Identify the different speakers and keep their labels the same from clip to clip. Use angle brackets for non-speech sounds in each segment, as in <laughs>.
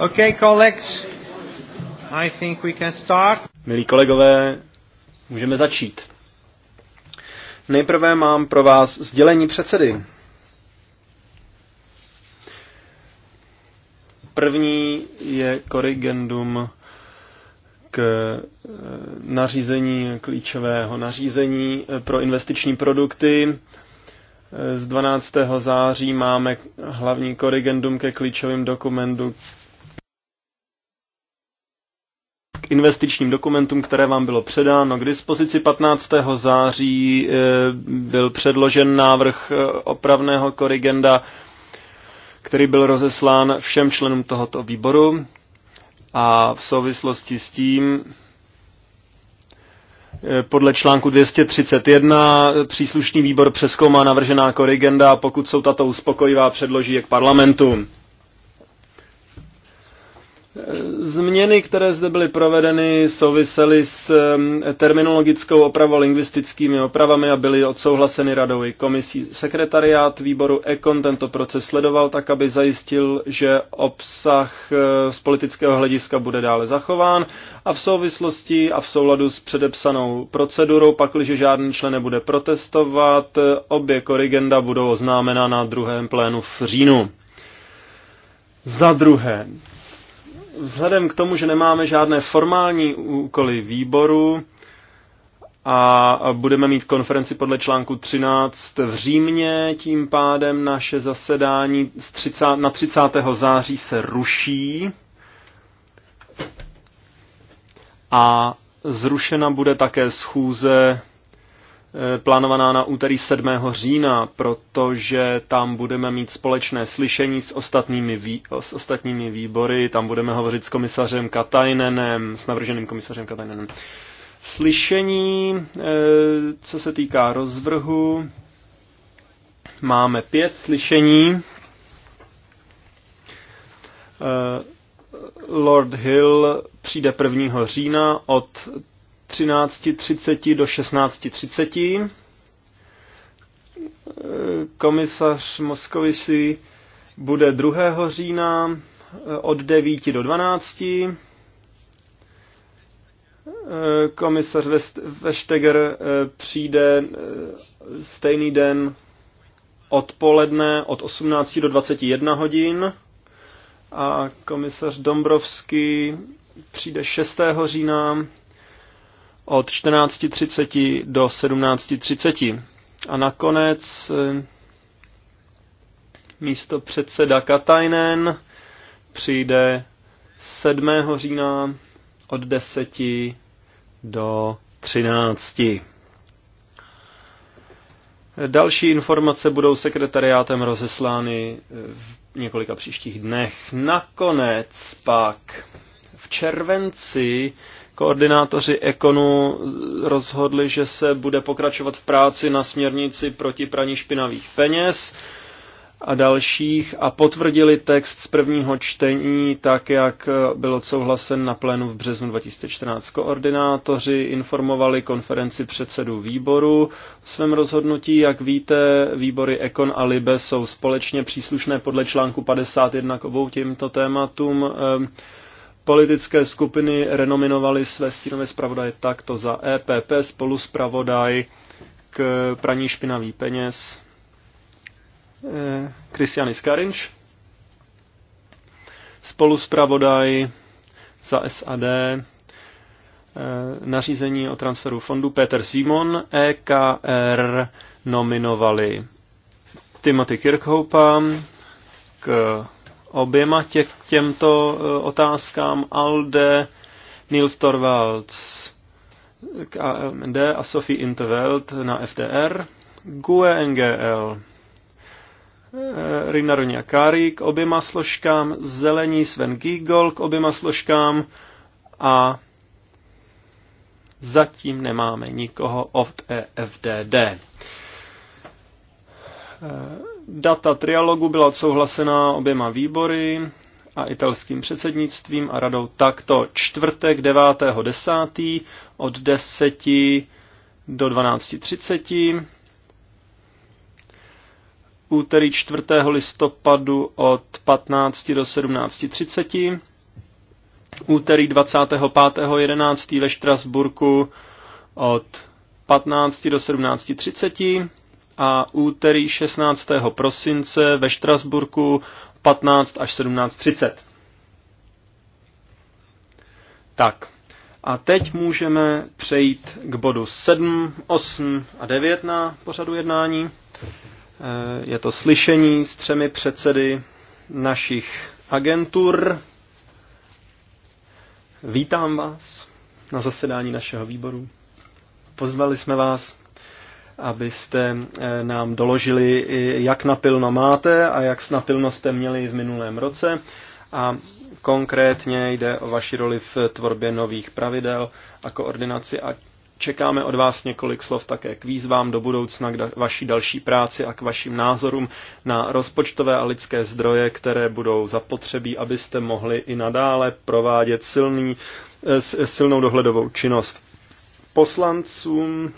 Speaker 1: Okay,
Speaker 2: colleagues.
Speaker 3: I think we can start. Milí kolegové, můžeme začít.
Speaker 4: Nejprve mám pro vás sdělení předsedy. První je korigendum k eh, nařízení klíčového nařízení eh, pro investiční produkty. Eh, z 12. září máme hlavní korigendum ke klíčovým dokumentu, investičním dokumentům, které vám bylo předáno. K dispozici 15. září eh, byl předložen návrh eh, opravného korigenda, který byl rozeslán všem členům tohoto výboru a v souvislosti s tím eh, podle článku 231 příslušný výbor přeskoumá navržená korigenda a pokud jsou tato uspokojivá, předloží je k parlamentu. Změny, které zde byly provedeny, souvisely s um, terminologickou opravou lingvistickými opravami a byly odsouhlaseny radou i komisí. Sekretariát výboru ECON tento proces sledoval tak, aby zajistil, že obsah eh, z politického hlediska bude dále zachován a v souvislosti a v souladu s předepsanou procedurou, pakliže žádný člen nebude protestovat, eh, obě korigenda budou oznámena na druhém plénu v říjnu. Za druhé, Vzhledem k tomu, že nemáme žádné formální úkoly výboru a budeme mít konferenci podle článku 13 v Římě, tím pádem naše zasedání 30, na 30. září se ruší a zrušena bude také schůze Eh, plánovaná na úterý 7. října, protože tam budeme mít společné slyšení s ostatními, vý, s ostatními výbory, tam budeme hovořit s komisařem Katajnenem, s navrženým komisařem Katajnenem. Slyšení, eh, co se týká rozvrhu, máme pět slyšení. Eh, Lord Hill přijde 1. října od 13.30 do 16.30. E, komisař Moskovici bude 2. října e, od 9 do 12. E, komisař Vešteger přijde stejný den odpoledne od 18 do 21 hodin a komisař Dombrovský přijde 6. října od 14.30 do 17.30. A nakonec eh, místo předseda Katajnen přijde 7. října od 10 do 13. Další informace budou sekretariátem rozeslány eh, v několika příštích dnech. Nakonec pak v červenci Koordinátoři Ekonu rozhodli, že se bude pokračovat v práci na směrnici proti praní špinavých peněz a dalších a potvrdili text z prvního čtení tak, jak byl odsouhlasen na plénu v březnu 2014. Koordinátoři informovali konferenci předsedů výboru o svém rozhodnutí. Jak víte, výbory Ekon a Libe jsou společně příslušné podle článku 51 k obou těmto tématům. Eh, politické skupiny renominovaly své stínové zpravodaje takto za EPP spolu zpravodaj k praní špinavý peněz Kristiany eh, Skarinč, spolu zpravodaj za SAD eh, nařízení o transferu fondu Peter Simon, EKR nominovali Timothy Kirkhopa k oběma tě, těmto eh, otázkám Alde Nils Torvalds k AMD a Sophie Interveld na FDR, GUE NGL, eh, Rina Kari k oběma složkám, Zelení Sven Giegel k oběma složkám a zatím nemáme nikoho od EFDD. Data trialogu byla odsouhlasena oběma výbory a italským předsednictvím a radou takto čtvrtek 9.10. od 10 do 12.30 úterý 4. listopadu od 15 do 17.30, úterý 25.11. ve Štrasburku od 15 do 17.30, a úterý 16. prosince ve Štrasburku 15 až 17.30. Tak. A teď můžeme přejít k bodu 7, 8 a 9 na pořadu jednání. Eh, je to slyšení s třemi předsedy našich agentur. Vítám vás na zasedání našeho výboru. Pozvali jsme vás abyste eh, nám doložili, jak napilno máte a jak napilno jste měli v minulém roce. A konkrétně jde o vaši roli v tvorbě nových pravidel a koordinaci a Čekáme od vás několik slov také k výzvám do budoucna, k vaší další práci a k vašim názorům na rozpočtové a lidské zdroje, které budou zapotřebí, abyste mohli i nadále provádět silný, eh, silnou dohledovou činnost. Poslancům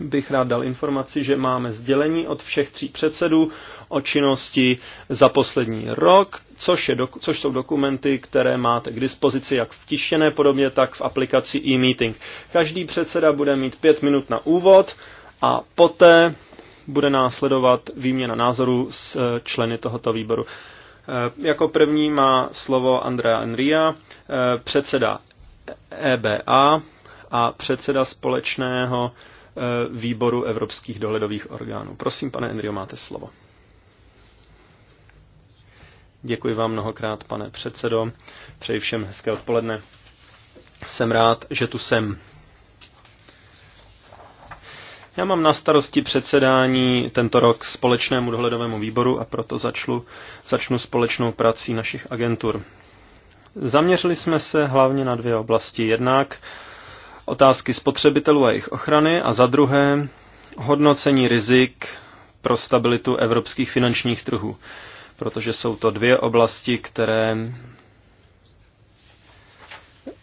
Speaker 4: bych rád dal informaci, že máme sdělení od všech tří předsedů o činnosti za poslední rok, což, je, což jsou dokumenty, které máte k dispozici jak v tištěné podobě, tak v aplikaci e-meeting. Každý předseda bude mít pět minut na úvod a poté bude následovat výměna názorů s eh, členy tohoto výboru. Eh, jako první má slovo Andrea Enria, eh, předseda EBA a předseda společného Eh, výboru evropských dohledových orgánů. Prosím, pane Enrio, máte slovo. Děkuji vám mnohokrát, pane předsedo. Přeji všem hezké odpoledne. Jsem rád, že tu jsem. Já mám na starosti předsedání tento rok společnému dohledovému výboru a proto začnu, začnu společnou prací našich agentur. Zaměřili jsme se hlavně na dvě oblasti. Jednak otázky spotřebitelů a jejich ochrany a za druhé hodnocení rizik pro stabilitu evropských finančních trhů, protože jsou to dvě oblasti, které eh,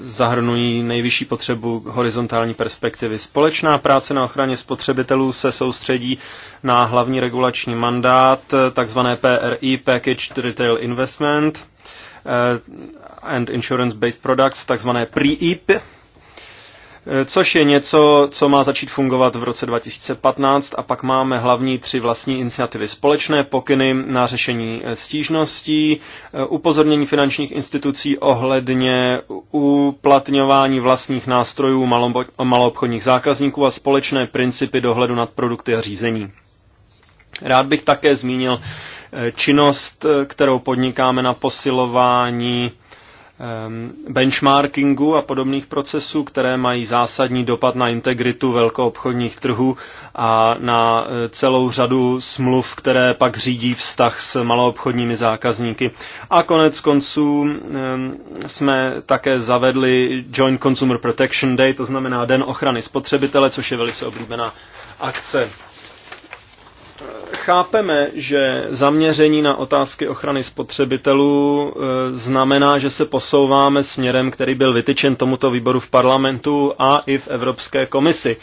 Speaker 4: zahrnují nejvyšší potřebu horizontální perspektivy. Společná práce na ochraně spotřebitelů se soustředí na hlavní regulační mandát, eh, takzvané PRI, package Retail Investment eh, and Insurance Based Products, takzvané PRIIP, Eh, což je něco, co má začít fungovat v roce 2015 a pak máme hlavní tři vlastní iniciativy společné, pokyny na řešení eh, stížností, eh, upozornění finančních institucí ohledně uplatňování vlastních nástrojů maloobchodních zákazníků a společné principy dohledu nad produkty a řízení. Rád bych také zmínil činnost, kterou podnikáme na posilování Ehm, benchmarkingu a podobných procesů, které mají zásadní dopad na integritu velkoobchodních trhů a na e, celou řadu smluv, které pak řídí vztah s maloobchodními zákazníky. A konec konců ehm, jsme také zavedli Joint Consumer Protection Day, to znamená Den ochrany spotřebitele, což je velice oblíbená akce Chápeme, že zaměření na otázky ochrany spotřebitelů eh, znamená, že se posouváme směrem, který byl vytyčen tomuto výboru v parlamentu a i v Evropské komisi.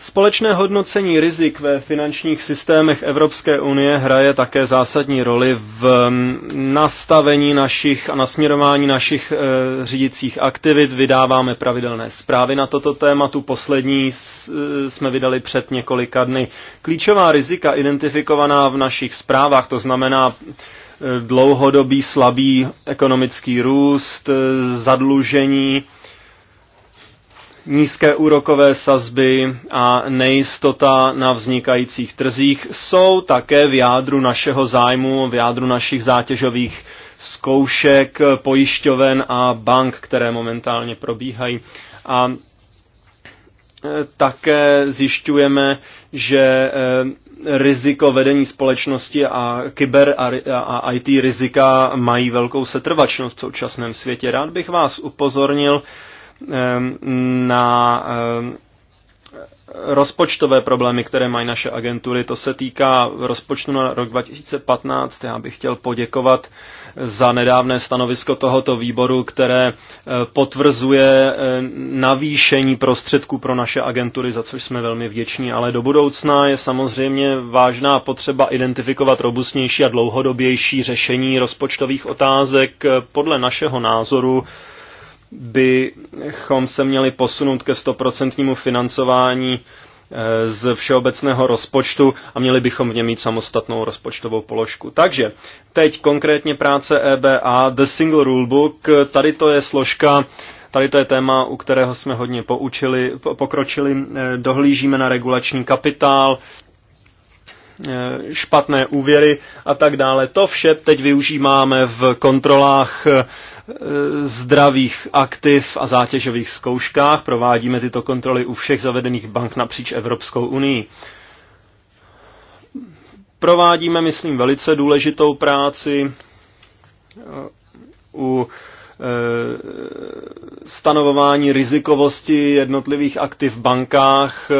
Speaker 4: Společné hodnocení rizik ve finančních systémech Evropské unie hraje také zásadní roli v mm, nastavení našich a nasměrování našich e, řídicích aktivit. Vydáváme pravidelné zprávy na toto téma. Tu poslední e, jsme vydali před několika dny. Klíčová rizika identifikovaná v našich zprávách, to znamená e, dlouhodobý slabý ekonomický růst, e, zadlužení, nízké úrokové sazby a nejistota na vznikajících trzích jsou také v jádru našeho zájmu, v jádru našich zátěžových zkoušek pojišťoven a bank, které momentálně probíhají. A e, také zjišťujeme, že e, riziko vedení společnosti a kyber a IT rizika mají velkou setrvačnost v současném světě. Rád bych vás upozornil Ehm, na ehm, rozpočtové problémy, které mají naše agentury. To se týká rozpočtu na rok 2015. Já bych chtěl poděkovat za nedávné stanovisko tohoto výboru, které eh, potvrzuje eh, navýšení prostředků pro naše agentury, za což jsme velmi vděční, ale do budoucna je samozřejmě vážná potřeba identifikovat robustnější a dlouhodobější řešení rozpočtových otázek. Podle našeho názoru bychom se měli posunout ke stoprocentnímu financování eh, z všeobecného rozpočtu a měli bychom v něm mít samostatnou rozpočtovou položku. Takže teď konkrétně práce EBA, The Single Rulebook, tady to je složka, tady to je téma, u kterého jsme hodně poučili, pokročili, eh, dohlížíme na regulační kapitál, eh, špatné úvěry a tak dále. To vše teď využíváme v kontrolách zdravých aktiv a zátěžových zkouškách. Provádíme tyto kontroly u všech zavedených bank napříč Evropskou unii. Provádíme, myslím, velice důležitou práci eh, u eh, stanovování rizikovosti jednotlivých aktiv v bankách.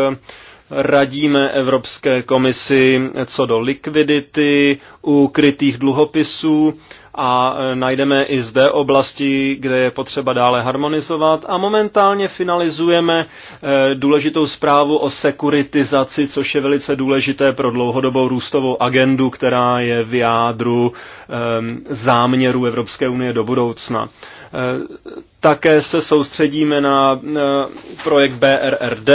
Speaker 4: Radíme Evropské komisi co do likvidity u krytých dluhopisů a e, najdeme i zde oblasti, kde je potřeba dále harmonizovat a momentálně finalizujeme e, důležitou zprávu o sekuritizaci, což je velice důležité pro dlouhodobou růstovou agendu, která je v jádru záměru Evropské unie do budoucna. E, také se soustředíme na projekt BRRD,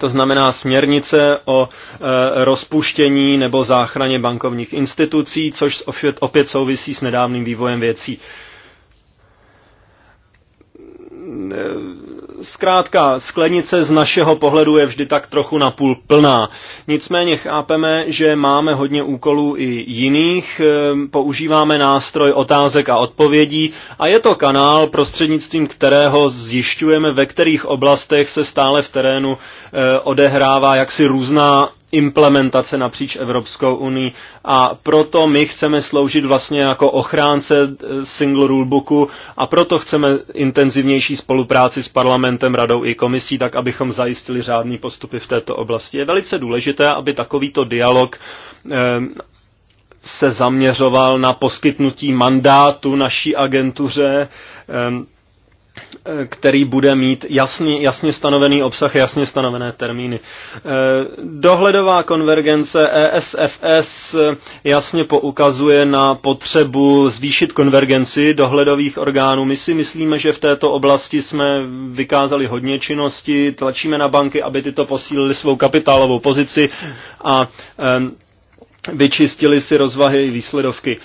Speaker 4: to znamená směrnice o e, rozpuštění nebo záchraně bankovních institucí, což opět, opět souvisí s nedávným vývojem věcí. E, zkrátka sklenice z našeho pohledu je vždy tak trochu napůl plná. Nicméně chápeme, že máme hodně úkolů i jiných, eh, používáme nástroj otázek a odpovědí a je to kanál, prostřednictvím kterého zjišťujeme, ve kterých oblastech se stále v terénu eh, odehrává jaksi různá implementace napříč Evropskou unii a proto my chceme sloužit vlastně jako ochránce eh, single rulebooku a proto chceme intenzivnější spolupráci s parlamentem, radou i komisí, tak abychom zajistili řádný postupy v této oblasti. Je velice důležité, aby takovýto dialog eh, se zaměřoval na poskytnutí mandátu naší agentuře, eh, Eh, který bude mít jasně, jasně stanovený obsah, jasně stanovené termíny. Eh, dohledová konvergence ESFS jasně poukazuje na potřebu zvýšit konvergenci dohledových orgánů. My si myslíme, že v této oblasti jsme vykázali hodně činnosti, tlačíme na banky, aby tyto posílili svou kapitálovou pozici a eh, vyčistili si rozvahy i výsledovky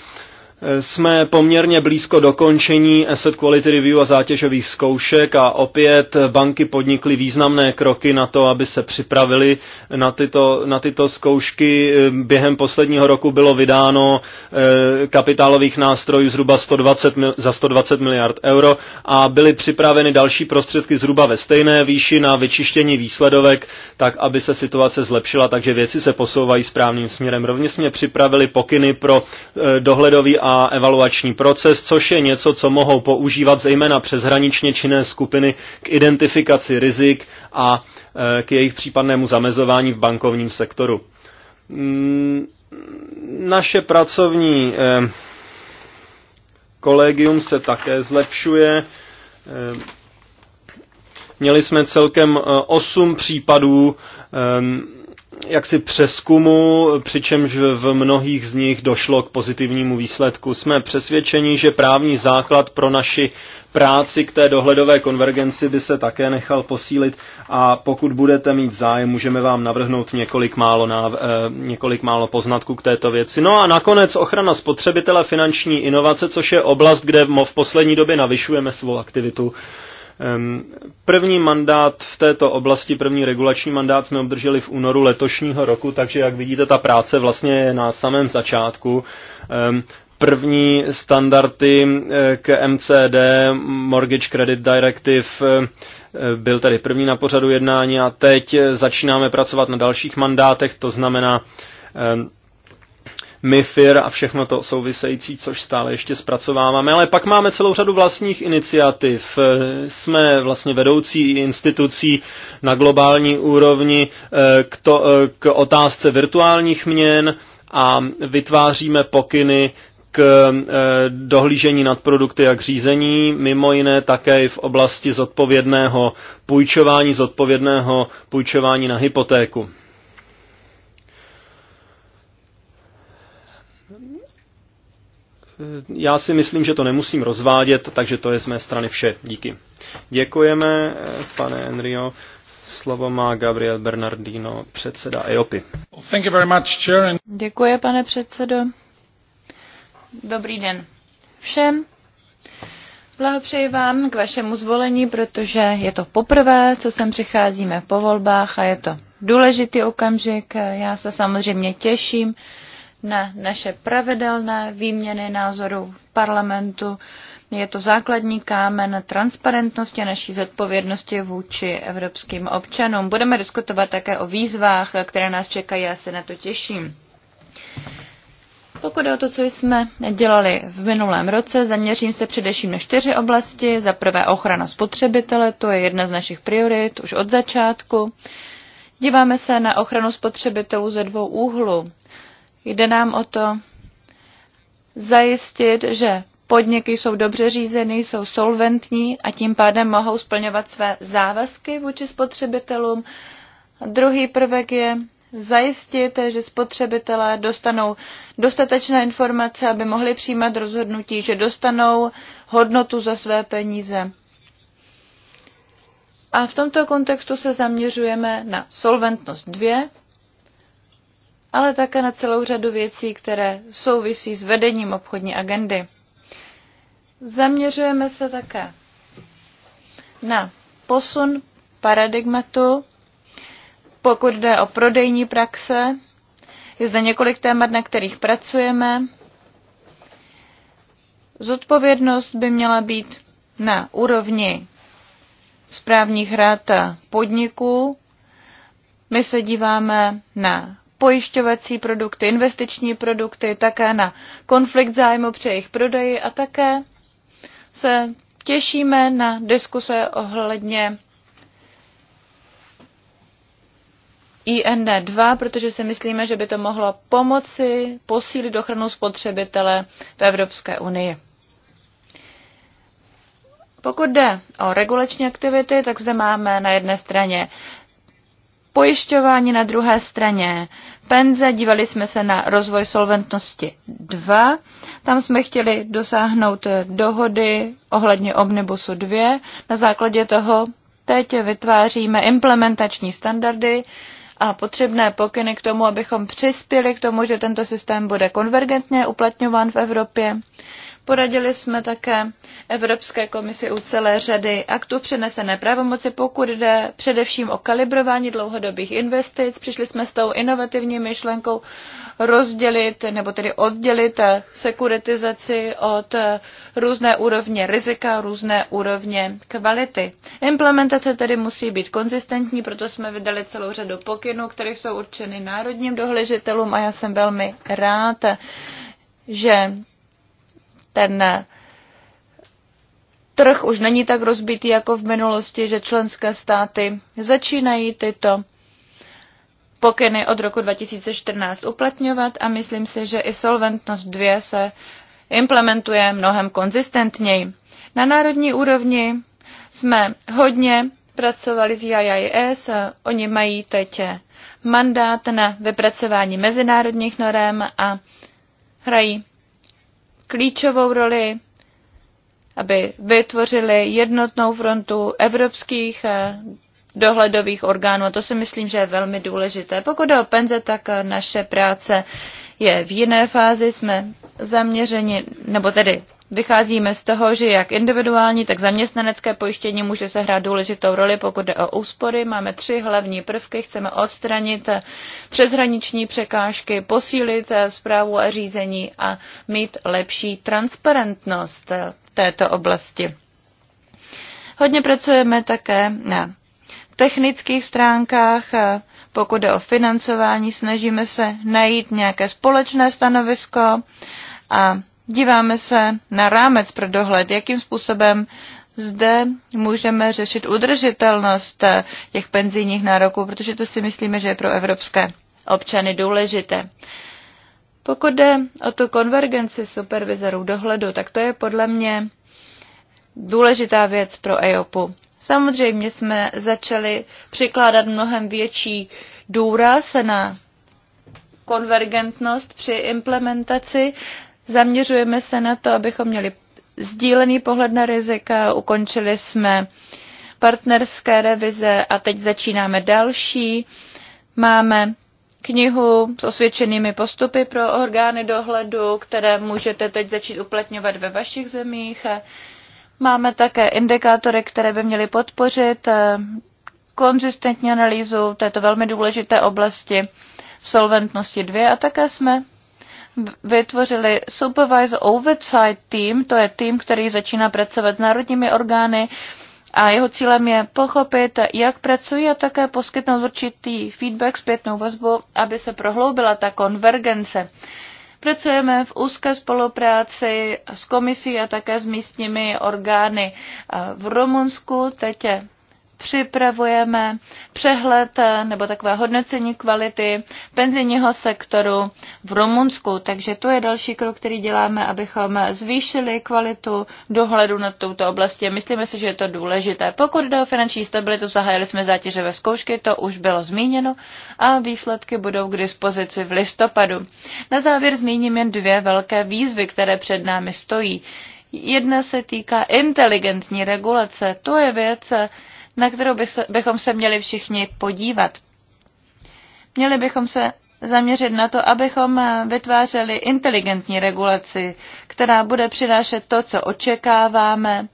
Speaker 4: jsme poměrně blízko dokončení asset quality review a zátěžových zkoušek a opět banky podnikly významné kroky na to, aby se připravili na tyto, na tyto zkoušky. Během posledního roku bylo vydáno eh, kapitálových nástrojů zhruba 120, mil za 120 miliard euro a byly připraveny další prostředky zhruba ve stejné výši na vyčištění výsledovek, tak aby se situace zlepšila, takže věci se posouvají správným směrem. Rovněž jsme připravili pokyny pro eh, dohledový a evaluační proces, což je něco, co mohou používat zejména přeshraničně činné skupiny k identifikaci rizik a e, k jejich případnému zamezování v bankovním sektoru. Mm, naše pracovní e, kolegium se také zlepšuje. E, měli jsme celkem 8 případů jaksi přeskumu, přičemž v mnohých z nich došlo k pozitivnímu výsledku. Jsme přesvědčeni, že právní základ pro naši práci k té dohledové konvergenci by se také nechal posílit a pokud budete mít zájem, můžeme vám navrhnout několik málo, náv- eh, několik málo poznatků k této věci. No a nakonec ochrana spotřebitele finanční inovace, což je oblast, kde v poslední době navyšujeme svou aktivitu První mandát v této oblasti, první regulační mandát jsme obdrželi v únoru letošního roku, takže jak vidíte, ta práce vlastně je na samém začátku. První standardy eh, k MCD, Mortgage Credit Directive, eh, byl tady první na pořadu jednání a teď eh, začínáme pracovat na dalších mandátech, to znamená MIFIR a všechno to související, což stále ještě zpracováváme. Ale pak máme celou řadu vlastních iniciativ. E, jsme vlastně vedoucí institucí na globální úrovni e, k, to, e, k otázce virtuálních měn a vytváříme pokyny k dohlížení nad produkty a k řízení, mimo jiné také i v oblasti zodpovědného půjčování, zodpovědného půjčování na hypotéku. já si myslím, že to nemusím rozvádět, takže to je z mé strany vše. Díky. Děkujeme, pane Enrio. Slovo má Gabriel Bernardino, předseda EOPy.
Speaker 5: Thank you very much, Děkuji, pane předsedo. Dobrý den všem. Blahopřeji vám k vašemu zvolení, protože je to poprvé, co sem přicházíme po volbách a je to důležitý okamžik. Já se samozřejmě těším na naše pravidelné výměny názorů v parlamentu. Je to základní kámen transparentnosti a naší zodpovědnosti vůči evropským občanům. Budeme diskutovat také o výzvách, které nás čekají, já se na to těším. Pokud je o to, co jsme dělali v minulém roce, zaměřím se především na čtyři oblasti. Za prvé ochrana spotřebitele, to je jedna z našich priorit už od začátku. Díváme se na ochranu spotřebitelů ze dvou úhlů. Jde nám o to zajistit, že podniky jsou dobře řízeny, jsou solventní a tím pádem mohou splňovat své závazky vůči spotřebitelům. Druhý prvek je zajistit, že spotřebitelé dostanou dostatečné informace, aby mohli přijímat rozhodnutí, že dostanou hodnotu za své peníze. A v tomto kontextu se zaměřujeme na solventnost 2, ale také na celou řadu věcí, které souvisí s vedením obchodní agendy. Zaměřujeme se také na posun paradigmatu, pokud jde o prodejní praxe. Je zde několik témat, na kterých pracujeme. Zodpovědnost by měla být na úrovni správních rád podniků. My se díváme na pojišťovací produkty, investiční produkty, také na konflikt zájmu při jejich prodeji a také se těšíme na diskuse ohledně IND2, protože si myslíme, že by to mohlo pomoci posílit ochranu spotřebitele v Evropské unii. Pokud jde o regulační aktivity, tak zde máme na jedné straně pojišťování na druhé straně penze, dívali jsme se na rozvoj solventnosti 2, tam jsme chtěli dosáhnout dohody ohledně omnibusu 2, na základě toho teď vytváříme implementační standardy a potřebné pokyny k tomu, abychom přispěli k tomu, že tento systém bude konvergentně uplatňován v Evropě. Poradili jsme také Evropské komisi u celé řady aktů přenesené pravomoci, pokud jde především o kalibrování dlouhodobých investic. Přišli jsme s tou inovativní myšlenkou rozdělit nebo tedy oddělit sekuritizaci od různé úrovně rizika, různé úrovně kvality. Implementace tedy musí být konzistentní, proto jsme vydali celou řadu pokynů, které jsou určeny národním dohležitelům a já jsem velmi rád, že ten trh už není tak rozbitý jako v minulosti, že členské státy začínají tyto pokyny od roku 2014 uplatňovat a myslím si, že i Solventnost 2 se implementuje mnohem konzistentněji. Na národní úrovni jsme hodně pracovali s IIS, oni mají teď mandát na vypracování mezinárodních norem a hrají klíčovou roli, aby vytvořili jednotnou frontu evropských eh, dohledových orgánů. A to si myslím, že je velmi důležité. Pokud jde o penze, tak eh, naše práce je v jiné fázi. Jsme zaměřeni, nebo tedy Vycházíme z toho, že jak individuální, tak zaměstnanecké pojištění může sehrát důležitou roli, pokud jde o úspory. Máme tři hlavní prvky. Chceme odstranit přeshraniční překážky, posílit zprávu a řízení a mít lepší transparentnost této oblasti. Hodně pracujeme také na technických stránkách, pokud jde o financování, snažíme se najít nějaké společné stanovisko a díváme se na rámec pro dohled, jakým způsobem zde můžeme řešit udržitelnost těch penzijních nároků, protože to si myslíme, že je pro evropské občany důležité. Pokud jde o tu konvergenci supervizorů dohledu, tak to je podle mě důležitá věc pro EOPu. Samozřejmě jsme začali přikládat mnohem větší důraz na konvergentnost při implementaci Zaměřujeme se na to, abychom měli sdílený pohled na rizika, ukončili jsme partnerské revize a teď začínáme další. Máme knihu s osvědčenými postupy pro orgány dohledu, které můžete teď začít uplatňovat ve vašich zemích. Máme také indikátory, které by měly podpořit eh, konzistentní analýzu této velmi důležité oblasti v solventnosti 2 a také jsme vytvořili Supervisor Oversight Team, to je tým, který začíná pracovat s národními orgány a jeho cílem je pochopit, jak pracují a také poskytnout určitý feedback, zpětnou vazbu, aby se prohloubila ta konvergence. Pracujeme v úzké spolupráci s komisí a také s místními orgány eh, v Rumunsku. Teď je připravujeme přehled eh, nebo takové hodnocení kvality penzijního sektoru v Rumunsku. Takže to je další krok, který děláme, abychom zvýšili kvalitu dohledu nad touto oblastí. Myslíme si, že je to důležité. Pokud jde o finanční stabilitu, zahájili jsme zátěžové zkoušky, to už bylo zmíněno a výsledky budou k dispozici v listopadu. Na závěr zmíním jen dvě velké výzvy, které před námi stojí. Jedna se týká inteligentní regulace. To je věc, na kterou bychom se měli všichni podívat. Měli bychom se zaměřit na to, abychom eh, vytvářeli inteligentní regulaci, která bude přinášet to, co očekáváme,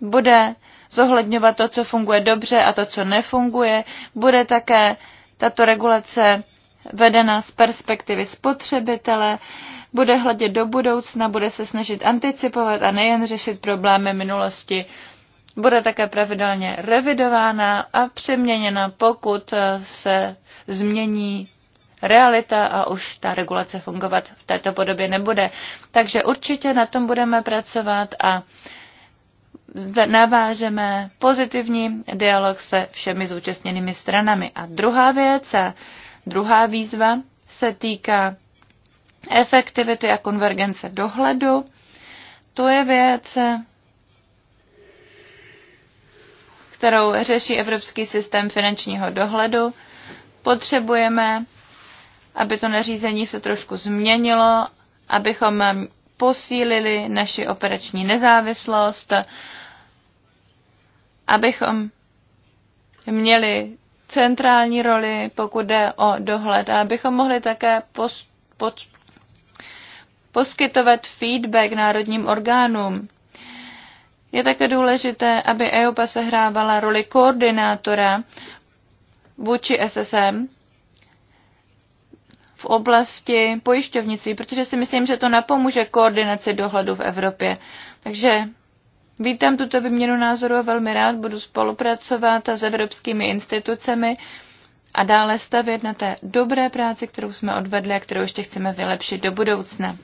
Speaker 5: bude zohledňovat to, co funguje dobře a to, co nefunguje, bude také tato regulace vedena z perspektivy spotřebitele, bude hledět do budoucna, bude se snažit anticipovat a nejen řešit problémy minulosti bude také pravidelně revidována a přeměněna, pokud se změní realita a už ta regulace fungovat v této podobě nebude. Takže určitě na tom budeme pracovat a navážeme pozitivní dialog se všemi zúčastněnými stranami. A druhá věc a druhá výzva se týká efektivity a konvergence dohledu. To je věc, kterou řeší Evropský systém finančního dohledu. Potřebujeme, aby to nařízení se trošku změnilo, abychom posílili naši operační nezávislost, abychom měli centrální roli, pokud jde o dohled, a abychom mohli také pos, pod, poskytovat feedback národním orgánům je také důležité, aby EOPA sehrávala roli koordinátora vůči SSM v oblasti pojišťovnictví, protože si myslím, že to napomůže koordinaci dohledu v Evropě. Takže vítám tuto vyměnu názoru a velmi rád budu spolupracovat s evropskými institucemi, a dále stavět na té dobré práci, kterou jsme odvedli a kterou ještě chceme vylepšit do budoucna.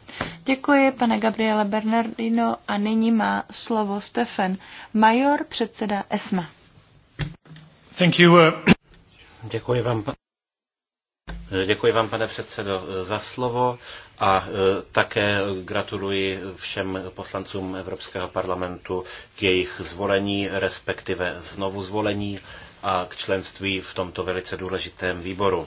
Speaker 5: Děkuji, pane Gabriele Bernardino, a nyní má slovo Stefan Major, předseda ESMA. Thank you. Uh,
Speaker 2: děkuji vám, Děkuji vám, pane předsedo, za slovo a uh, také gratuluji všem poslancům Evropského parlamentu k jejich zvolení, respektive znovu zvolení a k členství v tomto velice důležitém výboru.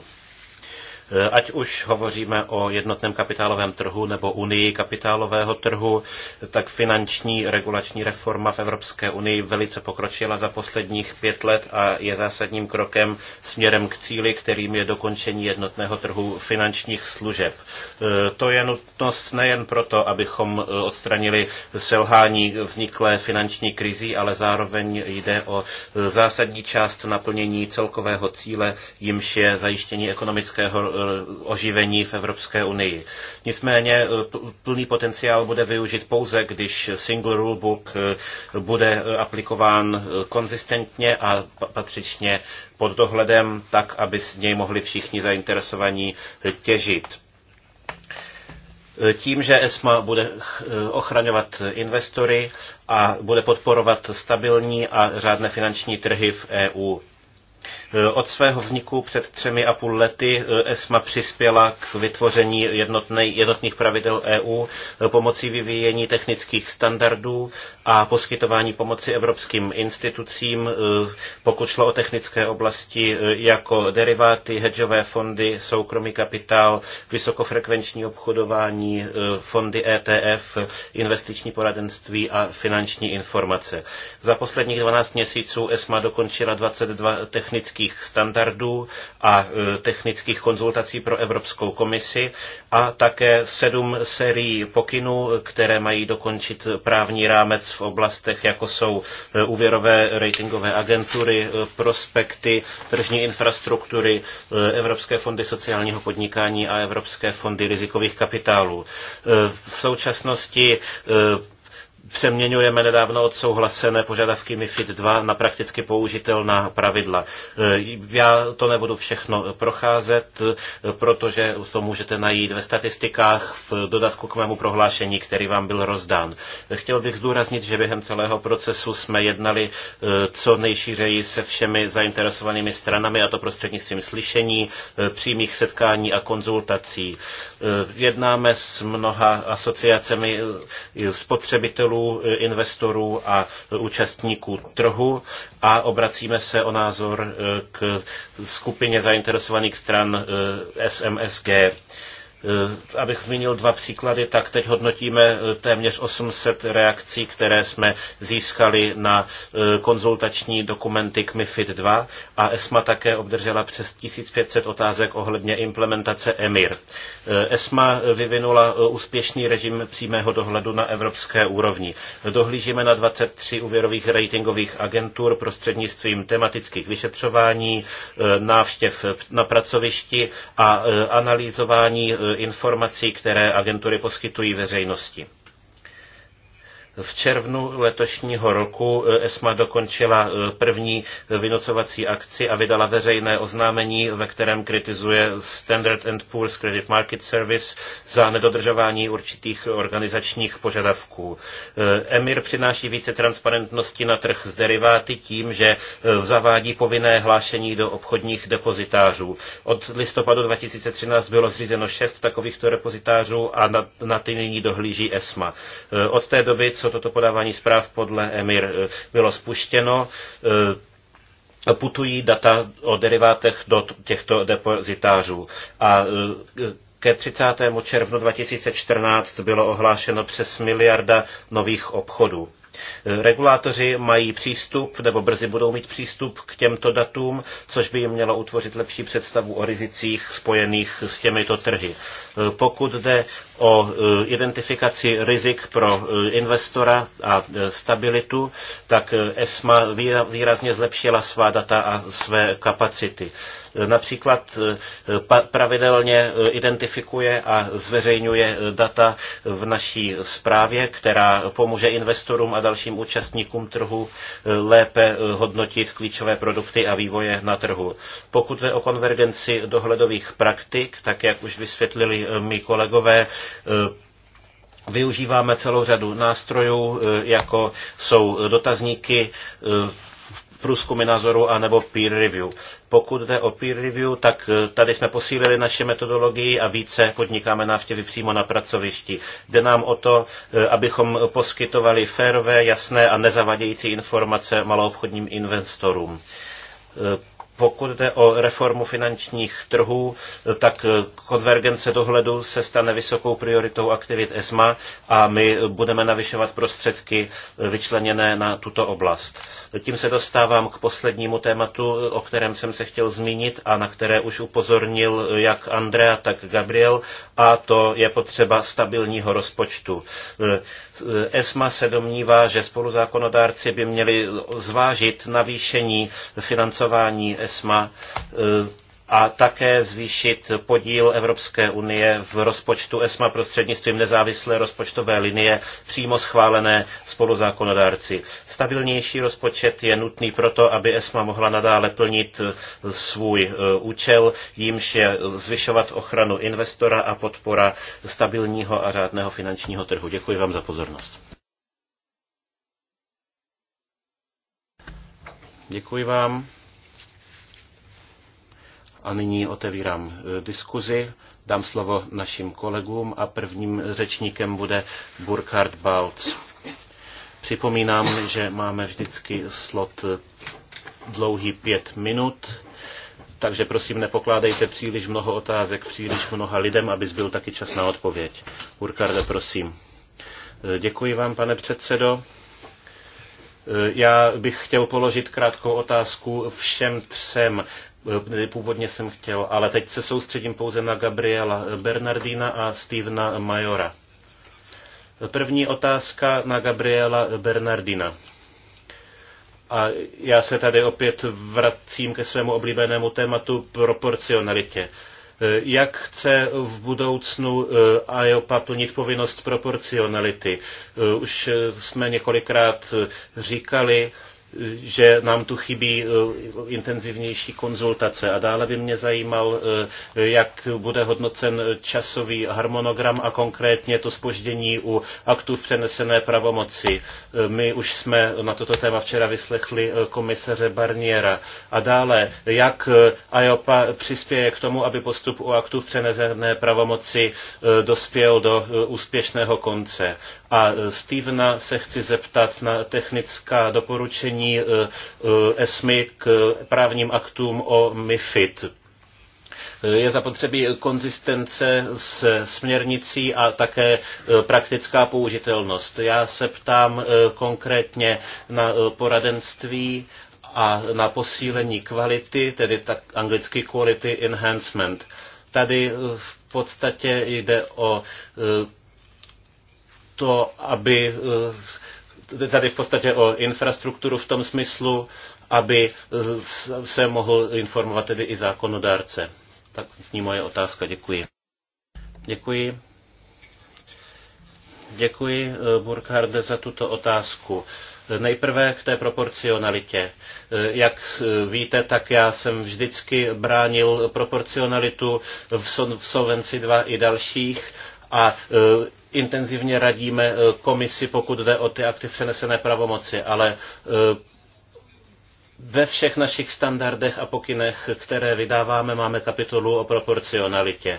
Speaker 2: Eh, ať už hovoříme o jednotném kapitálovém trhu nebo unii kapitálového trhu, tak finanční regulační reforma v Evropské unii velice pokročila za posledních pět let a je zásadním krokem směrem k cíli, kterým je dokončení jednotného trhu finančních služeb. Eh, to je nutnost nejen proto, abychom eh, odstranili selhání vzniklé finanční krizi, ale zároveň jde o zásadní část naplnění celkového cíle, jimž je zajištění ekonomického Eh, oživení v Evropské unii. Nicméně eh, plný potenciál bude využit pouze, když single rulebook eh, bude aplikován konzistentně a patřičně pod dohledem, tak aby z něj mohli všichni zainteresovaní těžit. Tím, že ESMA bude ochraňovat investory a bude podporovat stabilní a řádné finanční trhy v EU. Eh, od svého vzniku před třemi a půl lety eh, ESMA přispěla k vytvoření jednotnej, jednotných pravidel EU eh, pomocí vyvíjení technických standardů a poskytování pomoci evropským institucím, pokud šlo o technické oblasti jako deriváty, hedžové fondy, soukromý kapitál, vysokofrekvenční obchodování, fondy ETF, investiční poradenství a finanční informace. Za posledních 12 měsíců ESMA dokončila 22 technických technických standardů a e, technických konzultací pro Evropskou komisi a také sedm sérií pokynů, které mají dokončit právní rámec v oblastech, jako jsou e, úvěrové ratingové agentury, e, prospekty, tržní infrastruktury, Evropské fondy sociálního podnikání a Evropské fondy rizikových kapitálů. V současnosti přeměňujeme nedávno odsouhlasené požadavky MIFID 2 na prakticky použitelná pravidla. E, já to nebudu všechno procházet, e, protože to můžete najít ve statistikách v dodatku k mému prohlášení, který vám byl rozdán. Chtěl bych zdůraznit, že během celého procesu jsme jednali e, co nejšířeji se všemi zainteresovanými stranami, a to prostřednictvím slyšení, přímých setkání a konzultací. Jednáme s mnoha asociacemi spotřebitelů, podnikatelů, eh, investorů a eh, účastníků trhu a obracíme se o názor eh, k skupině zainteresovaných stran SMSG. Eh, abych zmínil dva příklady, tak teď hodnotíme eh, téměř 800 reakcí, které jsme získali na eh, konzultační dokumenty k MIFID 2 a ESMA také obdržela přes 1500 otázek ohledně implementace EMIR. ESMA vyvinula úspěšný režim přímého dohledu na evropské úrovni. Dohlížíme na 23 úvěrových ratingových agentur prostřednictvím tematických vyšetřování, návštěv na pracovišti a analýzování informací, které agentury poskytují veřejnosti. V červnu letošního roku eh, ESMA dokončila eh, první vynocovací akci a vydala veřejné oznámení, ve kterém kritizuje Standard and Poor's Credit Market Service za nedodržování určitých organizačních požadavků. Eh, EMIR přináší více transparentnosti na trh s deriváty tím, že zavádí povinné hlášení do obchodních depozitářů. Od listopadu 2013 bylo zřízeno šest takovýchto depozitářů a na, na ty nyní dohlíží ESMA. Od té doby, co toto podávání zpráv podle EMIR eh, bylo spuštěno, eh, putují data o derivátech do těchto depozitářů. A eh, ke 30. červnu 2014 bylo ohlášeno přes miliarda nových obchodů. Regulátoři mají přístup, nebo brzy budou mít přístup k těmto datům, což by jim mělo utvořit lepší představu o rizicích spojených s těmito trhy. Pokud jde o e, identifikaci rizik pro e, investora a e, stabilitu, tak ESMA výrazně zlepšila svá data a své kapacity. Například pravidelně identifikuje a zveřejňuje data v naší zprávě, která pomůže investorům a dalším účastníkům trhu lépe hodnotit klíčové produkty a vývoje na trhu. Pokud jde o konvergenci dohledových praktik, tak jak už vysvětlili mý kolegové, Eh, využíváme celou řadu nástrojů, eh, jako jsou dotazníky, eh, průzkumy názoru a nebo peer review. Pokud jde o peer review, tak tady jsme posílili naše metodologii a více podnikáme návštěvy přímo na pracovišti. Jde nám o to, abychom poskytovali férové, jasné a nezavadějící informace maloobchodním investorům. Pokud jde o reformu finančních trhů, tak konvergence dohledu se stane vysokou prioritou aktivit ESMA a my budeme navyšovat prostředky vyčleněné na tuto oblast. Tím se dostávám k poslednímu tématu, o kterém jsem se chtěl zmínit a na které už upozornil jak Andrea, tak Gabriel, a to je potřeba stabilního rozpočtu. ESMA se domnívá, že spoluzákonodárci by měli zvážit navýšení financování ESMA eh, a také zvýšit podíl Evropské unie v rozpočtu ESMA prostřednictvím nezávislé rozpočtové linie přímo schválené spoluzákonodárci. Stabilnější rozpočet je nutný proto, aby ESMA mohla nadále plnit eh, svůj eh, účel, jímž je zvyšovat ochranu investora a podpora stabilního a řádného finančního trhu. Děkuji vám za pozornost. Děkuji vám. A nyní otevírám e, diskuzi, dám slovo našim kolegům a prvním řečníkem bude Burkhard Balc. Připomínám, že máme vždycky slot e, dlouhý pět minut, takže prosím nepokládejte příliš mnoho otázek příliš mnoha lidem, aby zbyl taky čas na odpověď. Burkarde, prosím. E, děkuji vám, pane předsedo. Já bych chtěl položit krátkou otázku všem třem Eh, původně jsem chtěl, ale teď se soustředím pouze na Gabriela Bernardina a Stevena Majora. První otázka na Gabriela Bernardina. A já se tady opět vracím ke svému oblíbenému tématu proporcionalitě. Eh, jak chce v budoucnu eh, IOPA plnit povinnost proporcionality? Už jsme několikrát říkali, že nám tu chybí eh, intenzivnější konzultace. A dále by mě zajímal, eh, jak bude hodnocen časový harmonogram a konkrétně to spoždění u aktů v přenesené pravomoci. Eh, my už jsme na toto téma včera vyslechli komisaře Barniera. A dále, jak IOPA přispěje k tomu, aby postup u aktů v přenesené pravomoci dospěl do úspěšného konce. A Stevena se chci zeptat na technická doporučení vyjádření ESMI eh, eh, k právním aktům o MIFID. Eh, je zapotřebí konzistence s směrnicí a také praktická použitelnost. Já se ptám konkrétně na poradenství a na posílení kvality, tedy tak anglicky quality enhancement. Tady v podstatě jde o to, aby tady v podstatě o infrastrukturu v tom smyslu, aby se mohl informovat tedy i zákonodárce. Tak s ní moje otázka. Děkuji. Děkuji. Děkuji, eh, Burkharde, za tuto otázku. Nejprve k té proporcionalitě. Eh, jak víte, tak já jsem vždycky bránil proporcionalitu v Solvenci 2 i dalších a eh, intenzivně radíme eh, komisi, pokud jde o ty akty přenesené pravomoci, ale eh, ve všech našich standardech a pokynech, které vydáváme, máme kapitolu o proporcionalitě.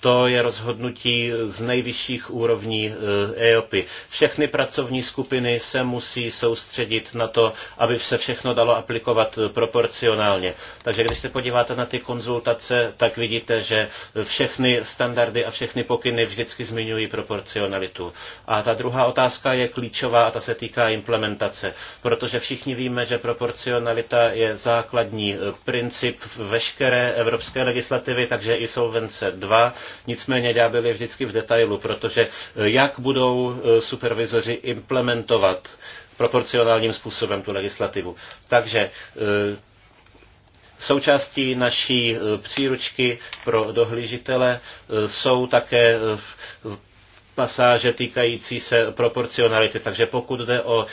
Speaker 2: To je rozhodnutí z nejvyšších úrovní EOPy. Eh, e všechny pracovní skupiny se musí soustředit na to, aby se všechno dalo aplikovat eh, proporcionálně. Takže když se podíváte na ty konzultace, tak vidíte, že eh, všechny standardy a všechny pokyny vždycky zmiňují proporcionalitu. A ta druhá otázka je klíčová a ta se týká implementace, protože všichni víme, že proporcionalita je základní princip veškeré evropské legislativy, takže i Solvence 2 Nicméně ďábel je vždycky v detailu, protože eh, jak budou eh, supervizoři implementovat proporcionálním způsobem tu legislativu. Takže eh, Součástí naší příručky pro dohlížitele jsou také pasáže týkající se proporcionality. Takže pokud jde o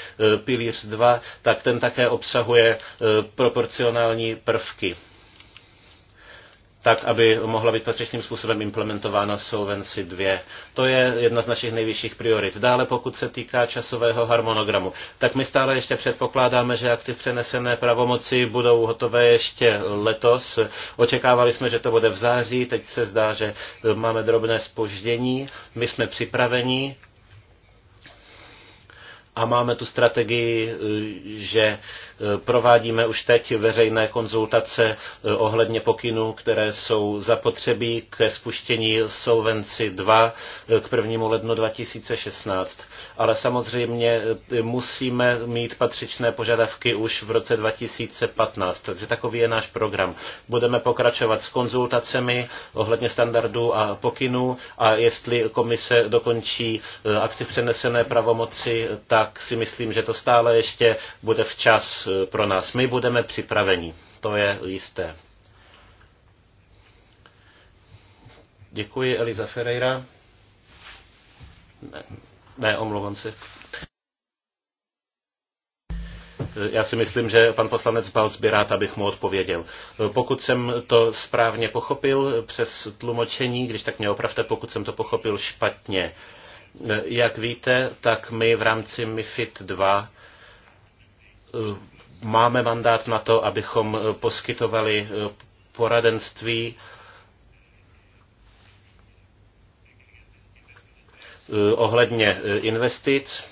Speaker 2: pilíř 2, tak ten také obsahuje proporcionální prvky tak aby mohla být patřičným způsobem implementována Solvency 2. To je jedna z našich nejvyšších priorit. Dále, pokud se týká časového harmonogramu, tak my stále ještě předpokládáme, že aktiv přenesené pravomoci budou hotové ještě letos. Očekávali jsme, že to bude v září, teď se zdá, že máme drobné spoždění. My jsme připraveni, a máme tu strategii, že Provádíme už teď veřejné konzultace eh, ohledně pokynů, které jsou zapotřebí ke spuštění Solvency 2 eh, k 1. lednu 2016. Ale samozřejmě eh, musíme mít patřičné požadavky už v roce 2015, takže takový je náš program. Budeme pokračovat s konzultacemi ohledně standardů a pokynů a jestli komise dokončí aktiv přenesené pravomoci, tak si myslím, že to stále ještě bude včas pro nás. My budeme připraveni, to je jisté. Děkuji, Eliza Ferreira. Ne, ne omlouvám se. Já si myslím, že pan poslanec Balc by rád, abych mu odpověděl. Pokud jsem to správně pochopil přes tlumočení, když tak mě opravte, pokud jsem to pochopil špatně. Jak víte, tak my v rámci MIFID 2 máme mandát na to, abychom eh, poskytovali eh, poradenství eh, ohledně investic.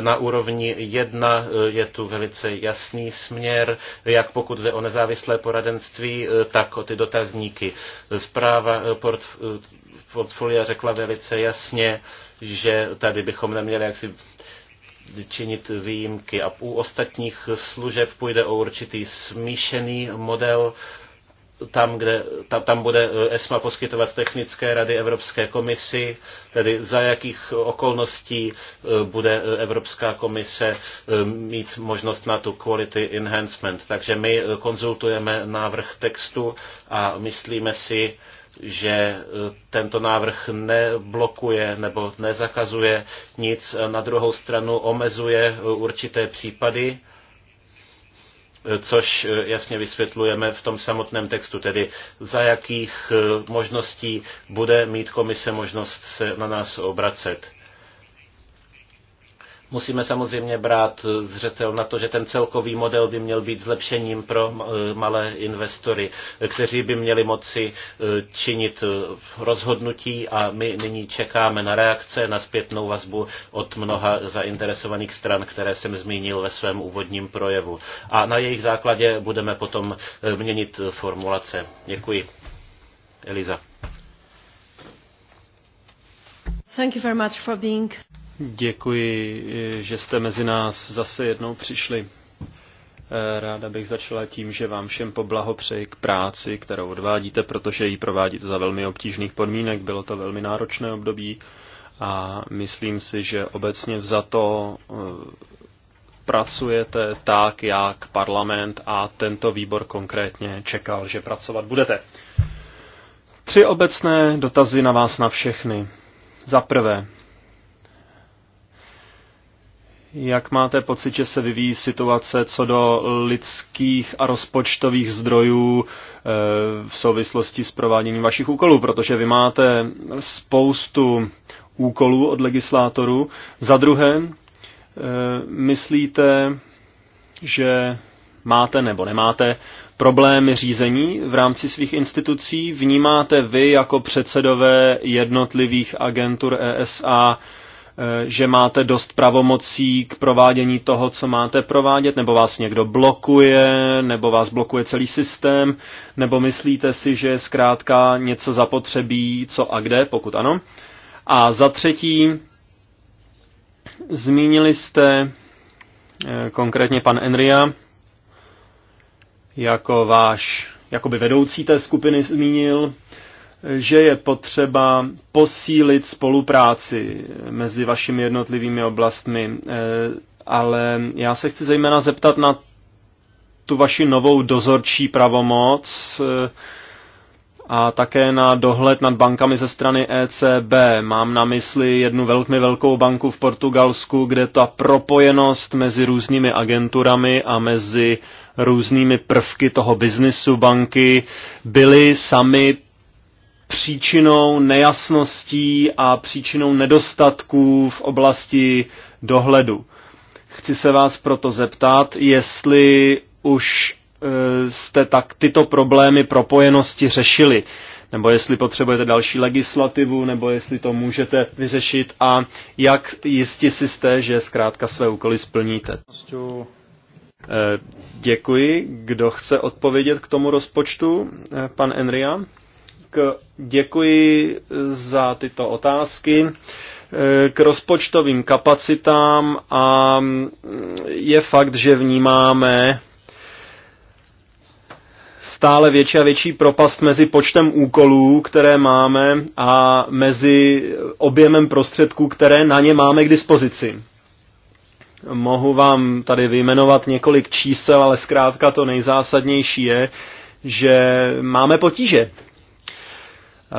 Speaker 2: Na úrovni jedna je tu velice jasný směr, jak pokud jde o nezávislé poradenství, tak o ty dotazníky. Zpráva portfolia řekla velice jasně, že tady bychom neměli jaksi činit výjimky a u ostatních služeb půjde o určitý smíšený model, tam, kde, tam, tam bude eh, ESMA poskytovat technické rady Evropské komisi, tedy za jakých okolností eh, bude eh, Evropská komise mít možnost na tu quality enhancement. Takže my konzultujeme návrh textu a myslíme si, že e, tento návrh neblokuje nebo nezakazuje nic, e, na druhou stranu omezuje e, určité případy, což jasně vysvětlujeme v tom samotném textu, tedy za jakých možností bude mít komise možnost se na nás obracet. Musíme samozřejmě brát zřetel na to, že ten celkový model by měl být zlepšením pro eh, malé investory, kteří by měli moci eh, činit eh, rozhodnutí a my nyní čekáme na reakce, na zpětnou vazbu od mnoha zainteresovaných stran, které jsem zmínil ve svém úvodním projevu. A na jejich základě budeme potom měnit formulace. Děkuji. Eliza.
Speaker 3: Thank you very much for being
Speaker 2: Děkuji, že jste mezi nás
Speaker 4: zase jednou přišli. Eh, ráda bych začala tím, že vám všem poblahopřeji k práci, kterou odvádíte, protože ji provádíte za velmi obtížných podmínek. Bylo to velmi náročné období a myslím si, že obecně za to eh, pracujete tak, jak parlament a tento výbor konkrétně čekal, že pracovat budete. Tři obecné dotazy na vás na všechny. Za prvé, jak máte pocit, že se vyvíjí situace co do lidských a rozpočtových zdrojů eh, v souvislosti s prováděním vašich úkolů? Protože vy máte spoustu úkolů od legislátorů. Za druhé, eh, myslíte, že máte nebo nemáte problémy řízení v rámci svých institucí? Vnímáte vy jako předsedové jednotlivých agentur ESA Eh, že máte dost pravomocí k provádění toho, co máte provádět, nebo vás někdo blokuje, nebo vás blokuje celý systém, nebo myslíte si, že je zkrátka něco zapotřebí, co a kde, pokud ano. A za třetí, zmínili jste eh, konkrétně pan Enria jako váš jakoby vedoucí té skupiny zmínil, že je potřeba posílit spolupráci mezi vašimi jednotlivými oblastmi, eh, ale já se chci zejména zeptat na tu vaši novou dozorčí pravomoc eh, a také na dohled nad bankami ze strany ECB. Mám na mysli jednu velmi velkou banku v Portugalsku, kde ta propojenost mezi různými agenturami a mezi různými prvky toho biznisu banky byly sami příčinou nejasností a příčinou nedostatků v oblasti dohledu. Chci se vás proto zeptat, jestli už e, jste tak tyto problémy propojenosti řešili, nebo jestli potřebujete další legislativu, nebo jestli to můžete vyřešit a jak jistí si jste, že zkrátka své úkoly splníte. E, děkuji. Kdo chce odpovědět k tomu rozpočtu? E, pan Enria? děkuji za tyto otázky k rozpočtovým kapacitám a je fakt, že vnímáme stále větší a větší propast mezi počtem úkolů, které máme a mezi objemem prostředků, které na ně máme k dispozici. Mohu vám tady vyjmenovat několik čísel, ale zkrátka to nejzásadnější je, že máme potíže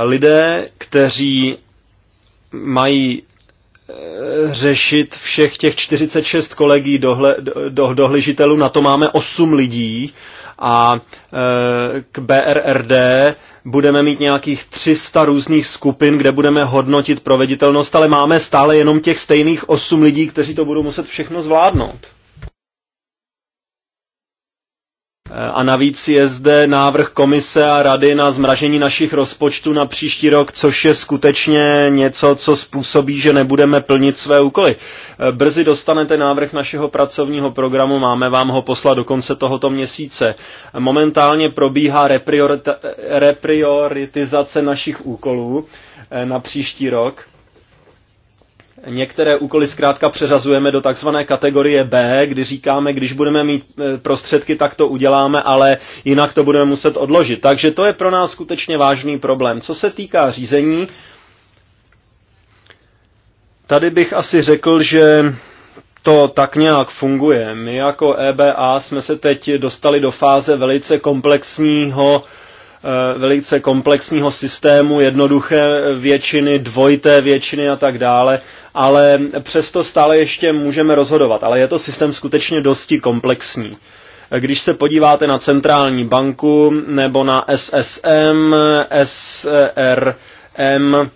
Speaker 4: lidé, kteří mají eh, řešit všech těch 46 kolegí dohle, do, dohlížitelů, na to máme 8 lidí a e, k BRRD budeme mít nějakých 300 různých skupin, kde budeme hodnotit proveditelnost, ale máme stále jenom těch stejných 8 lidí, kteří to budou muset všechno zvládnout. A navíc je zde návrh komise a rady na zmražení našich rozpočtů na příští rok, což je skutečně něco, co způsobí, že nebudeme plnit své úkoly. E, brzy dostanete návrh našeho pracovního programu, máme vám ho poslat do konce tohoto měsíce. Momentálně probíhá reprioritizace našich úkolů e, na příští rok některé úkoly zkrátka přeřazujeme do takzvané kategorie B, kdy říkáme, když budeme mít e, prostředky, tak to uděláme, ale jinak to budeme muset odložit. Takže to je pro nás skutečně vážný problém. Co se týká řízení, tady bych asi řekl, že to tak nějak funguje. My jako EBA jsme se teď dostali do fáze velice komplexního Eh, velice komplexního systému, jednoduché většiny, dvojité většiny a tak dále, ale přesto stále ještě můžeme rozhodovat. Ale je to systém skutečně dosti komplexní. Eh, když se podíváte na centrální banku nebo na SSM, SRM, e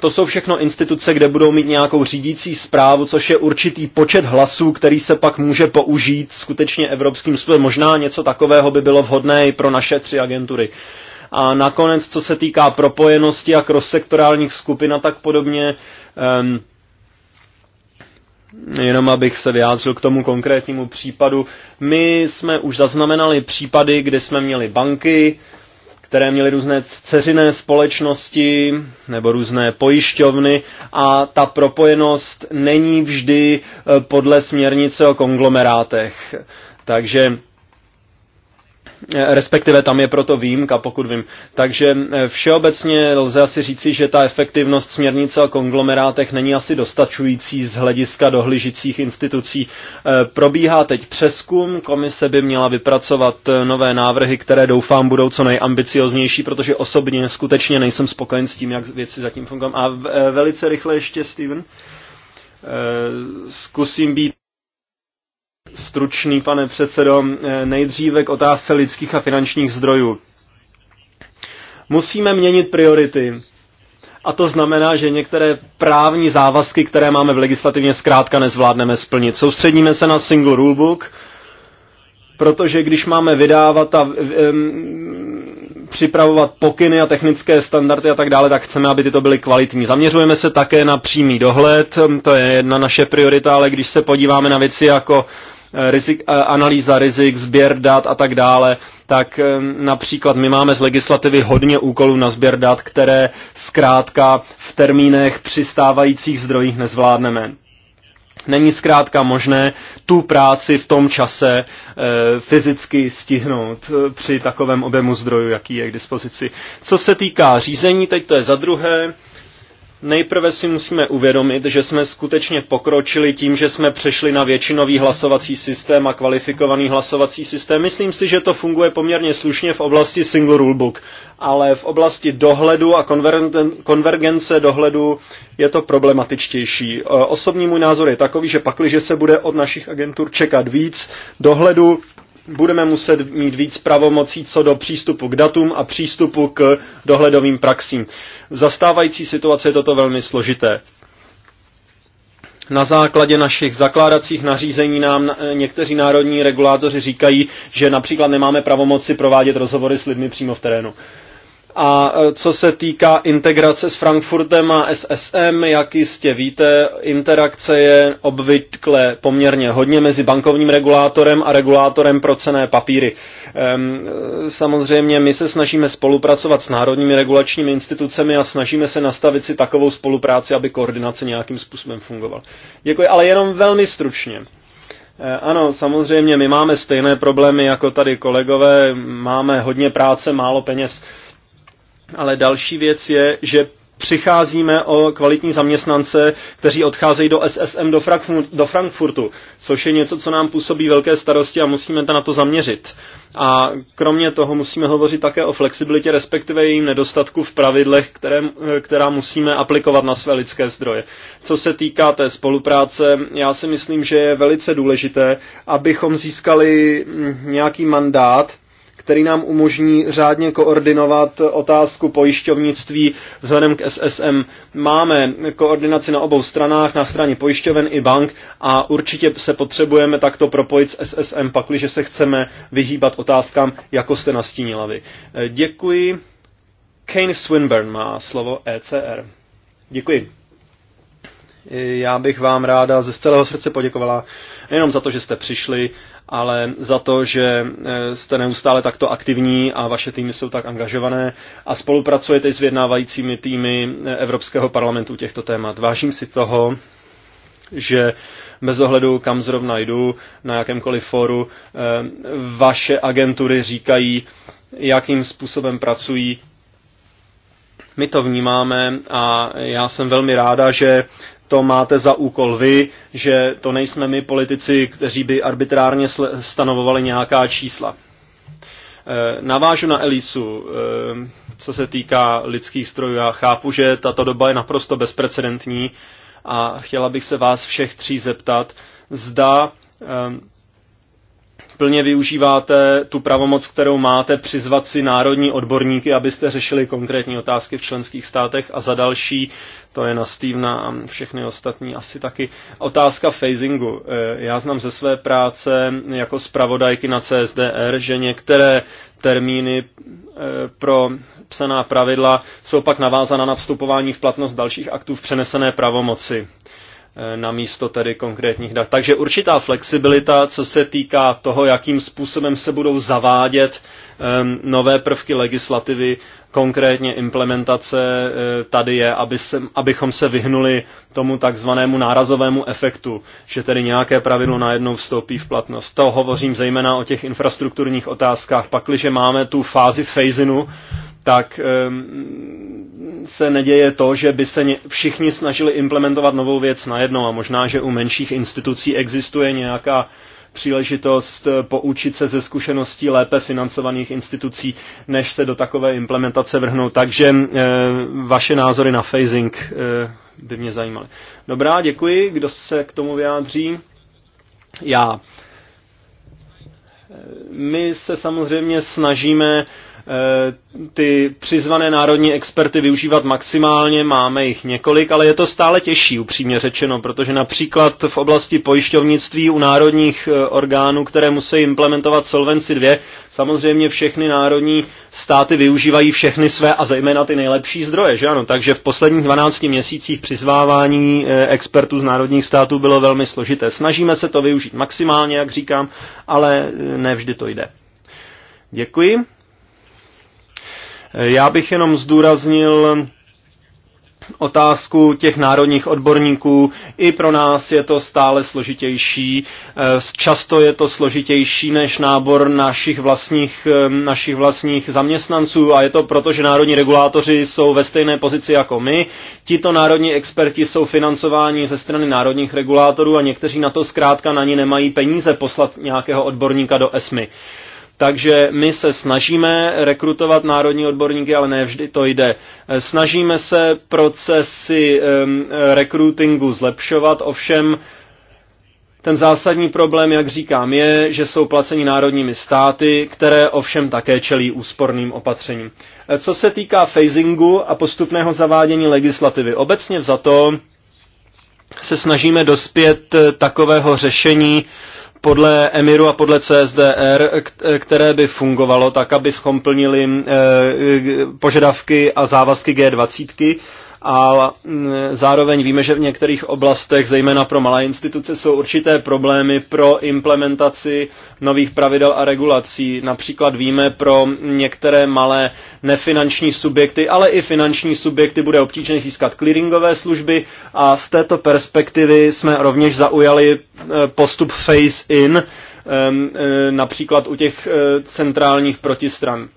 Speaker 4: to jsou všechno instituce, kde budou mít nějakou řídící zprávu, což je určitý počet hlasů, který se pak může použít skutečně evropským způsobem. Možná něco takového by bylo vhodné i pro naše tři agentury. A nakonec, co se týká propojenosti jak krosektorálních skupin a tak podobně, um, jenom abych se vyjádřil k tomu konkrétnímu případu. My jsme už zaznamenali případy, kde jsme měli banky, které měly různé ceřiné společnosti nebo různé pojišťovny a ta propojenost není vždy eh, podle směrnice o konglomerátech. Takže Eh, respektive tam je proto výjimka, pokud vím. Takže eh, všeobecně lze asi říci, že ta efektivnost směrnice o konglomerátech není asi dostačující z hlediska dohlížicích institucí. Eh, probíhá teď přeskum, komise by měla vypracovat nové návrhy, které doufám budou co nejambicioznější, protože osobně skutečně nejsem spokojen s tím, jak věci zatím fungují. A velice rychle ještě, Steven, zkusím být stručný, pane předsedo. Eh, nejdříve k otázce lidských a finančních zdrojů. Musíme měnit priority. A to znamená, že některé právní závazky, které máme v legislativně, zkrátka nezvládneme splnit. Soustředíme se na single rulebook, protože když máme vydávat a um, připravovat pokyny a technické standardy a tak dále, tak chceme, aby tyto byly kvalitní. Zaměřujeme se také na přímý dohled, to je jedna naše priorita, ale když se podíváme na věci jako Eh, rizik, eh, analýza rizik, sběr dat a tak dále, tak eh, například my máme z legislativy hodně úkolů na sběr dat, které zkrátka v termínech přistávajících zdrojích nezvládneme. Není zkrátka možné tu práci v tom čase e, fyzicky stihnout e, při takovém objemu zdrojů, jaký je k dispozici. Co se týká řízení, teď to je za druhé, Nejprve si musíme uvědomit, že jsme skutečně pokročili tím, že jsme přešli na většinový hlasovací systém a kvalifikovaný hlasovací systém. Myslím si, že to funguje poměrně slušně v oblasti single rulebook, ale v oblasti dohledu a konvergence dohledu je to problematičtější. E, osobní můj názor je takový, že pakliže se bude od našich agentur čekat víc dohledu, budeme muset mít víc pravomocí co do přístupu k datům a přístupu k dohledovým praxím. Zastávající situace je toto velmi složité. Na základě našich zakládacích nařízení nám někteří národní regulátoři říkají, že například nemáme pravomoci provádět rozhovory s lidmi přímo v terénu. A e, co se týká integrace s Frankfurtem a SSM, jak jistě víte, interakce je obvykle poměrně hodně mezi bankovním regulátorem a regulátorem pro cené papíry. E, samozřejmě my se snažíme spolupracovat s národními regulačními institucemi a snažíme se nastavit si takovou spolupráci, aby koordinace nějakým způsobem fungovala. Děkuji, ale jenom velmi stručně. E, ano, samozřejmě my máme stejné problémy jako tady kolegové, máme hodně práce, málo peněz. Ale další věc je, že přicházíme o kvalitní zaměstnance, kteří odcházejí do SSM do, Frankfur- do Frankfurtu, což je něco, co nám působí velké starosti a musíme na to zaměřit. A kromě toho musíme hovořit také o flexibilitě, respektive jejím nedostatku v pravidlech, které, která musíme aplikovat na své lidské zdroje. Co se týká té spolupráce, já si myslím, že je velice důležité, abychom získali nějaký mandát, který nám umožní řádně koordinovat otázku pojišťovnictví vzhledem k SSM. Máme koordinaci na obou stranách, na straně pojišťoven i bank a určitě se potřebujeme takto propojit s SSM, pakliže se chceme vyhýbat otázkám, jako jste nastínila vy. Děkuji. Kane Swinburne má slovo ECR. Děkuji. Já bych vám ráda ze celého srdce poděkovala nejenom za to, že jste přišli, ale za to, že eh, jste neustále takto aktivní a vaše týmy jsou tak angažované a spolupracujete s vyjednávajícími týmy eh, Evropského parlamentu těchto témat. Vážím si toho, že bez ohledu, kam zrovna jdu, na jakémkoliv fóru, eh, vaše agentury říkají, jakým způsobem pracují. My to vnímáme a já jsem velmi ráda, že to máte za úkol vy, že to nejsme my politici, kteří by arbitrárně stanovovali nějaká čísla. Eh, navážu na Elisu, eh, co se týká lidských strojů. Já chápu, že tato doba je naprosto bezprecedentní a chtěla bych se vás všech tří zeptat, zda eh, plně využíváte tu pravomoc, kterou máte přizvat si národní odborníky, abyste řešili konkrétní otázky v členských státech a za další, to je na Stevena a všechny ostatní asi taky. Otázka phasingu. E, já znám ze své práce jako zpravodajky na CSDR, že některé termíny e, pro psaná pravidla jsou pak navázána na vstupování v platnost dalších aktů v přenesené pravomoci e, na místo tedy konkrétních dat. Takže určitá flexibilita, co se týká toho, jakým způsobem se budou zavádět um, nové prvky legislativy konkrétně implementace e, tady je, aby se, abychom se vyhnuli tomu takzvanému nárazovému efektu, že tedy nějaké pravidlo najednou vstoupí v platnost. To hovořím zejména o těch infrastrukturních otázkách. Pakliže máme tu fázi phasinu, tak e, se neděje to, že by se všichni snažili implementovat novou věc najednou a možná, že u menších institucí existuje nějaká příležitost eh, poučit se ze zkušeností lépe financovaných institucí, než se do takové implementace vrhnou. Takže eh, vaše názory na phasing eh, by mě zajímaly. Dobrá, děkuji. Kdo se k tomu vyjádří? Já. My se samozřejmě snažíme Eh, ty přizvané národní experty využívat maximálně, máme jich několik, ale je to stále těžší, upřímně řečeno, protože například v oblasti pojišťovnictví u národních eh, orgánů, které musí implementovat Solvency 2, samozřejmě všechny národní státy využívají všechny své a zejména ty nejlepší zdroje, že ano? Takže v posledních 12 měsících přizvávání eh, expertů z národních států bylo velmi složité. Snažíme se to využít maximálně, jak říkám, ale nevždy to jde. Děkuji. Já bych jenom zdůraznil otázku těch národních odborníků. I pro nás je to stále složitější. Eh, často je to složitější než nábor našich vlastních, eh, našich vlastních zaměstnanců a je to proto, že národní regulátoři jsou ve stejné pozici jako my. Tito národní experti jsou financováni ze strany národních regulátorů a někteří na to zkrátka na ní nemají peníze poslat nějakého odborníka do ESMY. Takže my se snažíme rekrutovat národní odborníky, ale ne vždy to jde. Eh, snažíme se procesy eh, rekrutingu zlepšovat, ovšem ten zásadní problém, jak říkám, je, že jsou placeni národními státy, které ovšem také čelí úsporným opatřením. Eh, co se týká phasingu a postupného zavádění legislativy, obecně to se snažíme dospět takového řešení, podle Emiru a podle CSDR, které by fungovalo tak, abychom plnili eh, požadavky a závazky G20 a mm, zároveň víme, že v některých oblastech, zejména pro malé instituce, jsou určité problémy pro implementaci nových pravidel a regulací. Například víme pro některé malé nefinanční subjekty, ale i finanční subjekty bude obtížné získat clearingové služby a z této perspektivy jsme rovněž zaujali eh, postup phase-in, eh, například u těch eh, centrálních protistran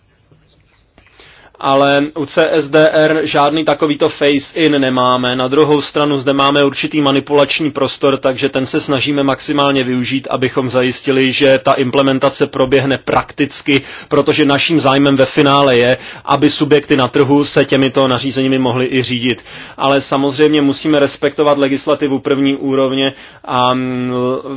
Speaker 4: ale u CSDR žádný takovýto face-in nemáme. Na druhou stranu zde máme určitý manipulační prostor, takže ten se snažíme maximálně využít, abychom zajistili, že ta implementace proběhne prakticky, protože naším zájmem ve finále je, aby subjekty na trhu se těmito nařízeními mohly i řídit. Ale samozřejmě musíme respektovat legislativu první úrovně a mm,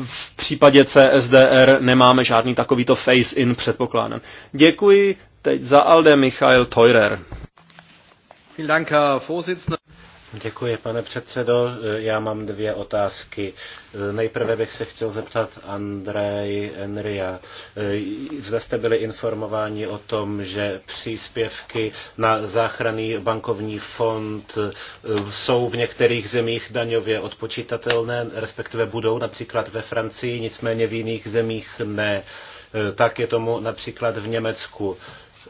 Speaker 4: v případě CSDR nemáme žádný takovýto face-in předpokládán. Děkuji Teď za Alde Michael Teurer.
Speaker 2: Děkuji, pane předsedo. Já mám dvě otázky. Nejprve bych se chtěl zeptat Andrej Enria. Zde jste byli informováni o tom, že příspěvky na záchranný bankovní fond jsou v některých zemích daňově odpočítatelné, respektive budou například ve Francii, nicméně v jiných zemích ne. Tak je tomu například v Německu.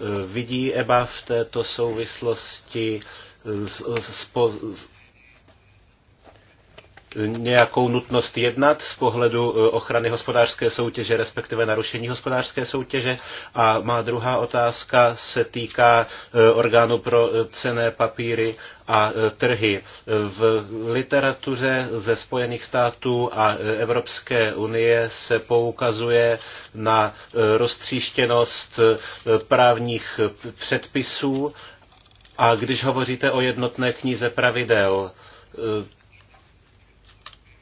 Speaker 2: Eh, vidí EBA v této souvislosti nějakou nutnost jednat z pohledu e, ochrany hospodářské soutěže, respektive narušení hospodářské soutěže. A má druhá otázka se týká e, orgánu pro e, cené papíry a trhy. V literatuře ze Spojených států a Evropské unie se poukazuje na roztříštěnost právních předpisů a když hovoříte o jednotné knize pravidel,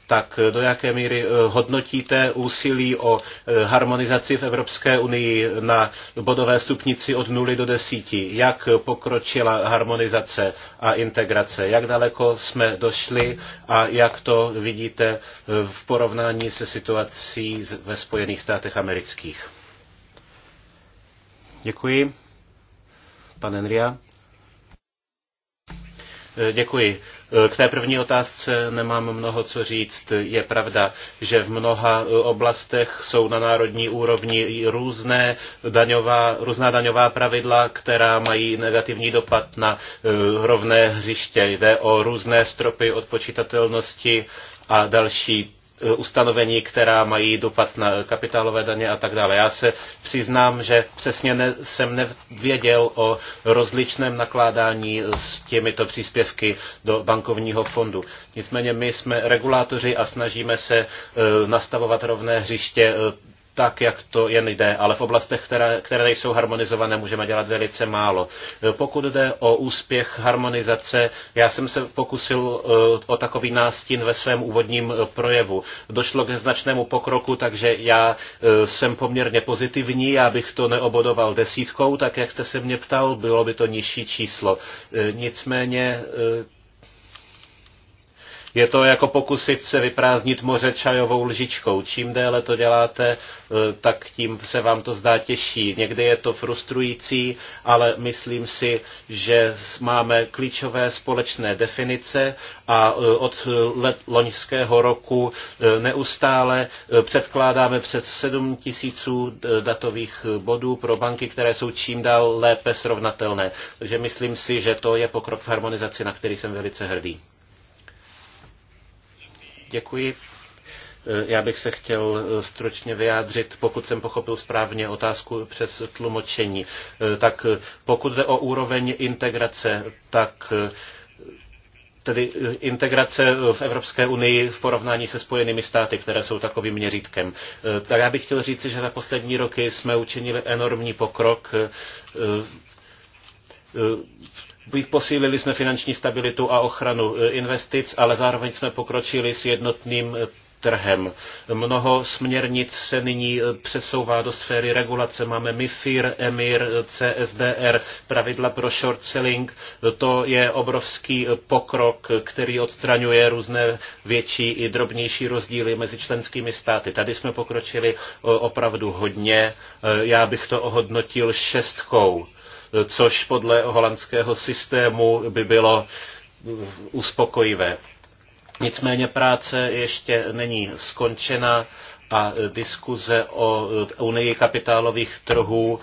Speaker 2: tak eh, do jaké míry eh, hodnotíte úsilí o eh, harmonizaci v Evropské unii na bodové stupnici od 0 do 10? Jak pokročila harmonizace a integrace? Jak daleko jsme došli a jak to vidíte v porovnání se situací ve Spojených státech amerických? Děkuji. Pan Enria. Děkuji. Eh, k té první otázce nemám mnoho co říct. Je pravda, že v mnoha eh, oblastech jsou na národní úrovni různé daňová, různá daňová pravidla, která mají negativní dopad na eh, rovné hřiště. Jde o různé stropy odpočítatelnosti a další Eh, ustanovení, která mají dopad na kapitálové daně a tak dále. Já se přiznám, že přesně ne, jsem nevěděl o rozličném nakládání s těmito příspěvky do bankovního fondu. Nicméně my jsme regulátoři a snažíme se eh, nastavovat rovné hřiště eh, tak, jak to jen jde, ale v oblastech, které, které nejsou harmonizované, můžeme dělat velice málo. E, pokud jde o úspěch harmonizace, já jsem se pokusil e, o takový nástin ve svém úvodním e, projevu. Došlo k značnému pokroku, takže já jsem poměrně pozitivní, já bych to neobodoval desítkou, tak jak jste se mě ptal, bylo by to nižší číslo. Nicméně je to jako pokusit se vyprázdnit moře čajovou lžičkou. Čím déle to děláte, eh, tak tím se vám to zdá těžší. Někdy je to frustrující, ale myslím si, že máme klíčové společné definice a eh, od let, loňského roku eh, neustále předkládáme přes 7 tisíců datových bodů pro banky, které jsou čím dál lépe srovnatelné. Takže myslím si, že to je pokrok v harmonizaci, na který jsem velice hrdý. Děkuji. Eh, já bych se chtěl eh, stručně vyjádřit, pokud jsem pochopil správně otázku přes tlumočení. Eh, tak pokud jde o úroveň integrace, tak tedy integrace v Evropské unii v porovnání se spojenými státy, které jsou takovým měřítkem. Tak já bych chtěl říci, že za poslední roky jsme učinili enormní pokrok Posílili jsme finanční stabilitu a ochranu e, investic, ale zároveň jsme pokročili s jednotným e, trhem. Mnoho směrnic se nyní e, přesouvá do sféry regulace. Máme MIFIR, EMIR, CSDR, pravidla pro short selling. To je obrovský pokrok, který odstraňuje různé větší i drobnější rozdíly mezi členskými státy. Tady jsme pokročili opravdu hodně. Já bych to ohodnotil šestkou což podle holandského systému by bylo uspokojivé. Nicméně práce ještě není skončena a diskuze o unii kapitálových trhů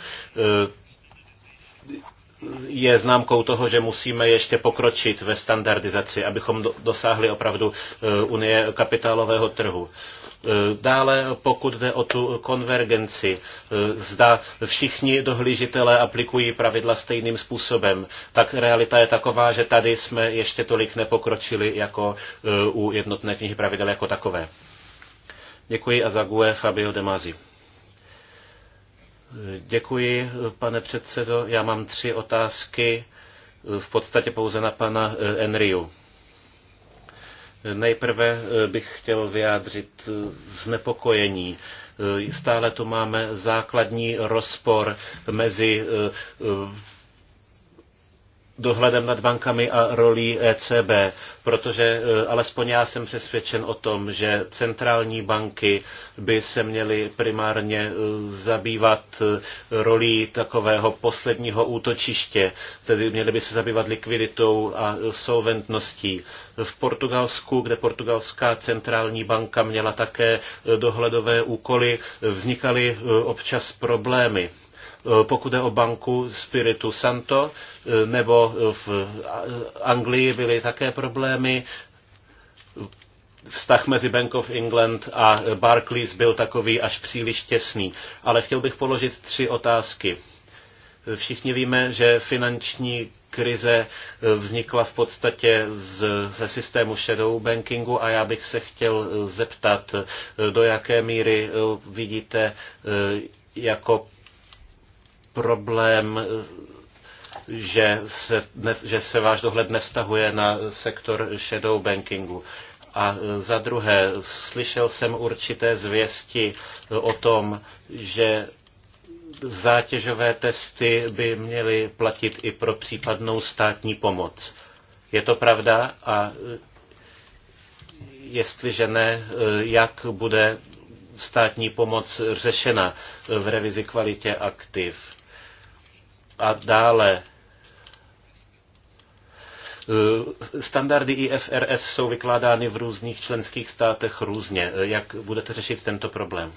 Speaker 2: je známkou toho, že musíme ještě pokročit ve standardizaci, abychom dosáhli opravdu e, unie kapitálového trhu. E, dále, pokud jde o tu konvergenci, e, zda všichni dohlížitelé aplikují pravidla stejným způsobem, tak realita je taková, že tady jsme ještě tolik nepokročili jako u jednotné knihy pravidel jako takové. Děkuji a za GUE Fabio De Masi. Děkuji, pane předsedo. Já mám tři otázky, v podstatě pouze na pana eh, Enriu. Nejprve eh, bych chtěl vyjádřit eh, znepokojení. Stále tu máme základní rozpor mezi dohledem nad bankami a rolí ECB, protože eh, alespoň já jsem přesvědčen o tom, že centrální banky by se měly primárně eh, zabývat eh, rolí takového posledního útočiště, tedy měly by se zabývat likviditou a solventností. V Portugalsku, kde portugalská centrální banka měla také dohledové úkoly, vznikaly občas problémy Eh, pokud jde o banku Spiritu Santo, eh, nebo v Anglii byly také problémy, vztah mezi Bank of England a Barclays byl takový až příliš těsný. Ale chtěl bych položit tři otázky. Všichni víme, že finanční krize eh, vznikla v podstatě z, ze systému shadow bankingu a já bych se chtěl zeptat, do jaké míry vidíte jako problém, že se, ne, že se váš dohled nevztahuje na sektor shadow bankingu. A za druhé, slyšel jsem určité zvěsti o tom, že zátěžové testy by měly platit i pro případnou státní pomoc. Je to pravda? A jestliže ne, jak bude státní pomoc řešena v revizi kvalitě aktiv? A dále eh, Standardy IFRS jsou vykládány v různých členských státech různě. Eh, jak budete řešit tento problém?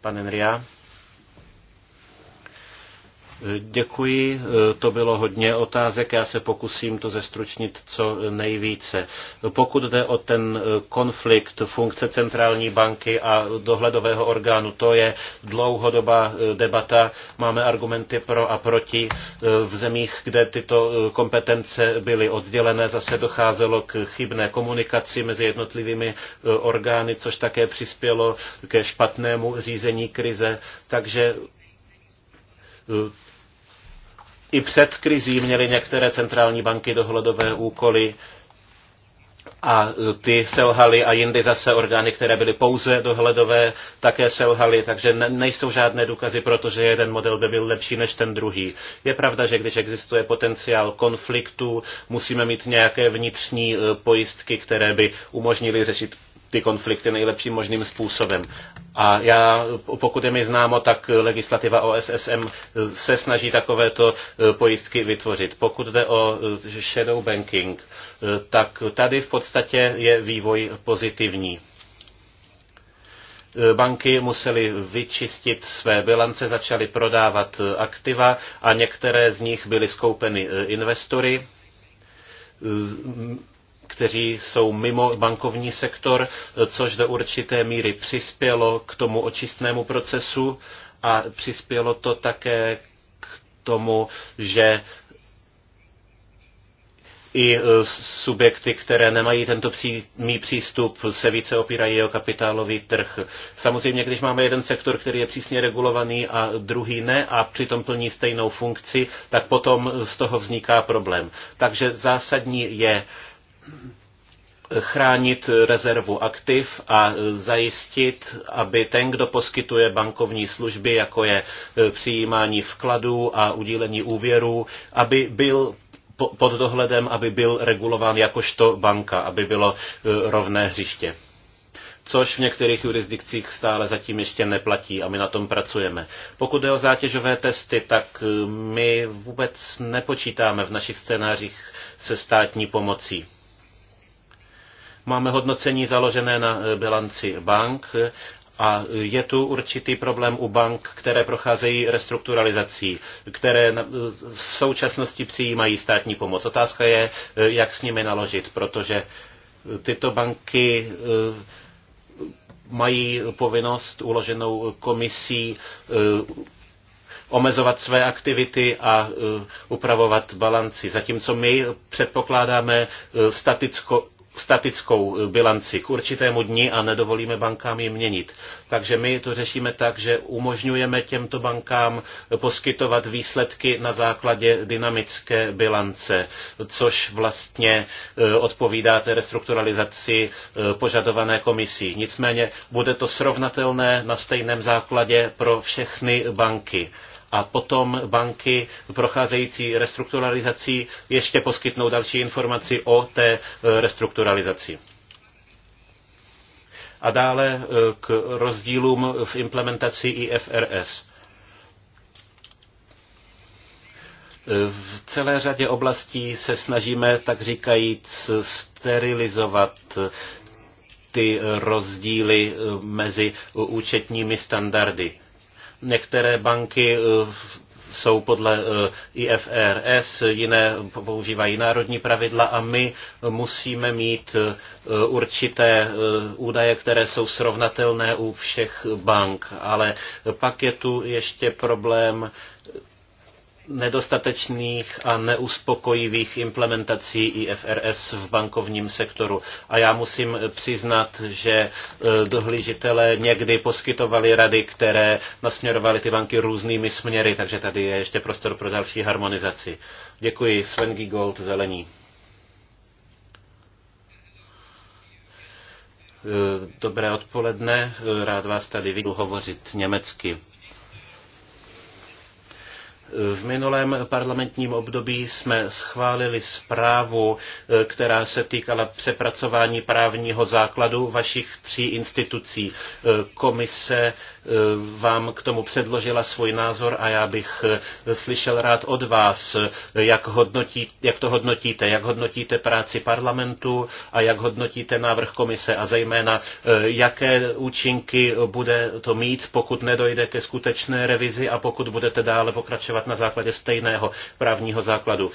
Speaker 2: pane Nria? Děkuji, to bylo hodně otázek, já se pokusím to zestručnit co nejvíce. Pokud jde o ten konflikt funkce centrální banky a dohledového orgánu, to je dlouhodobá debata, máme argumenty pro a proti. V zemích, kde tyto kompetence byly oddělené, zase docházelo k chybné komunikaci mezi jednotlivými orgány, což také přispělo ke špatnému řízení krize. Takže i před krizí měly některé centrální banky dohledové úkoly a e, ty selhaly a jindy zase orgány, které byly pouze dohledové, také selhaly, takže nejsou žádné důkazy, protože jeden model by byl lepší než ten druhý. Je pravda, že když existuje potenciál konfliktu, musíme mít nějaké vnitřní e, pojistky, které by umožnily řešit ty konflikty nejlepším možným způsobem. A já, pokud je mi známo, tak legislativa OSSM se snaží takovéto e, pojistky vytvořit. Pokud jde o e, shadow banking, e, tak tady v podstatě je vývoj pozitivní. Banky musely vyčistit své bilance, začaly prodávat aktiva a některé z nich byly skoupeny investory kteří jsou mimo bankovní sektor, což do určité míry přispělo k tomu očistnému procesu a přispělo to také k tomu, že i e, subjekty, které nemají tento přímý přístup, se více opírají o kapitálový trh. Samozřejmě, když máme jeden sektor, který je přísně regulovaný a druhý ne a přitom plní stejnou funkci, tak potom z toho vzniká problém. Takže zásadní je chránit rezervu aktiv a zajistit, aby ten, kdo poskytuje bankovní služby, jako je e, přijímání vkladů a udílení úvěrů, aby byl pod dohledem, aby byl regulován jakožto banka, aby bylo e, rovné hřiště což v některých jurisdikcích stále zatím ještě neplatí a my na tom pracujeme. Pokud jde o zátěžové testy, tak e, my vůbec nepočítáme v našich scénářích se státní pomocí. Máme hodnocení založené na eh, bilanci bank a je tu určitý problém u bank, které procházejí restrukturalizací, které eh, v současnosti přijímají státní pomoc. Otázka je, eh, jak s nimi naložit, protože tyto banky mají povinnost uloženou komisí omezovat své aktivity a upravovat balanci. Zatímco my předpokládáme statickou statickou eh, bilanci k určitému dni a nedovolíme bankám ji měnit. Takže my to řešíme tak, že umožňujeme těmto bankám eh, poskytovat výsledky na základě dynamické bilance, což vlastně eh, odpovídá té restrukturalizaci požadované komisí. Nicméně bude to srovnatelné na stejném základě pro všechny banky a potom banky procházející restrukturalizací ještě poskytnou další informaci o té e, restrukturalizaci. A dále e, k rozdílům v implementaci IFRS. E, v celé řadě oblastí se snažíme, tak říkajíc, sterilizovat ty rozdíly mezi účetními standardy Některé banky eh, jsou podle eh, IFRS, jiné používají národní pravidla a my musíme mít eh, určité údaje, které jsou srovnatelné u všech bank. Ale pak je tu ještě problém nedostatečných a neuspokojivých implementací IFRS v bankovním sektoru. A já musím přiznat, že e, dohlížitelé někdy poskytovali rady, které nasměrovaly ty banky různými směry, takže tady je ještě prostor pro další harmonizaci. Děkuji, Sven Gold, Zelení. E, dobré odpoledne, e, rád vás tady vidím hovořit německy. V minulém parlamentním období jsme schválili zprávu, eh, která se týkala přepracování právního základu vašich tří institucí eh, komise, Eh, vám k tomu předložila svůj názor a já bych eh, slyšel rád od vás, eh, jak, hodnotí, jak to hodnotíte, jak hodnotíte práci parlamentu a jak hodnotíte návrh komise a zejména, jaké účinky bude to mít, pokud nedojde ke skutečné revizi a pokud budete dále pokračovat na základě stejného právního základu.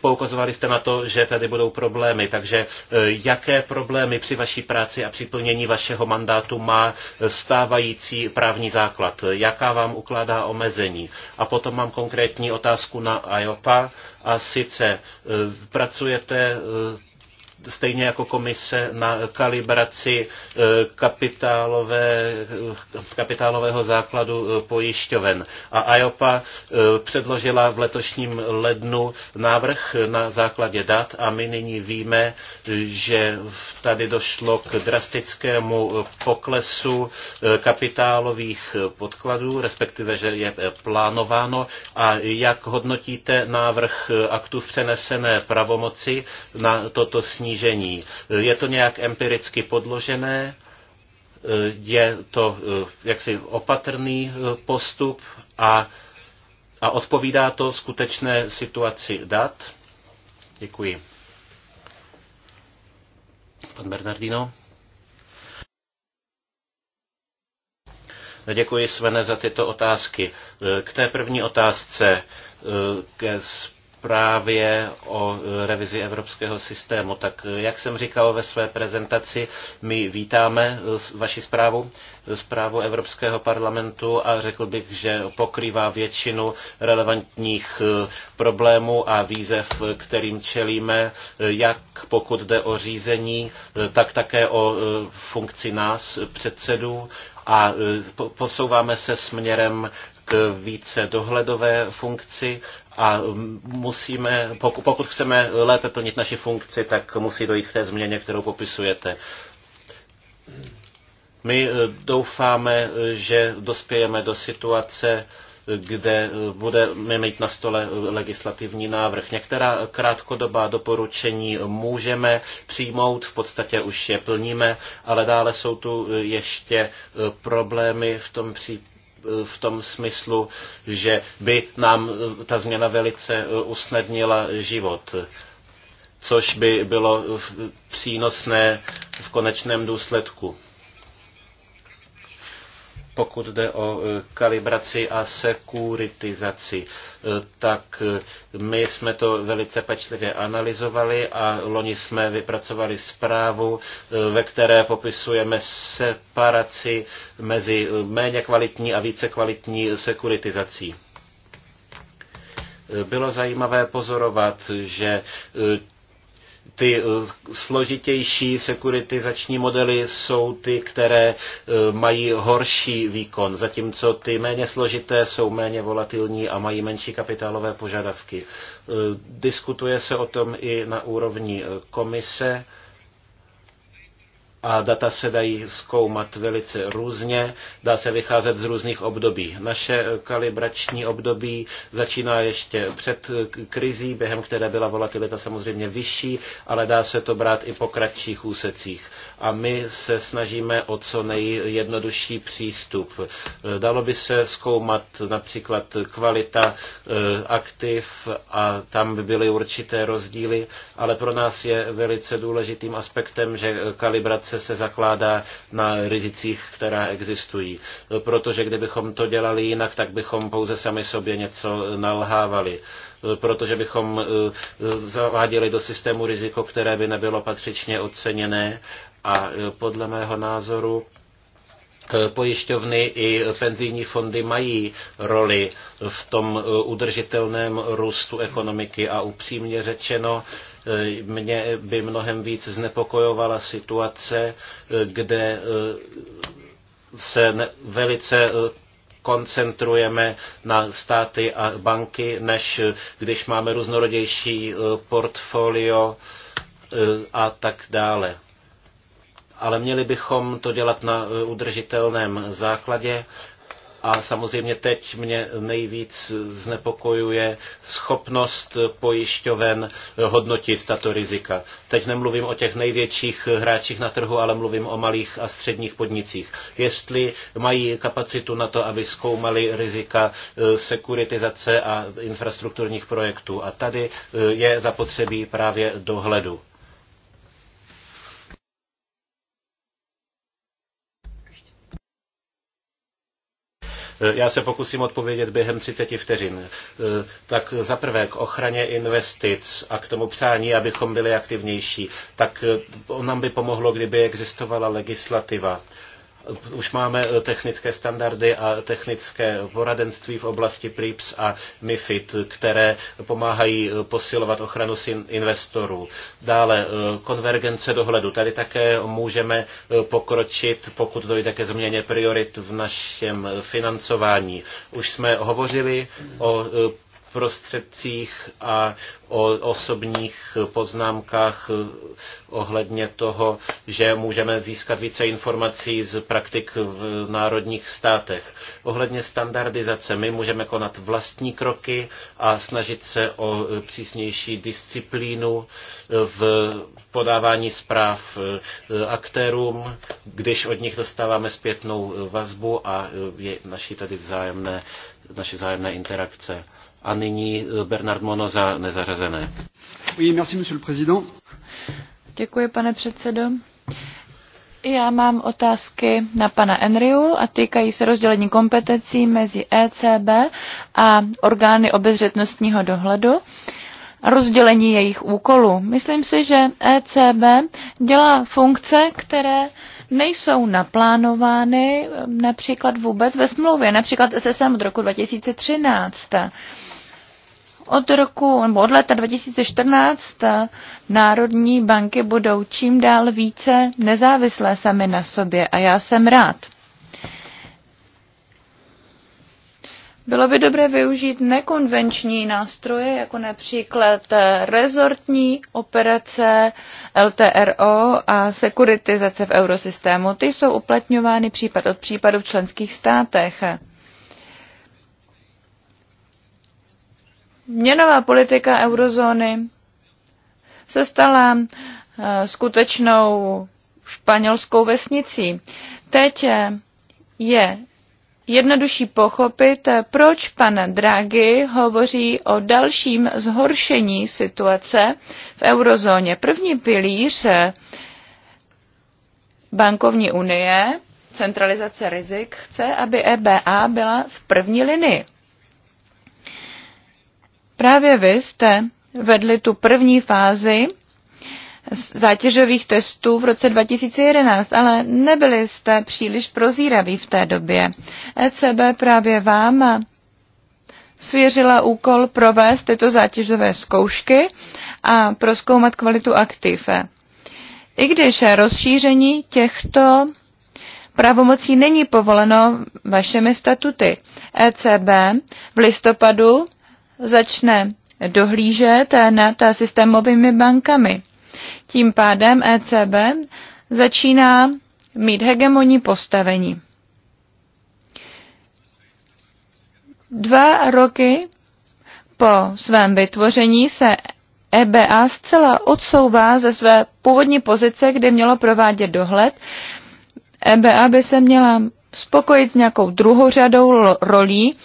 Speaker 2: Poukazovali jste na to, že tady budou problémy, takže jaké problémy při vaší práci a při plnění vašeho mandátu má stávající právní základ, jaká vám ukládá omezení. A potom mám konkrétní otázku na IOPA a sice eh, pracujete eh, stejně jako komise na kalibraci eh, kapitálové, eh, kapitálového základu eh, pojišťoven. A IOPA předložila v letošním lednu návrh na základě dat a my nyní víme, že tady došlo k drastickému poklesu kapitálových podkladů, respektive, že je plánováno. A jak hodnotíte návrh aktu v přenesené pravomoci na toto snížení? snížení. Je to nějak empiricky podložené? Je to eh, jaksi opatrný eh, postup a, a odpovídá to skutečné situaci dat? Děkuji. Pan Bernardino. Děkuji, Svene, za tyto otázky. Eh, k té první otázce, ke právě o e, revizi evropského systému. Tak e, jak jsem říkal ve své prezentaci, my vítáme e, vaši zprávu, zprávu Evropského parlamentu a řekl bych, že pokrývá většinu relevantních problémů a výzev, kterým čelíme, jak pokud jde o řízení, tak také o funkci nás, předsedů a posouváme se směrem k více dohledové funkci a musíme, pokud, pokud chceme lépe plnit naši funkci, tak musí dojít k té změně, kterou popisujete. My eh, doufáme, že dospějeme do situace, kde eh, budeme mít na stole eh, legislativní návrh. Některá krátkodobá doporučení můžeme přijmout, v podstatě už je plníme, ale dále jsou tu ještě problémy v tom případě, v tom smyslu, že by nám eh, ta změna velice eh, usnadnila život což by bylo eh, přínosné v konečném důsledku pokud jde o e, kalibraci a sekuritizaci, e, tak e, my jsme to velice pečlivě analyzovali a loni jsme vypracovali zprávu, ve které popisujeme separaci mezi méně kvalitní a více kvalitní sekuritizací bylo zajímavé pozorovat, že ty eh, složitější sekuritizační modely jsou ty, které eh, mají horší výkon, zatímco ty méně složité jsou méně volatilní a mají menší kapitálové požadavky. Eh, diskutuje se o tom i na úrovni komise a data se dají zkoumat velice různě, dá se vycházet z různých období. Naše kalibrační období začíná ještě před krizí, během které byla volatilita samozřejmě vyšší, ale dá se to brát i po kratších úsecích. A my se snažíme o co nejjednodušší přístup. Dalo by se zkoumat například kvalita eh, aktiv a tam by byly určité rozdíly, ale pro nás je velice důležitým aspektem, že kalibrace práce se zakládá na rizicích, která existují. Protože kdybychom to dělali jinak, tak bychom pouze sami sobě něco nalhávali protože bychom eh, zaváděli do systému riziko, které by nebylo patřičně oceněné a eh, podle mého názoru eh, pojišťovny i penzijní fondy mají roli v tom udržitelném růstu ekonomiky a upřímně řečeno mě by mnohem víc znepokojovala situace, kde eh, se velice eh, koncentrujeme na státy a banky, než když máme různorodější eh, portfolio a tak dále. Ale měli bychom to dělat na udržitelném základě a samozřejmě teď mě nejvíc znepokojuje schopnost pojišťoven hodnotit tato rizika. Teď nemluvím o těch největších hráčích na trhu, ale mluvím o malých a středních podnicích. Jestli mají kapacitu na to, aby zkoumali rizika eh, sekuritizace a infrastrukturních projektů. A tady eh, je zapotřebí právě dohledu. Eh, já se pokusím odpovědět během 30 vteřin. Eh, tak za prvé k ochraně investic a k tomu přání, abychom byli aktivnější, tak eh, nám by pomohlo, kdyby existovala legislativa už máme eh, technické standardy a technické poradenství v oblasti PRIPS a MIFID, které pomáhají eh, posilovat ochranu investorů. Dále eh, konvergence dohledu. Tady také můžeme pokročit, pokud dojde ke změně priorit v našem financování. Už jsme hovořili o prostředcích a o osobních poznámkách ohledně toho, že můžeme získat více informací z praktik v národních státech. Ohledně standardizace my můžeme konat vlastní kroky a snažit se o přísnější disciplínu v podávání zpráv aktérům, když od nich dostáváme zpětnou vazbu a je naší tady vzájemné, naše vzájemné interakce. A nyní eh, Bernard Mono za nezařazené.
Speaker 5: Oui, merci, monsieur le président. Děkuji, pane předsedo. Já mám otázky na pana Enriu a týkají se rozdělení kompetencí mezi ECB a orgány obezřetnostního dohledu a rozdělení jejich úkolů. Myslím si, že ECB dělá funkce, které nejsou naplánovány eh, například vůbec ve smlouvě, například SSM od roku 2013. Od roku nebo od leta 2014 eh, národní banky budou čím dál více nezávislé sami na sobě a já jsem rád. Bylo by dobré využít nekonvenční nástroje, jako například eh, rezortní operace LTRO a sekuritizace v eurosystému. Ty jsou uplatňovány případ od případu v členských státech. Měnová politika eurozóny se stala eh, skutečnou španělskou vesnicí. Teď eh, je jednodušší pochopit, eh, proč pan Draghi hovoří o dalším zhoršení situace v eurozóně. První pilíř bankovní unie, centralizace rizik, chce, aby EBA byla v první linii. Právě vy jste vedli tu první fázi zátěžových testů v roce 2011, ale nebyli jste příliš prozíraví v té době. ECB právě vám svěřila úkol provést tyto zátěžové zkoušky a proskoumat kvalitu aktiv. I když rozšíření těchto pravomocí není povoleno vašemi statuty, ECB v listopadu začne dohlížet nad systémovými bankami. Tím pádem ECB začíná mít hegemonní postavení. Dva roky po svém vytvoření se EBA zcela odsouvá ze své původní pozice, kde mělo provádět dohled. EBA by se měla spokojit s nějakou druhou řadou rolí,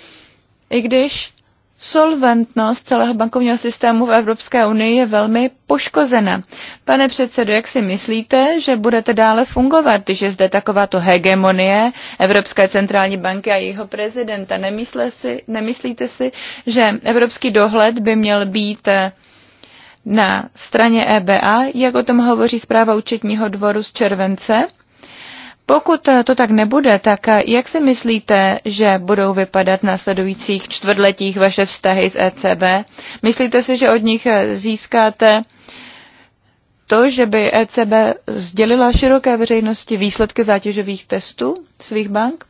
Speaker 5: i když solventnost celého bankovního systému v Evropské unii je velmi poškozena. Pane předsedo, jak si myslíte, že budete dále fungovat, když je zde takováto hegemonie Evropské centrální banky a jejího prezidenta? Nemysle si, nemyslíte si, že evropský dohled by měl být eh, na straně EBA, jak o tom hovoří zpráva účetního dvoru z července? Pokud eh, to tak nebude, tak eh, jak si myslíte, že budou vypadat v následujících čtvrtletích vaše vztahy s ECB? Myslíte si, že od nich eh, získáte to, že by ECB sdělila široké veřejnosti výsledky zátěžových testů svých bank?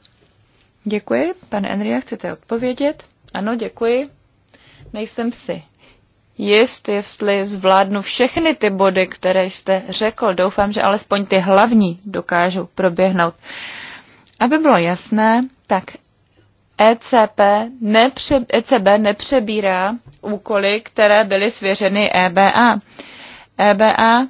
Speaker 5: Děkuji. Pane Enria, chcete odpovědět? Ano, děkuji. Nejsem si jist, jestli zvládnu všechny ty body, které jste řekl. Doufám, že alespoň ty hlavní dokážu proběhnout. Aby bylo jasné, tak ECP, nepře, ECB nepřebírá úkoly, které byly svěřeny EBA. EBA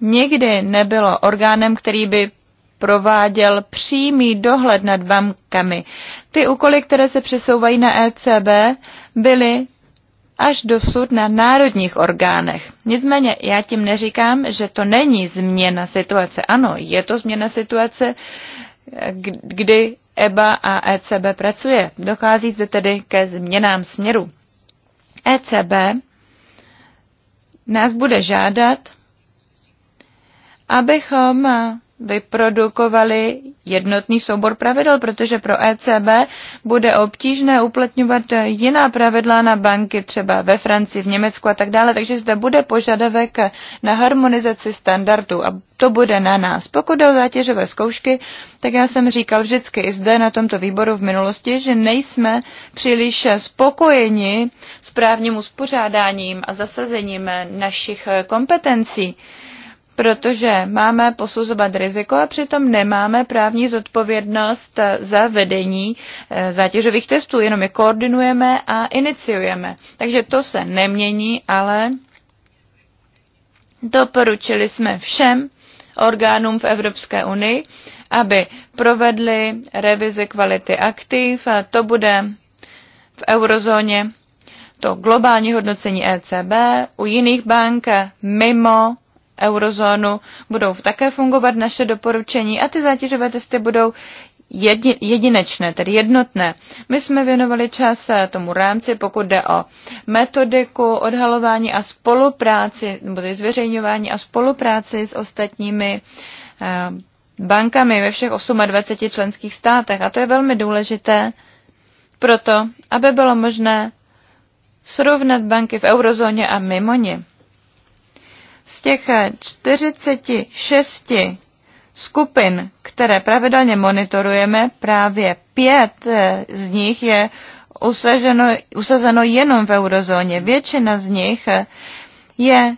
Speaker 5: nikdy nebylo orgánem, který by prováděl přímý dohled nad bankami. Ty úkoly, které se přesouvají na ECB, byly až dosud na národních orgánech. Nicméně já tím neříkám, že to není změna situace. Ano, je to změna situace, kdy EBA a ECB pracuje. Dochází zde tedy ke změnám směru. ECB nás bude žádat, abychom vyprodukovali jednotný soubor pravidel, protože pro ECB bude obtížné uplatňovat jiná pravidla na banky, třeba ve Francii, v Německu a tak dále, takže zde bude požadavek na harmonizaci standardů a to bude na nás. Pokud jde o zátěžové zkoušky, tak já jsem říkal vždycky i zde na tomto výboru v minulosti, že nejsme příliš spokojeni s právním uspořádáním a zasazením našich kompetencí protože máme posuzovat riziko a přitom nemáme právní zodpovědnost za vedení eh, zátěžových testů, jenom je koordinujeme a iniciujeme. Takže to se nemění, ale doporučili jsme všem orgánům v Evropské unii, aby provedli revizi kvality aktiv a to bude v eurozóně to globální hodnocení ECB, u jiných bank mimo eurozónu, budou také fungovat naše doporučení a ty zátěžové testy budou jedinečné, tedy jednotné. My jsme věnovali čas tomu rámci, pokud jde o metodiku, odhalování a spolupráci, nebo tedy zveřejňování a spolupráci s ostatními eh, bankami ve všech 28 členských státech. A to je velmi důležité proto, aby bylo možné srovnat banky v eurozóně a mimo ně. Z těch 46 skupin, které pravidelně monitorujeme, právě pět eh, z nich je usazeno, usazeno jenom v eurozóně. Většina z nich eh, je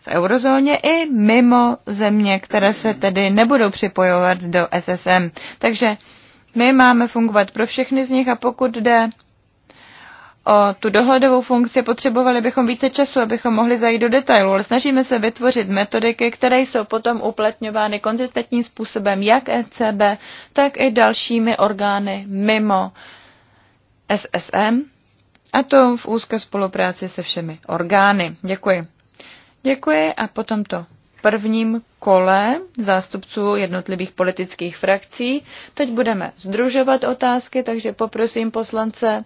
Speaker 5: v eurozóně i mimo země, které se tedy nebudou připojovat do SSM. Takže my máme fungovat pro všechny z nich a pokud jde o tu dohledovou funkci, potřebovali bychom více času, abychom mohli zajít do detailu, ale snažíme se vytvořit metodiky, které jsou potom uplatňovány konzistentním způsobem jak ECB, tak i dalšími orgány mimo SSM, a to v úzké spolupráci se všemi orgány. Děkuji. Děkuji a potom to prvním kole zástupců jednotlivých politických frakcí. Teď budeme združovat otázky, takže poprosím poslance,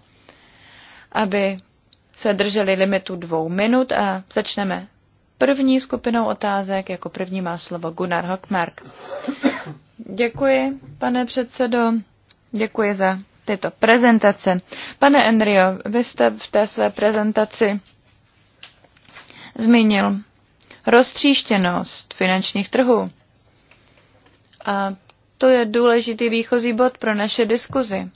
Speaker 5: aby se drželi limitu dvou minut a začneme první skupinou otázek. Jako první má slovo Gunnar Hockmark. Děkuji, pane předsedo. Děkuji za tyto prezentace. Pane Enrio, vy jste v té své prezentaci zmínil roztříštěnost finančních trhů. A to je důležitý výchozí bod pro naše diskuzi.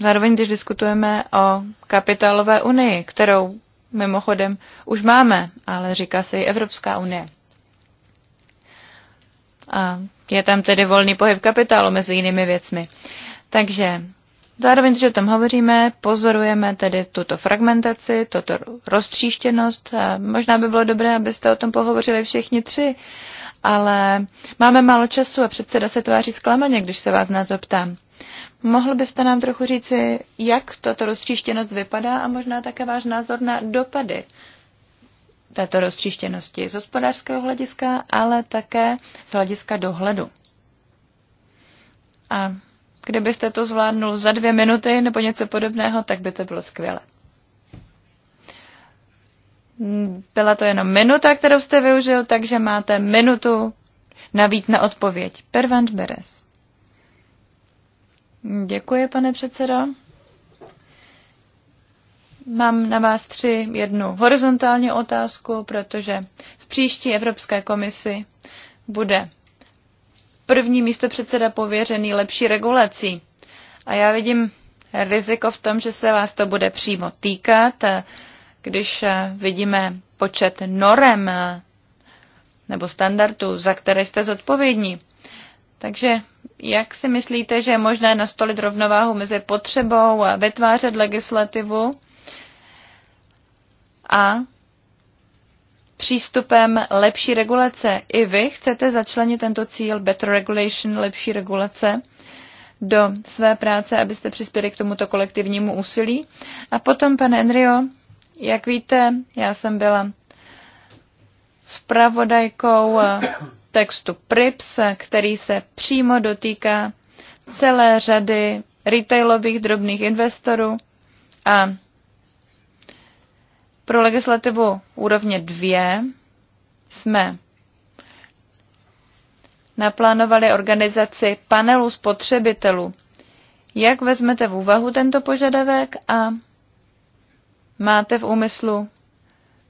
Speaker 5: Zároveň, když diskutujeme o kapitálové unii, kterou mimochodem už máme, ale říká se i Evropská unie. A je tam tedy volný pohyb kapitálu mezi jinými věcmi. Takže zároveň, když o tom hovoříme, pozorujeme tedy tuto fragmentaci, toto roztříštěnost. A možná by bylo dobré, abyste o tom pohovořili všichni tři, ale máme málo času a předseda se tváří zklamaně, když se vás na to ptám. Mohl byste nám trochu říci, jak tato roztříštěnost vypadá a možná také váš názor na dopady této roztříštěnosti z hospodářského hlediska, ale také z hlediska dohledu. A kdybyste to zvládnul za dvě minuty nebo něco podobného, tak by to bylo skvělé. Byla to jenom minuta, kterou jste využil, takže máte minutu navíc na odpověď. Pervant Beres. Děkuji, pane předsedo. Mám na vás tři jednu horizontální otázku, protože v příští Evropské komisi bude první místo předseda pověřený lepší regulací. A já vidím riziko v tom, že se vás to bude přímo týkat, když vidíme počet norem nebo standardů, za které jste zodpovědní. Takže jak si myslíte, že je možné nastolit rovnováhu mezi potřebou a vytvářet legislativu a přístupem lepší regulace? I vy chcete začlenit tento cíl better regulation, lepší regulace? do své práce, abyste přispěli k tomuto kolektivnímu úsilí. A potom, pane Enrio, jak víte, já jsem byla spravodajkou textu PRIPS, který se přímo dotýká celé řady retailových drobných investorů a pro legislativu úrovně 2 jsme naplánovali organizaci panelu spotřebitelů. Jak vezmete v úvahu tento požadavek a máte v úmyslu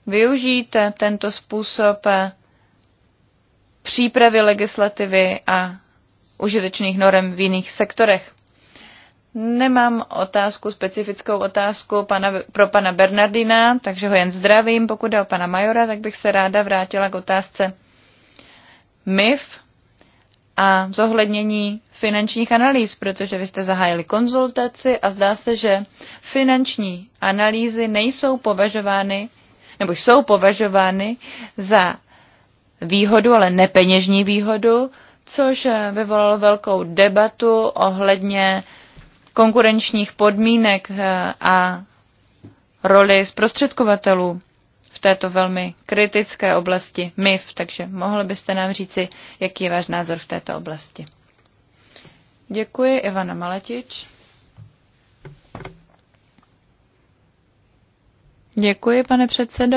Speaker 5: využít tento způsob přípravy legislativy a užitečných norem v jiných sektorech. Nemám otázku, specifickou otázku pana, pro pana Bernardina, takže ho jen zdravím. Pokud jde o pana Majora, tak bych se ráda vrátila k otázce MIF a zohlednění finančních analýz, protože vy jste zahájili konzultaci a zdá se, že finanční analýzy nejsou považovány nebo jsou považovány za výhodu, ale nepeněžní výhodu, což eh, vyvolalo velkou debatu ohledně konkurenčních podmínek eh, a roli zprostředkovatelů v této velmi kritické oblasti MIF, takže mohli byste nám říci, jaký je váš názor v této oblasti. Děkuji, Ivana Maletič. Děkuji, pane předsedo.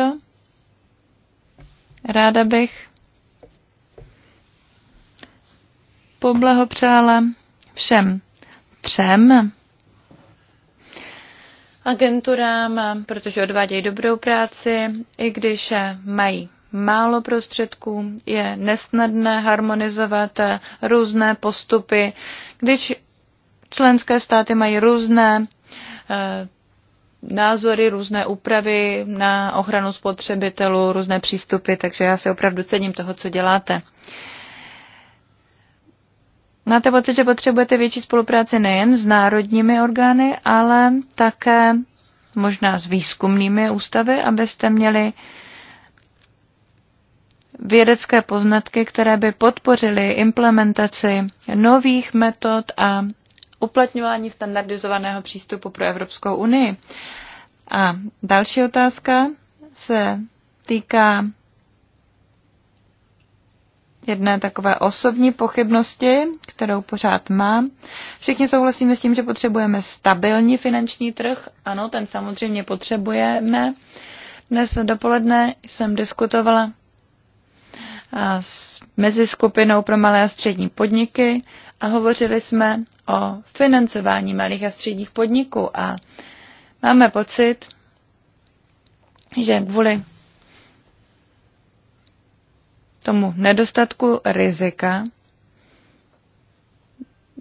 Speaker 5: Ráda bych poblahopřála všem třem agenturám, protože odvádějí dobrou práci, i když mají málo prostředků, je nesnadné harmonizovat různé postupy, když členské státy mají různé eh, názory, různé úpravy na ochranu spotřebitelů, různé přístupy, takže já si opravdu cením toho, co děláte. Máte pocit, že potřebujete větší spolupráci nejen s národními orgány, ale také možná s výzkumnými ústavy, abyste měli vědecké poznatky, které by podpořily implementaci nových metod a uplatňování standardizovaného přístupu pro Evropskou unii. A další otázka se týká jedné takové osobní pochybnosti, kterou pořád mám. Všichni souhlasíme s tím, že potřebujeme stabilní finanční trh. Ano, ten samozřejmě potřebujeme. Dnes dopoledne jsem diskutovala s mezi skupinou pro malé a střední podniky a hovořili jsme o financování malých a středních podniků a máme pocit, že kvůli tomu nedostatku rizika.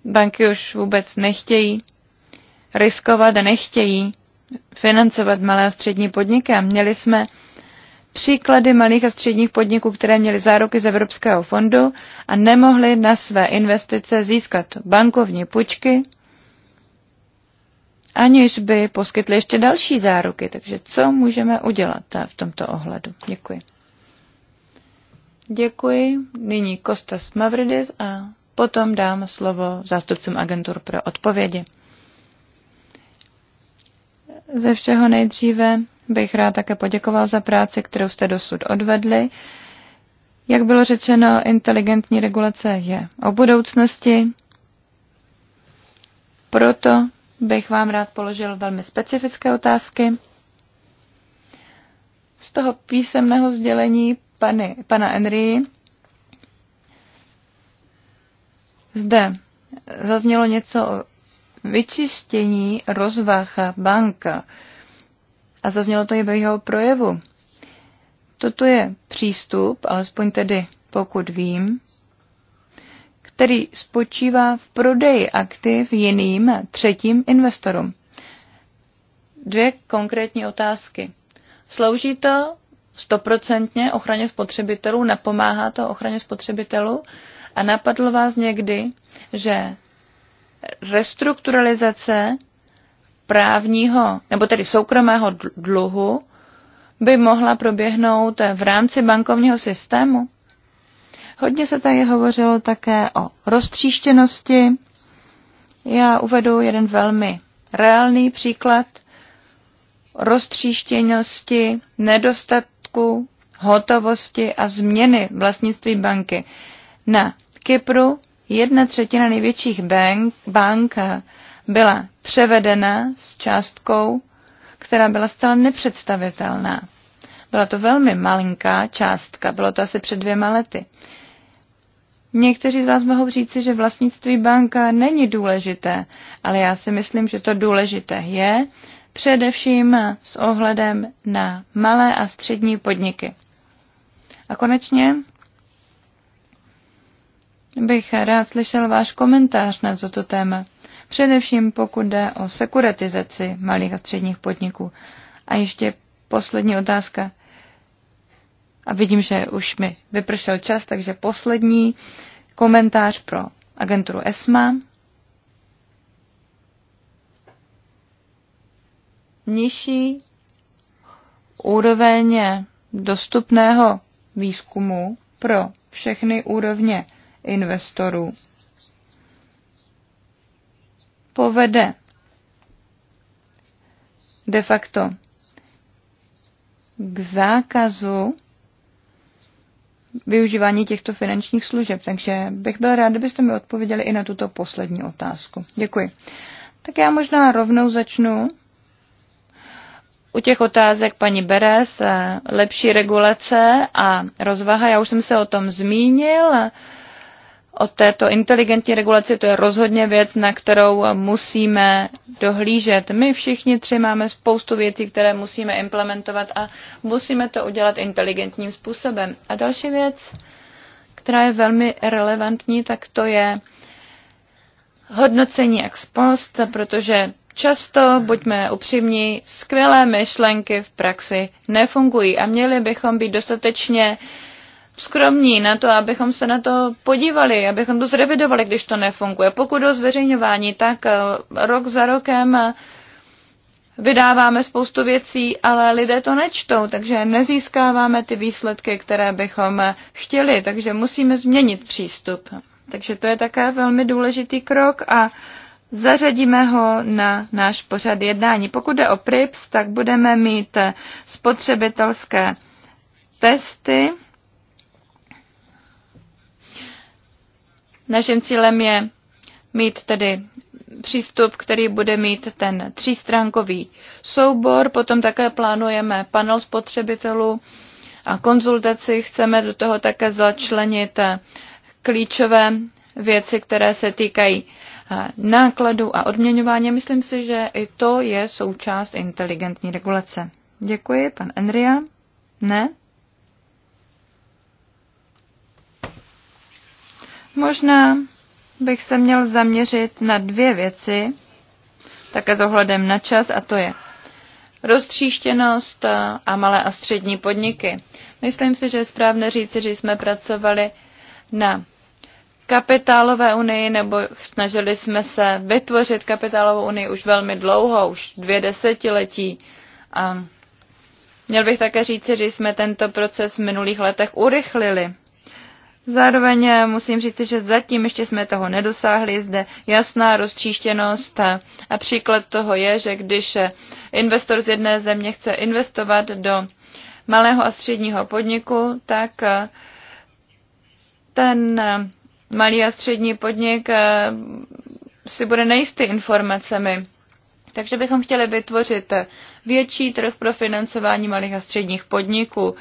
Speaker 5: Banky už vůbec nechtějí riskovat a nechtějí financovat malé a střední podniky. A měli jsme příklady malých a středních podniků, které měly záruky z Evropského fondu a nemohly na své investice získat bankovní půjčky, aniž by poskytly ještě další záruky. Takže co můžeme udělat v tomto ohledu? Děkuji. Děkuji. Nyní Kostas Mavridis a potom dám slovo zástupcům agentur pro odpovědi. Ze všeho nejdříve bych rád také poděkoval za práci, kterou jste dosud odvedli. Jak bylo řečeno, inteligentní regulace je o budoucnosti, proto bych vám rád položil velmi specifické otázky. Z toho písemného sdělení pany, pana Henry. Zde zaznělo něco o vyčištění rozvácha banka a zaznělo to i ve jeho projevu. Toto je přístup, alespoň tedy pokud vím, který spočívá v prodeji aktiv jiným třetím investorům. Dvě konkrétní otázky. Slouží to stoprocentně ochraně spotřebitelů, napomáhá to ochraně spotřebitelů a napadlo vás někdy, že restrukturalizace právního, nebo tedy soukromého dluhu by mohla proběhnout v rámci bankovního systému? Hodně se tady hovořilo také o roztříštěnosti. Já uvedu jeden velmi reálný příklad roztříštěnosti, nedostatku majetku, hotovosti a změny vlastnictví banky. Na Kypru jedna třetina největších bank, bank byla převedena s částkou, která byla zcela nepředstavitelná. Byla to velmi malinká částka, bylo to asi před dvěma lety. Někteří z vás mohou říci, že vlastnictví banka není důležité, ale já si myslím, že to důležité je, především s ohledem na malé a střední podniky. A konečně bych rád slyšel váš komentář na toto téma, především pokud jde o sekuratizaci malých a středních podniků. A ještě poslední otázka. A vidím, že už mi vypršel čas, takže poslední komentář pro agenturu ESMA. nižší úroveň dostupného výzkumu pro všechny úrovně investorů povede de facto k zákazu využívání těchto finančních služeb. Takže bych byl rád, kdybyste mi odpověděli i na tuto poslední otázku. Děkuji. Tak já možná rovnou začnu u těch otázek paní Beres, eh, lepší regulace a rozvaha, já už jsem se o tom zmínil. O této inteligentní regulaci to je rozhodně věc, na kterou musíme dohlížet. My všichni tři máme spoustu věcí, které musíme implementovat a musíme to udělat inteligentním způsobem. A další věc, která je velmi relevantní, tak to je hodnocení ex post, protože Často, buďme upřímní, skvělé myšlenky v praxi nefungují a měli bychom být dostatečně skromní na to, abychom se na to podívali, abychom to zrevidovali, když to nefunguje. Pokud o zveřejňování, tak eh, rok za rokem eh, vydáváme spoustu věcí, ale lidé to nečtou, takže nezískáváme ty výsledky, které bychom eh, chtěli, takže musíme změnit přístup. Takže to je také velmi důležitý krok a zařadíme ho na náš pořad jednání. Pokud jde o PRIPS, tak budeme mít spotřebitelské testy. Naším cílem je mít tedy přístup, který bude mít ten třístránkový soubor. Potom také plánujeme panel spotřebitelů a konzultaci. Chceme do toho také začlenit klíčové věci, které se týkají nákladů a odměňování. Myslím si, že i to je součást inteligentní regulace. Děkuji, pan Enria. Ne? Možná bych se měl zaměřit na dvě věci, také s ohledem na čas, a to je roztříštěnost a malé a střední podniky. Myslím si, že je správné říci, že jsme pracovali na kapitálové unii, nebo snažili jsme se vytvořit kapitálovou unii už velmi dlouho, už dvě desetiletí. A měl bych také říci, že jsme tento proces v minulých letech urychlili. Zároveň musím říci, že zatím ještě jsme toho nedosáhli. Zde jasná rozčíštěnost a příklad toho je, že když investor z jedné země chce investovat do malého a středního podniku, tak ten malý a střední podnik eh, si bude nejistý informacemi. Takže bychom chtěli vytvořit větší trh pro financování malých a středních podniků.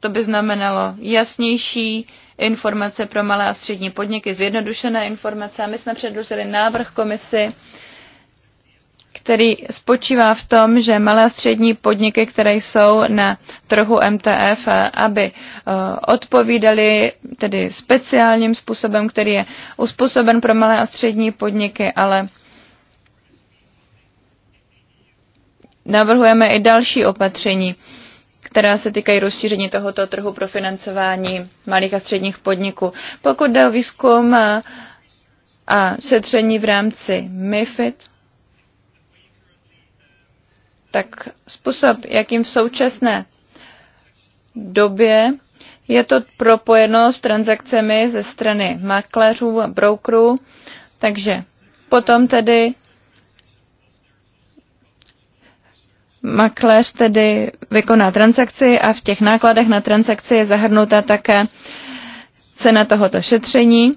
Speaker 5: To by znamenalo jasnější informace pro malé a střední podniky, zjednodušené informace. A my jsme předložili návrh komisi který spočívá v tom, že malé a střední podniky, které jsou na trhu MTF, eh, aby eh, odpovídali tedy speciálním způsobem, který je uspůsoben pro malé a střední podniky, ale navrhujeme i další opatření, která se týkají rozšíření tohoto trhu pro financování malých a středních podniků. Pokud jde o výzkum eh, a šetření v rámci MIFID, tak způsob, jakým v současné době je to propojeno s transakcemi ze strany makléřů a brokerů, takže potom tedy makléř tedy vykoná transakci a v těch nákladech na transakci je zahrnuta také cena tohoto šetření.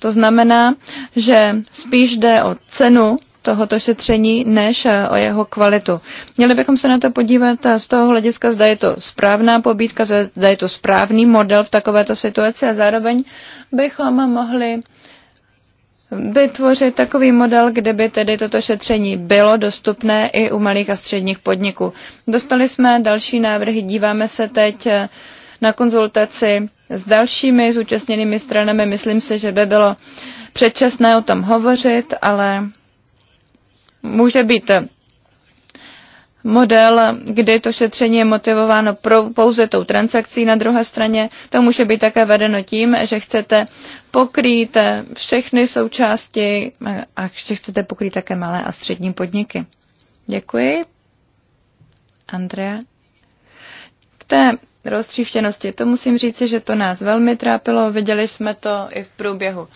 Speaker 5: To znamená, že spíš jde o cenu tohoto šetření než eh, o jeho kvalitu. Měli bychom se na to podívat eh, z toho hlediska, zda je to správná pobídka, zda je to správný model v takovéto situaci a zároveň bychom mohli vytvořit takový model, kde by tedy toto šetření bylo dostupné i u malých a středních podniků. Dostali jsme další návrhy, díváme se teď eh, na konzultaci s dalšími zúčastněnými stranami. Myslím si, že by bylo předčasné o tom hovořit, ale může být model, kdy to šetření je motivováno pro, pouze tou transakcí na druhé straně. To může být také vedeno tím, že chcete pokrýt všechny součásti a že chcete pokrýt také malé a střední podniky. Děkuji. Andrea. K té roztříštěnosti, to musím říci, že to nás velmi trápilo, viděli jsme to i v průběhu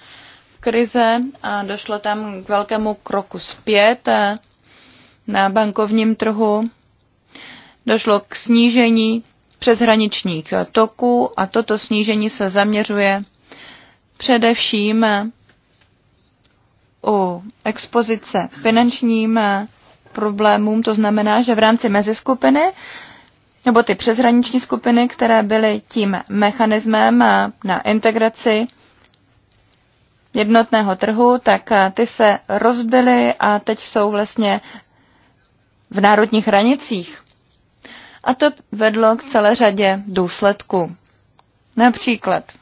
Speaker 5: krize a došlo tam k velkému kroku zpět na bankovním trhu. Došlo k snížení přeshraničních toků a toto snížení se zaměřuje především u expozice finančním problémům. To znamená, že v rámci meziskupiny nebo ty přeshraniční skupiny, které byly tím mechanismem na integraci jednotného trhu, tak eh, ty se rozbily a teď jsou vlastně v národních hranicích. A to vedlo k celé řadě důsledků. Například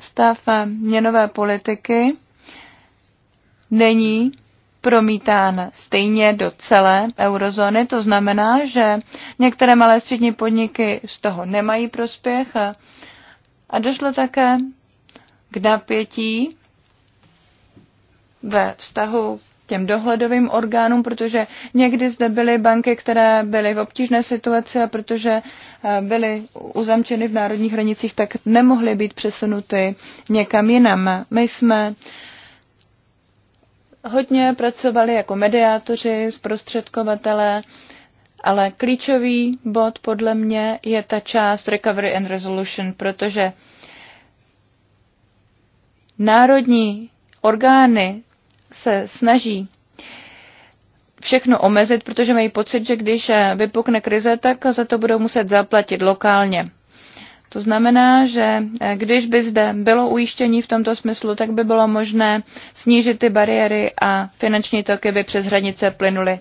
Speaker 5: stav eh, měnové politiky není promítán stejně do celé eurozóny. To znamená, že některé malé střední podniky z toho nemají prospěch a, a došlo také k napětí ve vztahu těm dohledovým orgánům, protože někdy zde byly banky, které byly v obtížné situaci a protože e, byly uzamčeny v národních hranicích, tak nemohly být přesunuty někam jinam. My jsme uh, hodně pracovali jako mediátoři, zprostředkovatelé, ale klíčový bod podle mě je ta část Recovery and Resolution, protože národní orgány se snaží všechno omezit, protože mají pocit, že když vypukne krize, tak za to budou muset zaplatit lokálně. To znamená, že eh, když by zde bylo ujištění v tomto smyslu, tak by bylo možné snížit ty bariéry a finanční toky by přes hranice plynuly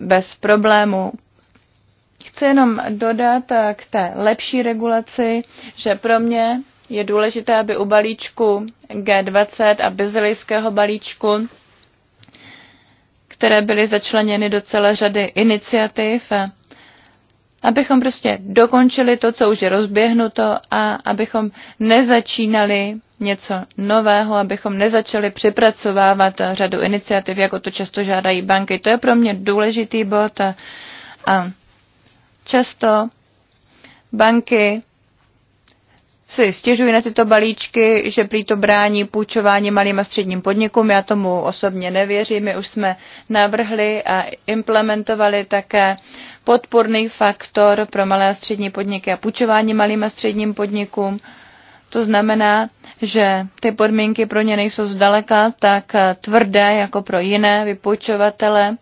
Speaker 5: bez problému. Chci jenom dodat eh, k té lepší regulaci, že pro mě je důležité, aby u balíčku G20 a bezilijského balíčku, které byly začleněny do celé řady iniciativ, eh, abychom prostě dokončili to, co už je rozběhnuto a abychom nezačínali něco nového, abychom nezačali přepracovávat řadu iniciativ, jako to často žádají banky. To je pro mě důležitý bod a, a často banky si stěžují na tyto balíčky, že prý to brání půjčování malým a středním podnikům. Já tomu osobně nevěřím. My už jsme navrhli a implementovali také uh, podporný faktor pro malé a střední podniky a půjčování malým a středním podnikům. To znamená, že ty podmínky pro ně nejsou zdaleka tak tvrdé jako pro jiné vypůjčovatele.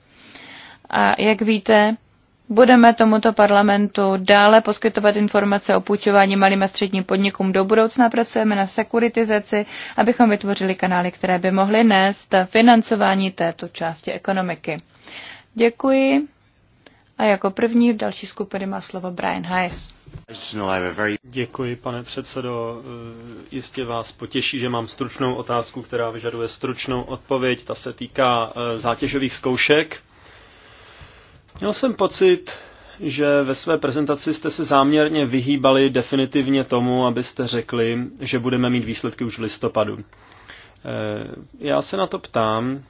Speaker 5: A jak víte, budeme tomuto parlamentu dále poskytovat informace o půjčování malým a středním podnikům. Do budoucna pracujeme na sekuritizaci, abychom vytvořili kanály, které by mohly nést financování této části ekonomiky. Děkuji. A jako první v další skupiny má slovo Brian Hayes.
Speaker 4: Děkuji, pane předsedo. E, jistě vás potěší, že mám stručnou otázku, která vyžaduje stručnou odpověď. Ta se týká e, zátěžových zkoušek. Měl jsem pocit, že ve své prezentaci jste se záměrně vyhýbali definitivně tomu, abyste řekli, že budeme mít výsledky už v listopadu. E, já se na to ptám,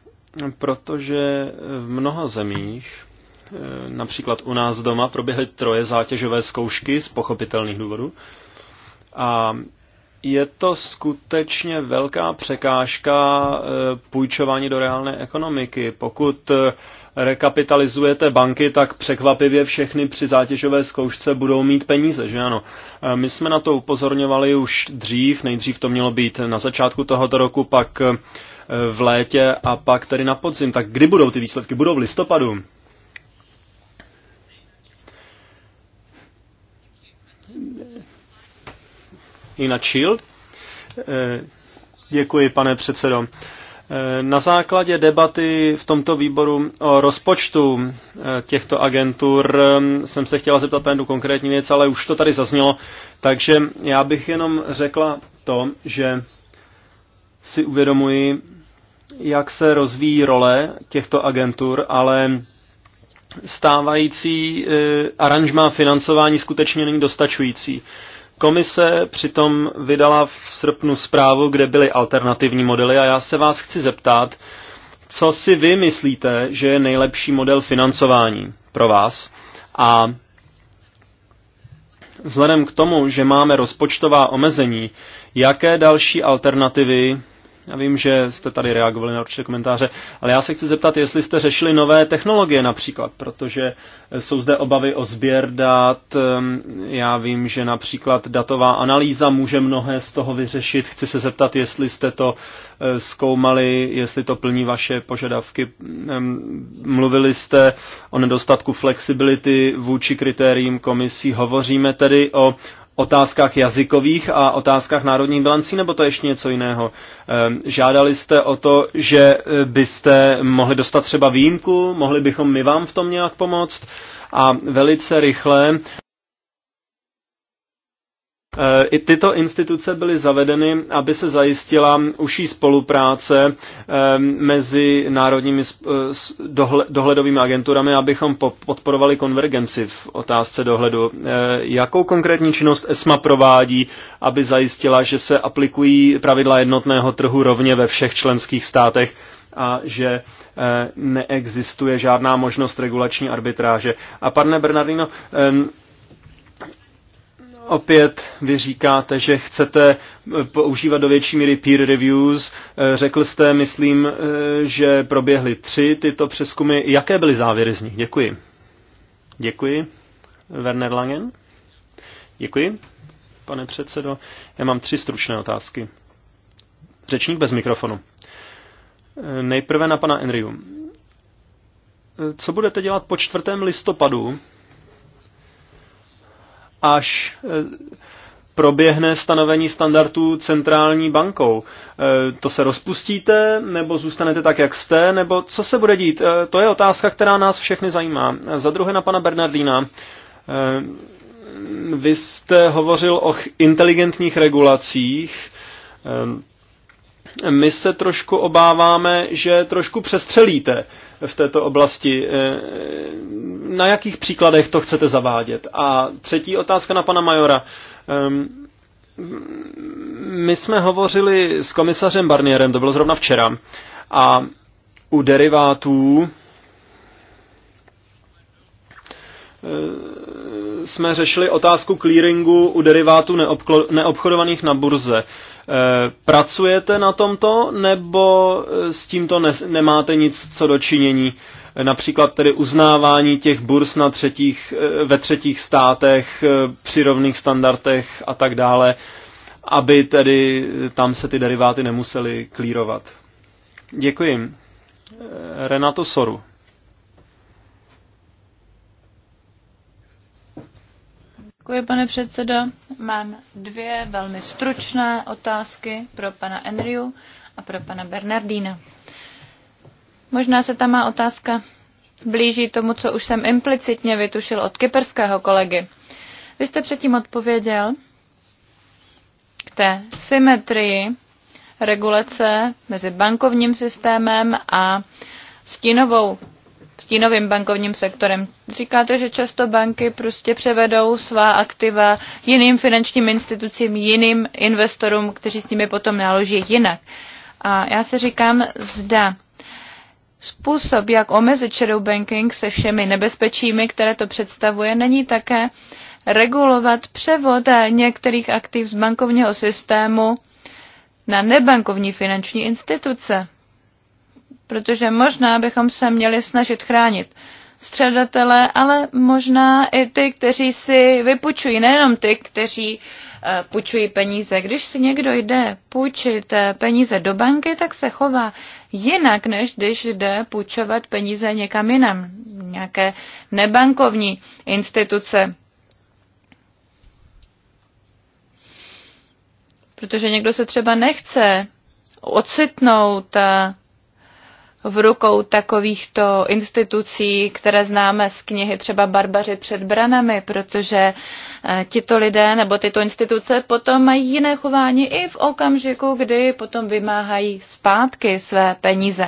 Speaker 4: protože v mnoha zemích Eh, například u nás doma proběhly troje zátěžové zkoušky z pochopitelných důvodů. A je to skutečně velká překážka eh, půjčování do reálné ekonomiky. Pokud eh, rekapitalizujete banky, tak překvapivě všechny při zátěžové zkoušce budou mít peníze, že ano? My jsme na to upozorňovali už dřív, nejdřív to mělo být na začátku tohoto roku, pak v létě a pak tedy na podzim. Tak kdy budou ty výsledky? Budou v listopadu? Nina Shield. Eh, děkuji, pane předsedo. Eh, na základě debaty v tomto výboru o rozpočtu eh, těchto agentur jsem se chtěla zeptat na jednu konkrétní věc, ale už to tady zaznělo, takže já bych jenom řekla to, že si uvědomuji, jak se rozvíjí role těchto agentur, ale stávající aranžma financování skutečně není dostačující. Komise přitom vydala v srpnu zprávu, kde byly alternativní modely a já se vás chci zeptat, co si vy myslíte, že je nejlepší model financování pro vás? A vzhledem k tomu, že máme rozpočtová omezení, jaké další alternativy já vím, že jste tady reagovali na určité komentáře, ale já se chci zeptat, jestli jste řešili nové technologie například, protože jsou zde obavy o sběr dat. Ehm, já vím, že například datová analýza může mnohé z toho vyřešit. Chci se zeptat, jestli jste to eh, zkoumali, jestli to plní vaše požadavky. Ehm, mluvili jste o nedostatku flexibility vůči kritériím komisí. Hovoříme tedy o otázkách jazykových a otázkách národních bilancí, nebo to ještě něco jiného? Ehm, žádali jste o to, že eh, byste mohli dostat třeba výjimku, mohli bychom my vám v tom nějak pomoct a velice rychle i tyto instituce byly zavedeny, aby se zajistila užší spolupráce ehm, mezi národními eh, dohledovými agenturami, abychom podporovali konvergenci v otázce dohledu. Eh, jakou konkrétní činnost ESMA provádí, aby zajistila, že se aplikují pravidla jednotného trhu rovně ve všech členských státech a že eh, neexistuje žádná možnost regulační arbitráže? A pane Bernardino, ehm, Opět vy říkáte, že chcete eh, používat do větší míry peer reviews. Eh, řekl jste, myslím, eh, že proběhly tři tyto přeskumy. Jaké byly závěry z nich? Děkuji. Děkuji. Werner Langen? Děkuji, pane předsedo. Já mám tři stručné otázky. Řečník bez mikrofonu. Nejprve na pana Enriu. Co budete dělat po čtvrtém listopadu, až eh, proběhne stanovení standardů centrální bankou. Eh, to se rozpustíte, nebo zůstanete tak, jak jste, nebo co se bude dít? Eh, to je otázka, která nás všechny zajímá. Za druhé na pana Bernardína. Vy jste hovořil o inteligentních regulacích. My se trošku obáváme, že trošku přestřelíte v této oblasti. Eh, na jakých příkladech to chcete zavádět? A třetí otázka na pana Majora. Ehm, my jsme hovořili s komisařem Barnierem, to bylo zrovna včera, a u derivátů eh, jsme řešili otázku clearingu u derivátů neobchodovaných na burze. Eh, pracujete na tomto, nebo eh, s tímto ne- nemáte nic co dočinění? Eh, například tedy uznávání těch burz na třetích, ve třetích státech, při rovných standardech a tak dále, aby tedy tam se ty deriváty nemusely klírovat. Děkuji. Renato Soru.
Speaker 5: Děkuji, pane předsedo. Mám dvě velmi stručné otázky pro pana Andrew a pro pana Bernardína. Možná se ta má otázka blíží tomu, co už jsem implicitně vytušil od kyperského kolegy. Vy jste předtím odpověděl k té symetrii regulace mezi bankovním systémem a stínovou stínovým bankovním sektorem. Říkáte, že často banky prostě převedou svá aktiva jiným finančním institucím, jiným investorům, kteří s nimi potom naloží jinak. A já se říkám, zda způsob, jak omezit shadow banking se všemi nebezpečími, které to představuje, není také regulovat převod některých aktiv z bankovního systému na nebankovní finanční instituce protože možná bychom se měli snažit chránit středatele, ale možná i ty, kteří si vypučují, nejenom ty, kteří eh, půjčují peníze. Když si někdo jde půjčit eh, peníze do banky, tak se chová jinak, než když jde půjčovat peníze někam jinam, nějaké nebankovní instituce. Protože někdo se třeba nechce ocitnout eh, v rukou takovýchto institucí, které známe z knihy třeba Barbaři před branami, protože eh, tito lidé nebo tyto instituce potom mají jiné chování i v okamžiku, kdy potom vymáhají zpátky své peníze.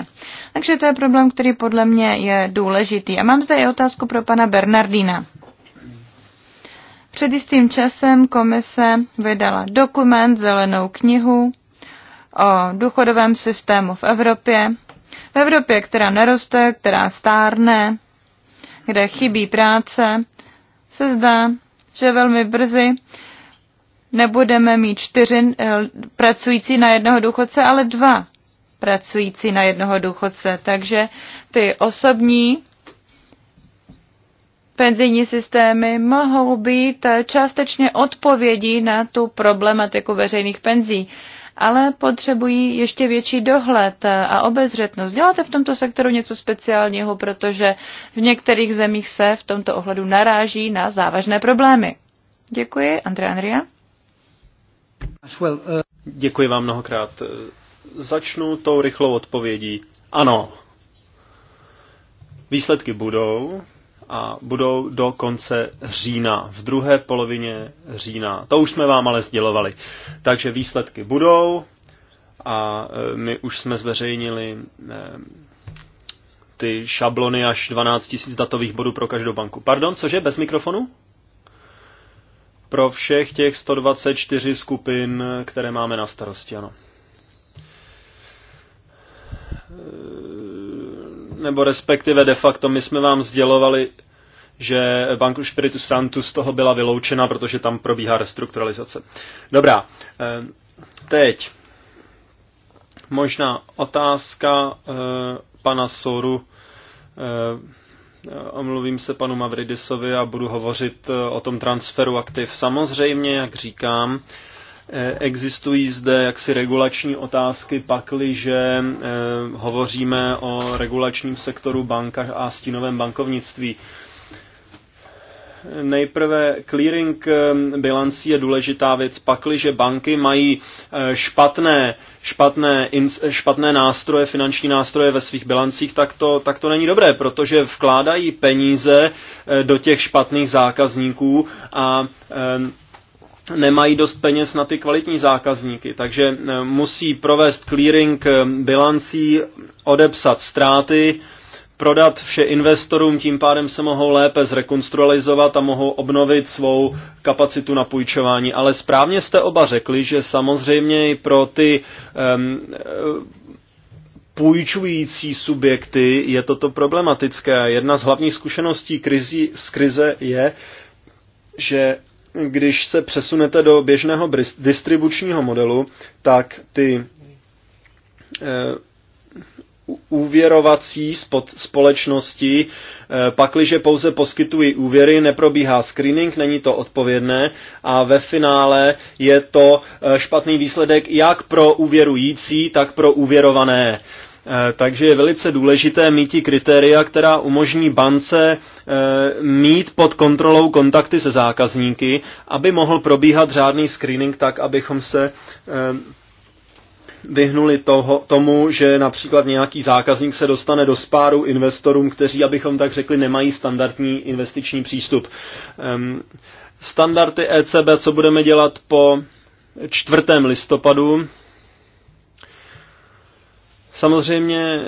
Speaker 5: Takže to je problém, který podle mě je důležitý. A mám zde i otázku pro pana Bernardína. Před jistým časem komise vydala dokument, zelenou knihu o důchodovém systému v Evropě, v Evropě, která neroste, která stárne, kde chybí práce, se zdá, že velmi brzy nebudeme mít čtyři eh, pracující na jednoho důchodce, ale dva pracující na jednoho důchodce. Takže ty osobní penzijní systémy mohou být eh, částečně odpovědí na tu problematiku veřejných penzí ale potřebují ještě větší dohled a obezřetnost. Děláte v tomto sektoru něco speciálního, protože v některých zemích se v tomto ohledu naráží na závažné problémy. Děkuji, Andrea Andrea.
Speaker 4: Uh, Děkuji vám mnohokrát. Začnu tou rychlou odpovědí. Ano. Výsledky budou, a budou do konce října, v druhé polovině října. To už jsme vám ale sdělovali. Takže výsledky budou a e, my už jsme zveřejnili e, ty šablony až 12 000 datových bodů pro každou banku. Pardon, cože, bez mikrofonu? Pro všech těch 124 skupin, které máme na starosti, ano nebo respektive de facto my jsme vám sdělovali, že banku Spiritu Santu z toho byla vyloučena, protože tam probíhá restrukturalizace. Dobrá, eh, teď možná otázka eh, pana Soru. Eh, omluvím se panu Mavridisovi a budu hovořit o tom transferu aktiv. Samozřejmě, jak říkám, Eh, existují zde jaksi regulační otázky, pakliže eh, hovoříme o regulačním sektoru banka, a stínovém bankovnictví. Nejprve clearing eh, bilancí je důležitá věc, pakliže banky mají špatné, špatné, špatné nástroje, finanční nástroje ve svých bilancích, tak to, tak to není dobré, protože vkládají peníze do těch špatných zákazníků a nemají dost peněz na ty kvalitní zákazníky, takže eh, musí provést clearing eh, bilancí, odepsat ztráty, prodat vše investorům, tím pádem se mohou lépe zrekonstrualizovat a mohou obnovit svou kapacitu na půjčování. Ale správně jste oba řekli, že samozřejmě i pro ty um, půjčující subjekty je toto problematické. Jedna z hlavních zkušeností krizi, z krize je, že když se přesunete do běžného distribučního modelu, tak ty eh, úvěrovací společnosti, eh, pakliže pouze poskytují úvěry, neprobíhá screening, není to odpovědné a ve finále je to eh, špatný výsledek jak pro úvěrující, tak pro úvěrované. Eh, takže je velice důležité mít kritéria, která umožní bance eh, mít pod kontrolou kontakty se zákazníky, aby mohl probíhat řádný screening tak, abychom se eh, vyhnuli toho, tomu, že například nějaký zákazník se dostane do spáru investorům, kteří, abychom tak řekli, nemají standardní investiční přístup. Ehm, standardy ECB, co budeme dělat po čtvrtém listopadu, Samozřejmě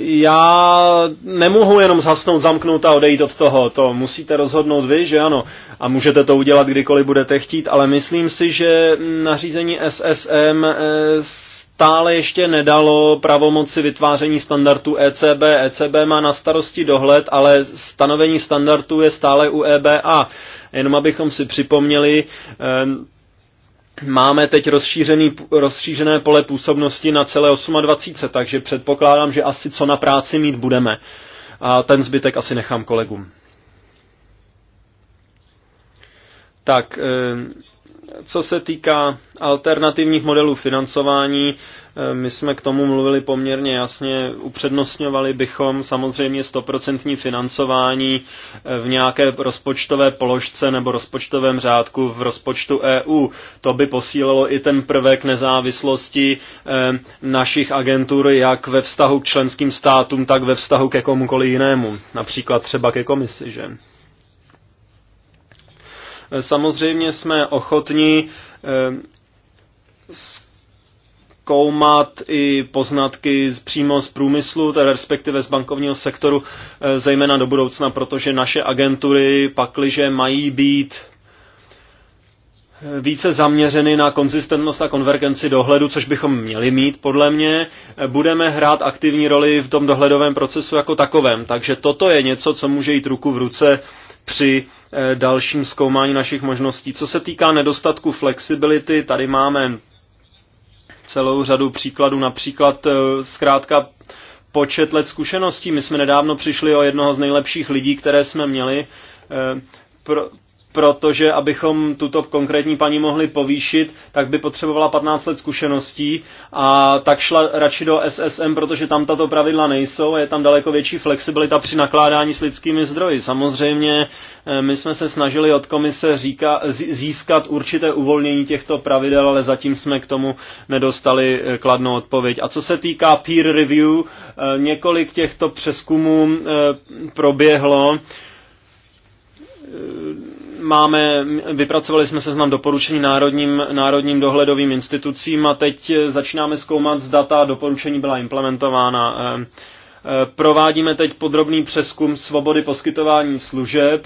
Speaker 4: já nemohu jenom zhasnout, zamknout a odejít od toho. To musíte rozhodnout vy, že ano. A můžete to udělat kdykoliv budete chtít, ale myslím si, že nařízení SSM eh, stále ještě nedalo pravomoci vytváření standardů ECB. ECB má na starosti dohled, ale stanovení standardů je stále u EBA. Jenom abychom si připomněli, eh, máme teď rozšířený, rozšířené pole působnosti na celé 28, takže předpokládám, že asi co na práci mít budeme. A ten zbytek asi nechám kolegům. Tak, eh, co se týká alternativních modelů financování, eh, my jsme k tomu mluvili poměrně jasně, upřednostňovali bychom samozřejmě stoprocentní financování eh, v nějaké rozpočtové položce nebo rozpočtovém řádku v rozpočtu EU. To by posílilo i ten prvek nezávislosti eh, našich agentur jak ve vztahu k členským státům, tak ve vztahu ke komukoli jinému, například třeba ke komisi, že? Samozřejmě jsme ochotni eh, zkoumat i poznatky přímo z průmyslu, tedy respektive z bankovního sektoru, eh, zejména do budoucna, protože naše agentury pakliže mají být eh, více zaměřeny na konzistentnost a konvergenci dohledu, což bychom měli mít podle mě, budeme hrát aktivní roli v tom dohledovém procesu jako takovém. Takže toto je něco, co může jít ruku v ruce při eh, dalším zkoumání našich možností. Co se týká nedostatku flexibility, tady máme celou řadu příkladů, například eh, zkrátka počet let zkušeností. My jsme nedávno přišli o jednoho z nejlepších lidí, které jsme měli, eh, protože abychom tuto konkrétní paní mohli povýšit, tak by potřebovala 15 let zkušeností a tak šla radši do SSM, protože tam tato pravidla nejsou a je tam daleko větší flexibilita při nakládání s lidskými zdroji. Samozřejmě eh, my jsme se snažili od komise říka, získat určité uvolnění těchto pravidel, ale zatím jsme k tomu nedostali eh, kladnou odpověď. A co se týká peer review, eh, několik těchto přeskumů proběhlo máme, vypracovali jsme seznam doporučení národním, národním dohledovým institucím a teď začínáme zkoumat, zda ta doporučení byla implementována. Eh, eh, provádíme teď podrobný přeskum svobody poskytování služeb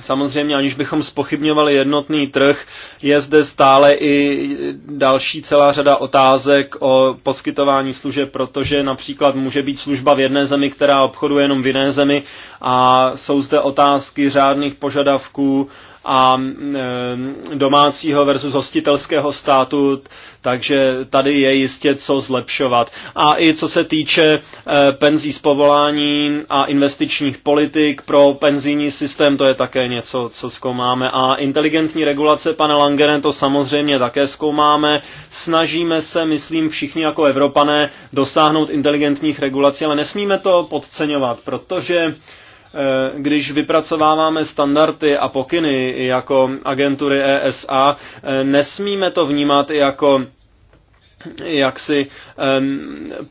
Speaker 4: Samozřejmě, aniž bychom spochybňovali jednotný trh, je zde stále i další celá řada otázek o poskytování služeb, protože například může být služba v jedné zemi, která obchoduje jenom v jiné zemi a jsou zde otázky řádných požadavků a e, domácího versus hostitelského státu, takže tady je jistě co zlepšovat. A i co se týče e, penzí z povolání a investičních politik pro penzijní systém, to je také něco, co zkoumáme. A inteligentní regulace, pane Langene, to samozřejmě také zkoumáme. Snažíme se, myslím, všichni jako Evropané dosáhnout inteligentních regulací, ale nesmíme to podceňovat, protože Eh, když vypracováváme standardy a pokyny jako agentury ESA, eh, nesmíme to vnímat jako jak si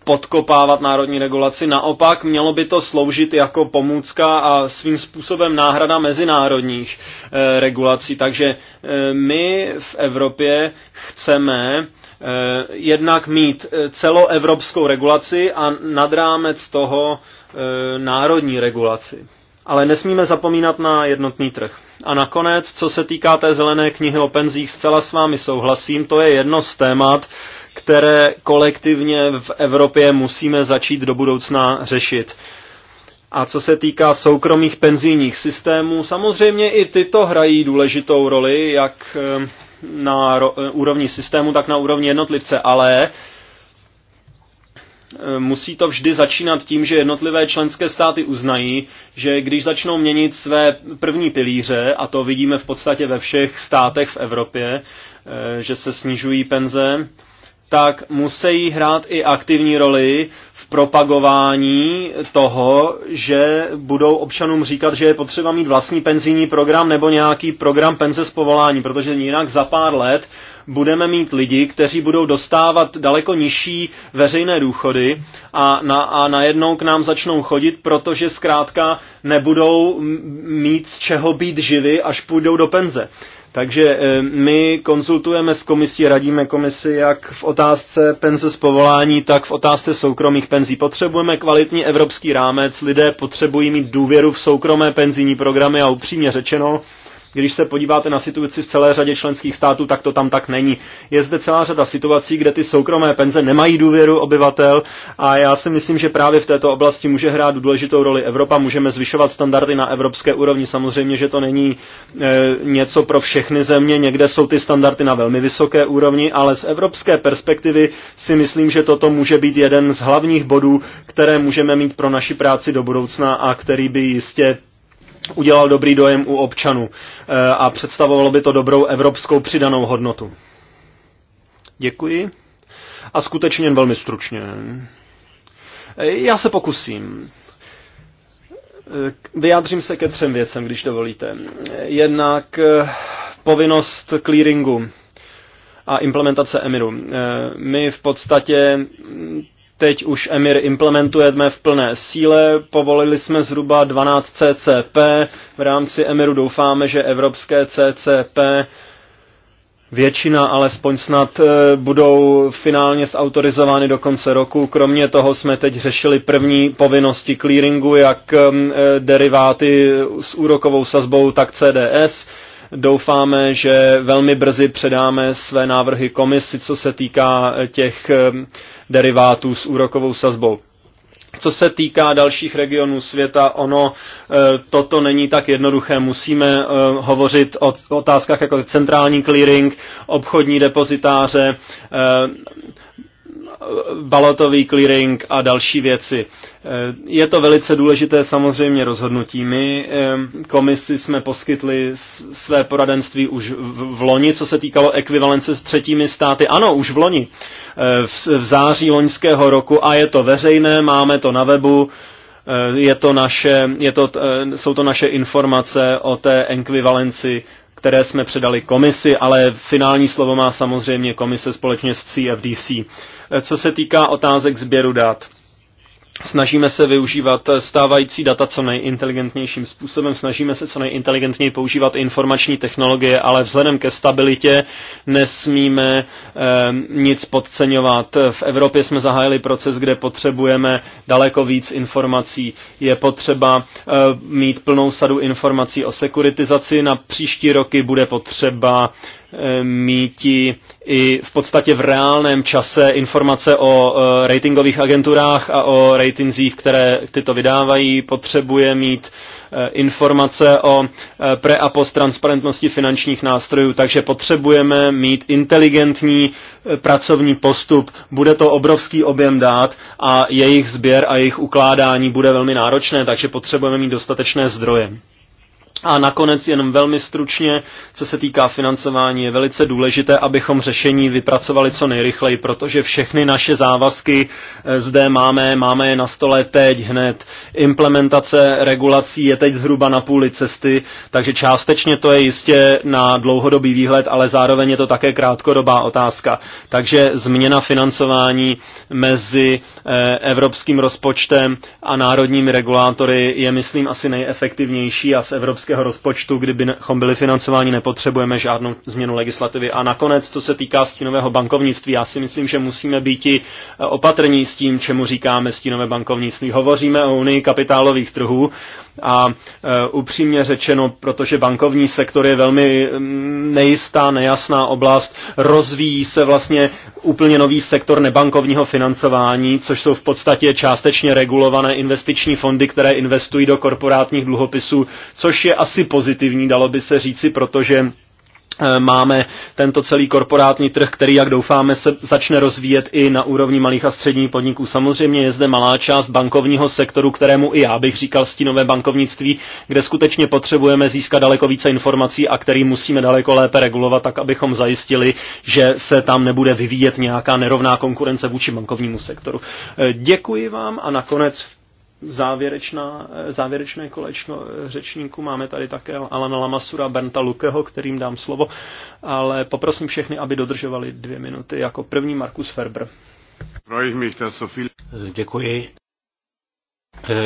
Speaker 4: podkopávat národní regulaci. Naopak mělo by to sloužit jako pomůcka a svým způsobem náhrada mezinárodních eh, regulací. Takže my v Evropě chceme jednak mít celoevropskou regulaci a nad rámec toho E, národní regulaci. Ale nesmíme zapomínat na jednotný trh. A nakonec, co se týká té zelené knihy o penzích, zcela s vámi souhlasím, to je jedno z témat, které kolektivně v Evropě musíme začít do budoucna řešit. A co se týká soukromých penzijních systémů, samozřejmě i tyto hrají důležitou roli, jak e, na úrovni systému, tak na úrovni jednotlivce, ale Eh, musí to vždy začínat tím, že jednotlivé členské státy uznají, že když začnou měnit své první pilíře, a to vidíme v podstatě ve všech státech v Evropě, eh, že se snižují penze, tak musí hrát i aktivní roli v propagování toho, že budou občanům říkat, že je potřeba mít vlastní penzijní program nebo nějaký program penze z povolání, protože jinak za pár let budeme mít lidi, kteří budou dostávat daleko nižší veřejné důchody a, na, a najednou k nám začnou chodit, protože zkrátka nebudou mít z čeho být živy, až půjdou do penze. Takže eh, my konzultujeme s komisí, radíme komisi jak v otázce penze z povolání, tak v otázce soukromých penzí. Potřebujeme kvalitní evropský rámec, lidé potřebují mít důvěru v soukromé penzijní programy a upřímně řečeno, když se podíváte na situaci v celé řadě členských států, tak to tam tak není. Je zde celá řada situací, kde ty soukromé penze nemají důvěru obyvatel a já si myslím, že právě v této oblasti může hrát důležitou roli Evropa. Můžeme zvyšovat standardy na evropské úrovni. Samozřejmě, že to není e, něco pro všechny země. Někde jsou ty standardy na velmi vysoké úrovni, ale z evropské perspektivy si myslím, že toto může být jeden z hlavních bodů, které můžeme mít pro naši práci do budoucna a který by jistě udělal dobrý dojem u občanů eh, a představovalo by to dobrou evropskou přidanou hodnotu. Děkuji. A skutečně jen velmi stručně. Eh, já se pokusím. Eh, vyjádřím se ke třem věcem, když dovolíte. Jednak povinnost clearingu a implementace Emiru. My v podstatě Teď už Emir implementujeme v plné síle, povolili jsme zhruba 12 CCP, v rámci Emiru doufáme, že evropské CCP většina, alespoň snad, eh, budou finálně zautorizovány do konce roku. Kromě toho jsme teď řešili první povinnosti clearingu, jak eh, deriváty s úrokovou sazbou, tak CDS. Doufáme, že velmi brzy předáme své návrhy komisi, co se týká eh, těch eh, derivátů s úrokovou sazbou. Co se týká dalších regionů světa, ono eh, toto není tak jednoduché. Musíme hovořit o otázkách jako centrální clearing, obchodní depozitáře, balotový clearing a další věci. Eh, je to velice důležité samozřejmě rozhodnutí. My eh, komisi jsme poskytli své poradenství už v loni, co se týkalo ekvivalence s třetími státy. Ano, už v loni, eh, v září loňského roku a je to veřejné, máme to na webu. Je to naše, je to, jsou to naše informace o té ekvivalenci které jsme předali komisi, ale finální slovo má samozřejmě komise společně s CFDC. Co se týká otázek sběru dat, snažíme se využívat stávající data co nejinteligentnějším způsobem, snažíme se co nejinteligentněji používat informační technologie, ale vzhledem ke stabilitě nesmíme eh, nic podceňovat. V Evropě jsme zahájili proces, kde potřebujeme daleko víc informací. Je potřeba eh, mít plnou sadu informací o sekuritizaci. Na příští roky bude potřeba míti i v podstatě v reálném čase informace o e, ratingových agenturách a o ratingzích, které tyto vydávají. Potřebuje mít e, informace o e, pre a post transparentnosti finančních nástrojů, takže potřebujeme mít inteligentní pracovní postup. Bude to obrovský objem dát a jejich sběr a jejich ukládání bude velmi náročné, takže potřebujeme mít dostatečné zdroje. A nakonec jenom velmi stručně, co se týká financování, je velice důležité, abychom řešení vypracovali co nejrychleji, protože všechny naše závazky eh, zde máme, máme je na stole teď hned. Implementace regulací je teď zhruba na půli cesty, takže částečně to je jistě na dlouhodobý výhled, ale zároveň je to také krátkodobá otázka. Takže změna financování mezi eh, evropským rozpočtem a národními regulátory je, myslím, asi nejefektivnější a s evropským evropského rozpočtu, kdybychom byli financováni, nepotřebujeme žádnou změnu legislativy. A nakonec, co se týká stínového bankovnictví, já si myslím, že musíme být i eh, opatrní s tím, čemu říkáme stínové bankovnictví. Hovoříme o unii kapitálových trhů a e, upřímně řečeno, protože bankovní sektor je velmi mm, nejistá, nejasná oblast, rozvíjí se vlastně úplně nový sektor nebankovního financování, což jsou v podstatě částečně regulované investiční fondy, které investují do korporátních dluhopisů, což je asi pozitivní, dalo by se říci, protože Eh, máme tento celý korporátní trh, který, jak doufáme, se začne rozvíjet i na úrovni malých a středních podniků. Samozřejmě je zde malá část bankovního sektoru, kterému i já bych říkal stínové bankovnictví, kde skutečně potřebujeme získat daleko více informací a který musíme daleko lépe regulovat, tak abychom zajistili, že se tam nebude vyvíjet nějaká nerovná konkurence vůči bankovnímu sektoru. Eh, děkuji vám a nakonec v závěrečná, eh, závěrečné kolečko eh, řečníků. Máme tady také Alana Lamasura, Bernta Lukeho, kterým dám slovo, ale poprosím všechny, aby dodržovali dvě minuty. Jako první Markus Ferber.
Speaker 2: Eh, děkuji.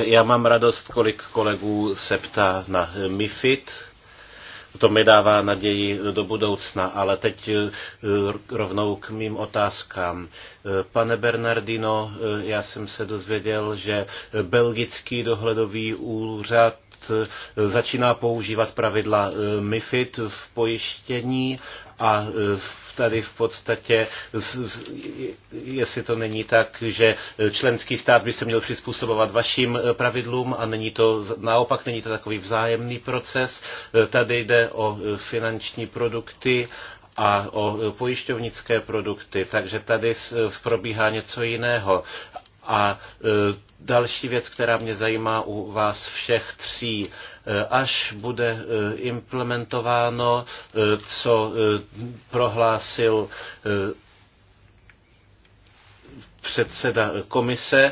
Speaker 2: Já mám radost, kolik kolegů se ptá na MIFID to mi dává naději do budoucna, ale teď eh, rovnou k mým otázkám. Eh, pane Bernardino, eh, já jsem se dozvěděl, že belgický dohledový úřad začíná používat pravidla MIFID v pojištění a v tady v podstatě, jestli to není tak, že členský stát by se měl přizpůsobovat vašim eh, pravidlům a není to naopak, není to takový vzájemný proces. Eh, tady jde o eh, finanční produkty a o pojišťovnické produkty, takže tady probíhá něco jiného. A e, Další věc, která mě zajímá u vás všech tří, e, až bude e, implementováno, co prohlásil předseda komise,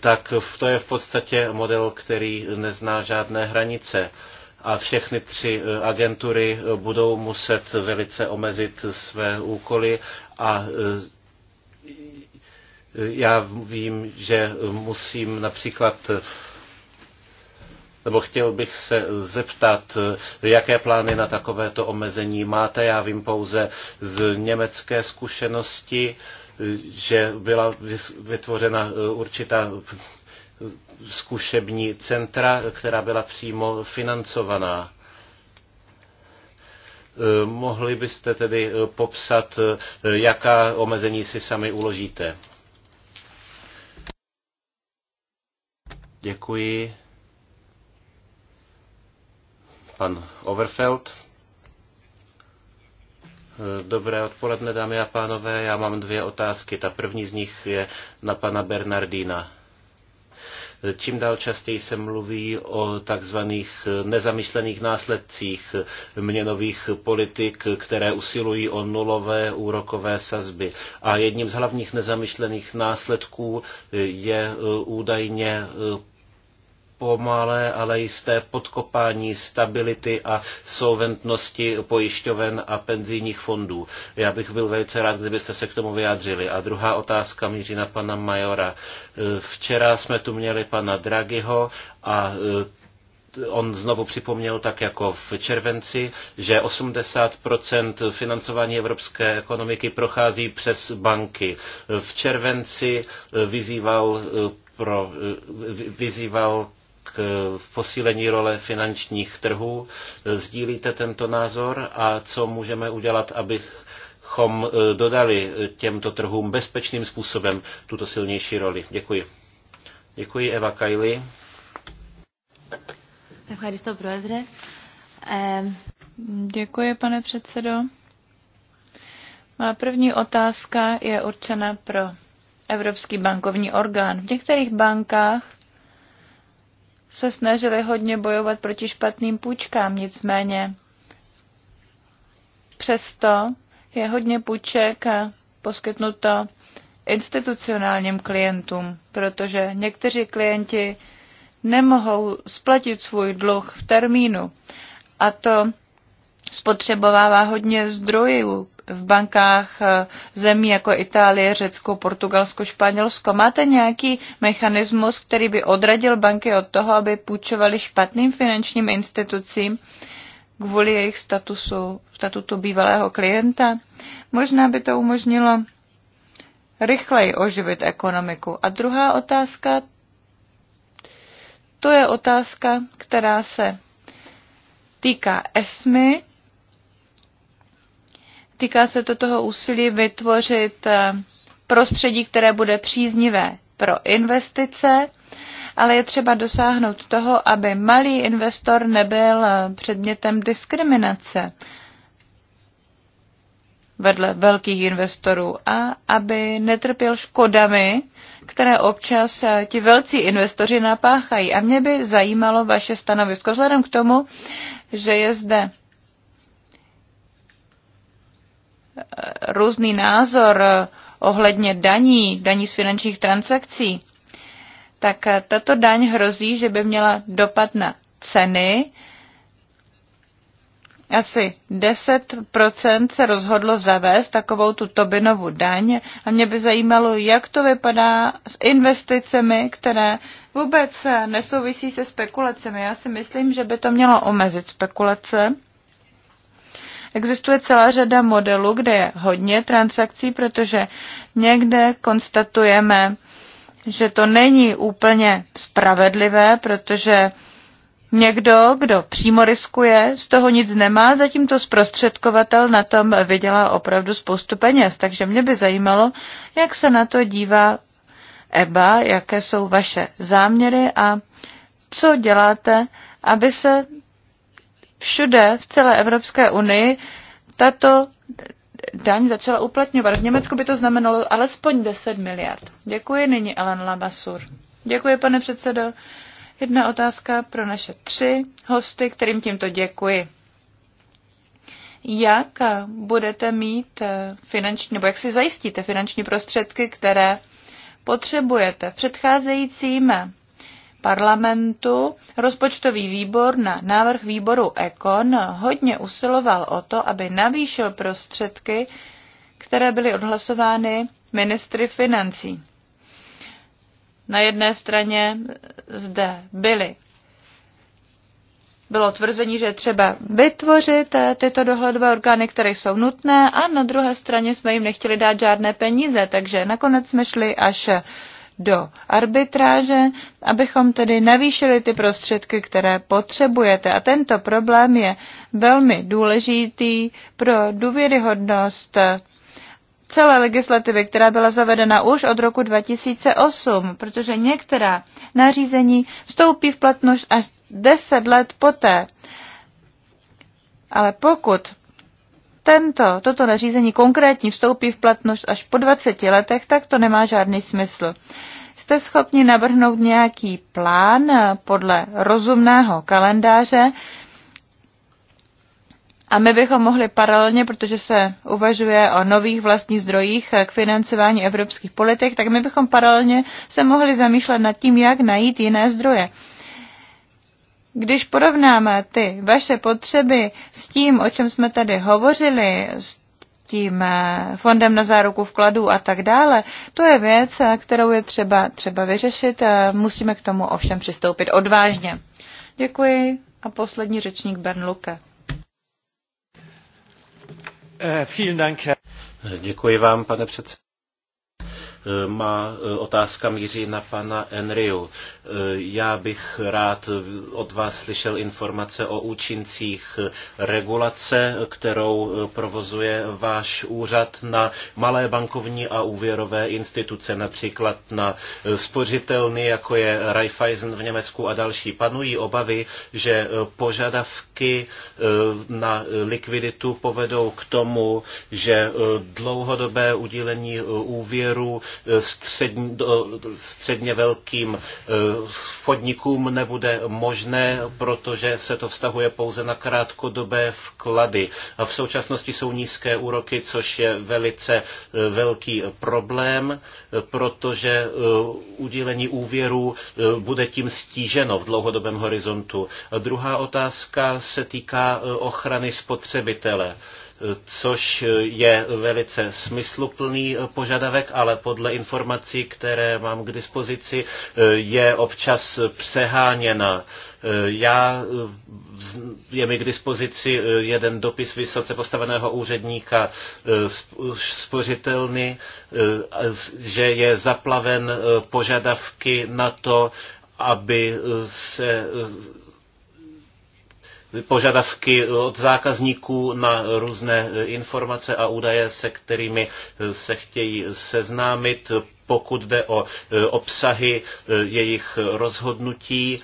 Speaker 2: tak to je v podstatě model, který nezná žádné hranice a všechny tři agentury budou muset velice omezit své úkoly a já vím, že musím například nebo chtěl bych se zeptat, jaké plány na takovéto omezení máte. Já vím pouze z německé zkušenosti, že byla vytvořena e, určitá zkušební centra, která byla přímo financovaná. E, mohli byste tedy e, popsat, jaká omezení si sami uložíte? Děkuji. Pan Overfeld. Dobré odpoledne, dámy a pánové. Já mám dvě otázky. Ta první z nich je na pana Bernardína. Čím dál častěji se mluví o takzvaných nezamýšlených následcích měnových politik, které usilují o nulové úrokové sazby. A jedním z hlavních nezamýšlených následků je e, údajně e, pomalé, ale jisté podkopání stability a solventnosti pojišťoven a penzijních fondů. Já bych byl velice rád, kdybyste se k tomu vyjádřili. A druhá otázka míří na pana Majora. Včera jsme tu měli pana Draghiho a e, on znovu připomněl tak jako v červenci, že 80% financování evropské ekonomiky prochází přes banky. V červenci e, vyzýval e, pro, vyzýval k posílení role finančních trhů. Sdílíte tento názor a co můžeme udělat, abychom eh, dodali těmto trhům bezpečným způsobem tuto silnější roli? Děkuji. Děkuji Eva Kajli.
Speaker 5: Děkuji, pane předsedo. Má první otázka je určena pro Evropský bankovní orgán. V některých bankách se snažili hodně bojovat proti špatným půjčkám, nicméně přesto je hodně půjček poskytnuto institucionálním klientům, protože někteří klienti nemohou splatit svůj dluh v termínu a to spotřebovává hodně zdrojů v bankách eh, zemí jako Itálie, Řecko, Portugalsko, Španělsko? Máte nějaký mechanismus, který by odradil banky od toho, aby půjčovali špatným finančním institucím kvůli jejich statusu, statutu bývalého klienta? Možná by to umožnilo rychleji oživit ekonomiku. A druhá otázka, to je otázka, která se týká ESMY Týká se to toho úsilí vytvořit eh, prostředí, které bude příznivé pro investice, ale je třeba dosáhnout toho, aby malý investor nebyl eh, předmětem diskriminace vedle velkých investorů a aby netrpěl škodami, které občas eh, ti velcí investoři napáchají. A mě by zajímalo vaše stanovisko vzhledem k tomu, že je zde různý názor eh, ohledně daní, daní z finančních transakcí, tak eh, tato daň hrozí, že by měla dopad na ceny. Asi 10% se rozhodlo zavést takovou tu Tobinovu daň a mě by zajímalo, jak to vypadá s investicemi, které vůbec eh, nesouvisí se spekulacemi. Já si myslím, že by to mělo omezit spekulace Existuje celá řada modelů, kde je hodně transakcí, protože někde konstatujeme, že to není úplně spravedlivé, protože někdo, kdo přímo riskuje, z toho nic nemá, zatímco zprostředkovatel na tom vydělá opravdu spoustu peněz. Takže mě by zajímalo, jak se na to dívá EBA, jaké jsou vaše záměry a co děláte, aby se všude v celé Evropské unii tato daň začala uplatňovat. V Německu by to znamenalo alespoň 10 miliard. Děkuji nyní Ellen Lamasur. Děkuji, pane předsedo. Jedna otázka pro naše tři hosty, kterým tímto děkuji. Jak budete mít eh, finanční, nebo jak si zajistíte finanční prostředky, které potřebujete? V předcházejícím parlamentu rozpočtový výbor na návrh výboru Ekon hodně usiloval o to, aby navýšil prostředky, které byly odhlasovány ministry financí. Na jedné straně zde byly bylo tvrzení, že třeba vytvořit eh, tyto dohledové orgány, které jsou nutné a na druhé straně jsme jim nechtěli dát žádné peníze, takže nakonec jsme šli až do arbitráže, abychom tedy navýšili ty prostředky, které potřebujete. A tento problém je velmi důležitý pro důvěryhodnost celé legislativy, která byla zavedena už od roku 2008, protože některá nařízení vstoupí v platnost až 10 let poté. Ale pokud tento, toto nařízení konkrétní vstoupí v platnost až po 20 letech, tak to nemá žádný smysl. Jste schopni navrhnout nějaký plán podle rozumného kalendáře a my bychom mohli paralelně, protože se uvažuje o nových vlastních zdrojích k financování evropských politik, tak my bychom paralelně se mohli zamýšlet nad tím, jak najít jiné zdroje. Když porovnáme ty vaše potřeby s tím, o čem jsme tady hovořili, s tím eh, fondem na záruku vkladů a tak dále, to je věc, eh, kterou je třeba, třeba vyřešit. Eh, musíme k tomu ovšem přistoupit odvážně. Děkuji a poslední řečník Bern Luke.
Speaker 2: Děkuji vám, pane předsedo. Má e, otázka míří na pana Enriu. E, já bych rád od vás slyšel informace o účincích regulace, kterou e, provozuje váš úřad na malé bankovní a úvěrové instituce, například na spořitelny, jako je Raiffeisen v Německu a další. Panují obavy, že požadavky na likviditu povedou k tomu, že dlouhodobé udílení úvěru Eh, střední, středně velkým eh, podnikům nebude možné, protože se to vztahuje pouze na krátkodobé vklady. A v současnosti jsou nízké úroky, což je velice eh, velký problém, protože udílení úvěru bude tím stíženo v dlouhodobém horizontu. A druhá otázka se týká ochrany spotřebitele což je velice smysluplný požadavek, ale podle informací, které mám k dispozici, je občas přeháněna. Já, je mi k dispozici jeden dopis vysoce postaveného úředníka spořitelny, že je zaplaven požadavky na to, aby se požadavky od zákazníků na různé e, informace a údaje, se kterými e, se chtějí seznámit, pokud jde o e, obsahy jejich rozhodnutí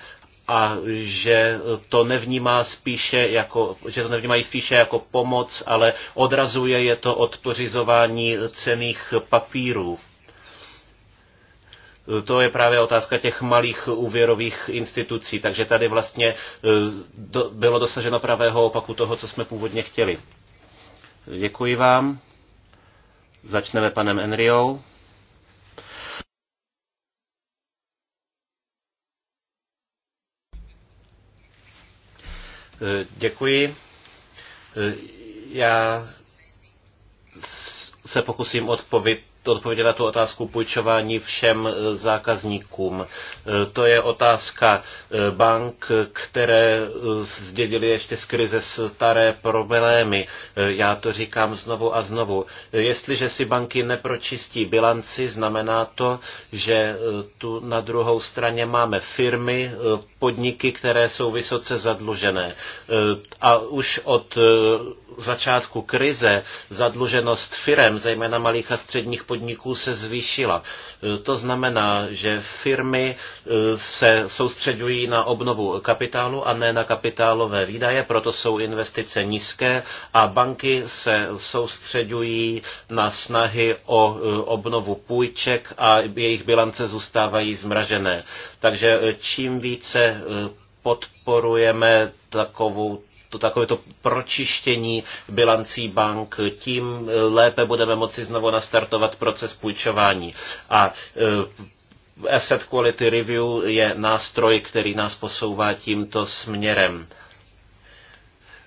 Speaker 2: a že to nevnímá spíše jako, že to nevnímají spíše jako pomoc, ale odrazuje je to od pořizování cených papírů to je právě otázka těch malých úvěrových institucí. Takže tady vlastně e, bylo dosaženo pravého opaku toho, co jsme původně chtěli. Děkuji vám. Začneme panem Enriou. E, děkuji. E, já se pokusím odpovědět odpovědět na tu otázku půjčování všem e, zákazníkům. E, to je otázka e, bank, které zdědili ještě z krize staré problémy. Já to říkám znovu a znovu. Jestliže si banky nepročistí bilanci, znamená to, že tu na druhou straně máme firmy, podniky, které jsou vysoce zadlužené. A už od začátku krize zadluženost firem, zejména malých a středních podniků, podniků se zvýšila. E, to znamená, že firmy e, se soustředují na obnovu kapitálu a ne na kapitálové výdaje, proto jsou investice nízké a banky se soustředují na snahy o e, obnovu půjček a jejich bilance zůstávají zmražené. Takže čím více podporujeme takovou to to pročištění bilancí bank, tím eh, lépe budeme moci znovu nastartovat proces půjčování. A eh, Asset Quality Review je nástroj, který nás posouvá tímto směrem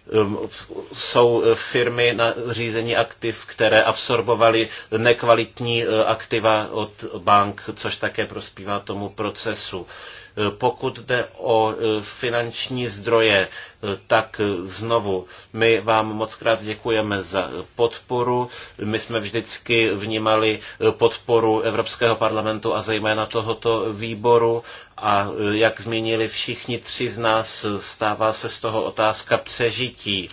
Speaker 2: eh, jsou firmy na řízení aktiv, které absorbovaly nekvalitní aktiva od bank, což také prospívá tomu procesu. Pokud jde o e, finanční zdroje, e, tak e, znovu, my vám moc krát děkujeme za podporu. My jsme vždycky vnímali podporu Evropského parlamentu a zejména tohoto výboru a jak zmínili všichni tři z nás, stává se z toho otázka přežití.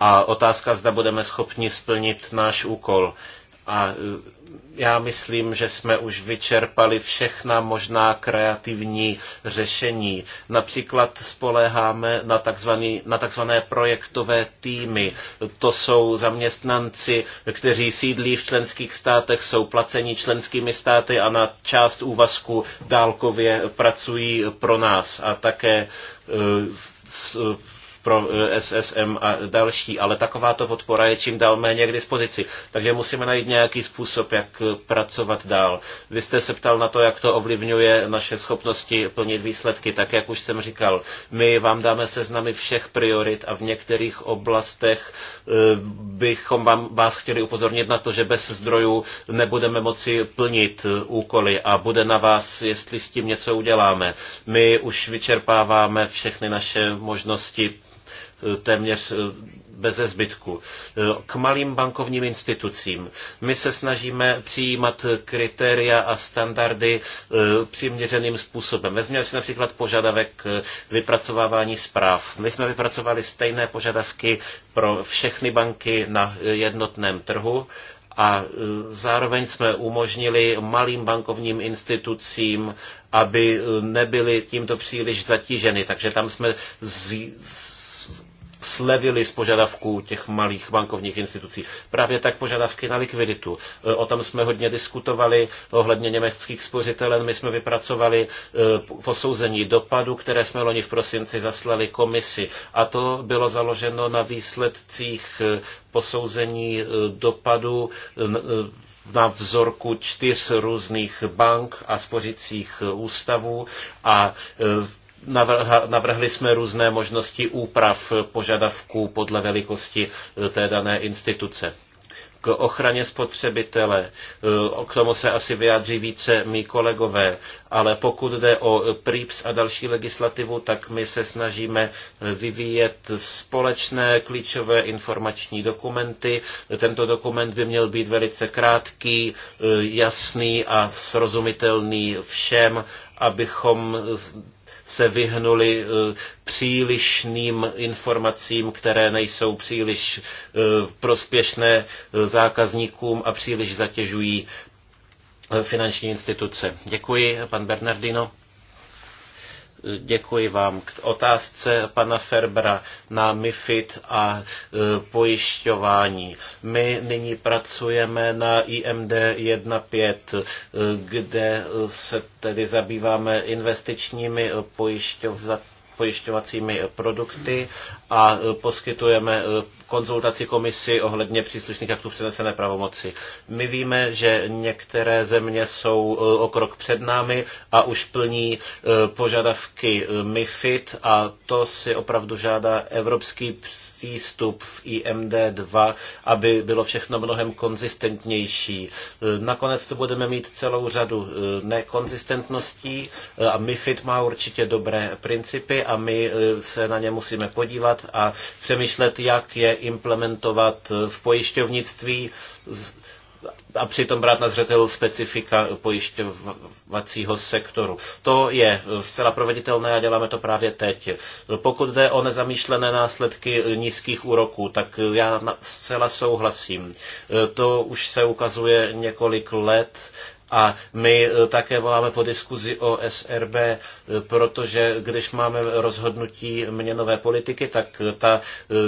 Speaker 2: A otázka, zda budeme schopni splnit náš úkol. A e, já myslím, že jsme už vyčerpali všechna možná kreativní řešení. Například spoléháme na, takzvaný, na takzvané projektové týmy. To jsou zaměstnanci, kteří sídlí v členských státech, jsou placeni členskými státy a na část úvazku dálkově pracují pro nás a také e, pro eh, SSM a další, ale takováto podpora je čím dál méně k dispozici. Takže musíme najít nějaký způsob, jak eh, pracovat dál. Vy jste se ptal na to, jak to ovlivňuje naše schopnosti plnit výsledky. Tak jak už jsem říkal, my vám dáme seznamy všech priorit a v některých oblastech eh, bychom vám, vás chtěli upozornit na to, že bez zdrojů nebudeme moci plnit úkoly a bude na vás, jestli s tím něco uděláme. My už vyčerpáváme všechny naše možnosti téměř eh, beze zbytku. Eh, k malým bankovním institucím. My se snažíme přijímat kritéria a standardy eh, přiměřeným způsobem. Vezměme si například požadavek vypracovávání zpráv. My jsme vypracovali stejné požadavky pro všechny banky na jednotném trhu a zároveň jsme umožnili malým bankovním institucím, aby nebyly tímto příliš zatíženy. Takže tam jsme z, z, slevili z požadavků těch malých bankovních institucí. Právě tak požadavky na likviditu. E, o tom jsme hodně diskutovali ohledně německých spořitelen. My jsme vypracovali e, posouzení dopadu, které jsme loni v prosinci zaslali komisi. A to bylo založeno na výsledcích e, posouzení dopadu na vzorku čtyř různých bank a spořicích ústavů a Navrhli jsme různé možnosti úprav požadavků podle velikosti eh, té dané instituce k ochraně spotřebitele. Eh, k tomu se asi vyjádří více mý kolegové, ale pokud jde o eh, PRIPS a další legislativu, tak my se snažíme vyvíjet společné klíčové informační dokumenty. Tento dokument by měl být velice krátký, jasný a srozumitelný všem, abychom se vyhnuli eh, přílišným informacím, které nejsou příliš eh, prospěšné eh, zákazníkům a příliš zatěžují finanční instituce. Děkuji, pan Bernardino. Děkuji vám. K otázce pana Ferbra na MIFID a e, pojišťování. My nyní pracujeme na IMD 1.5, e, kde se tedy zabýváme investičními pojišťovat, pojišťovacími produkty a e, poskytujeme e, konzultaci komisi ohledně příslušných aktů přenesené pravomoci. My víme, že některé země jsou e, o krok před námi a už plní požadavky MIFID a to si opravdu žádá evropský přístup v IMD2, aby bylo všechno mnohem konzistentnější. Nakonec tu budeme mít celou řadu nekonzistentností a MIFID má určitě dobré principy a my eh, se na ně musíme podívat a přemýšlet, jak je implementovat eh, v pojišťovnictví a přitom brát na zřetel specifika pojišťovacího sektoru. To je eh, zcela proveditelné a děláme to právě teď. Pokud jde o nezamýšlené následky nízkých úroků, tak já zcela souhlasím. To už se ukazuje několik let a my eh, také voláme po diskuzi o SRB, eh, protože když máme rozhodnutí měnové politiky, tak eh, ta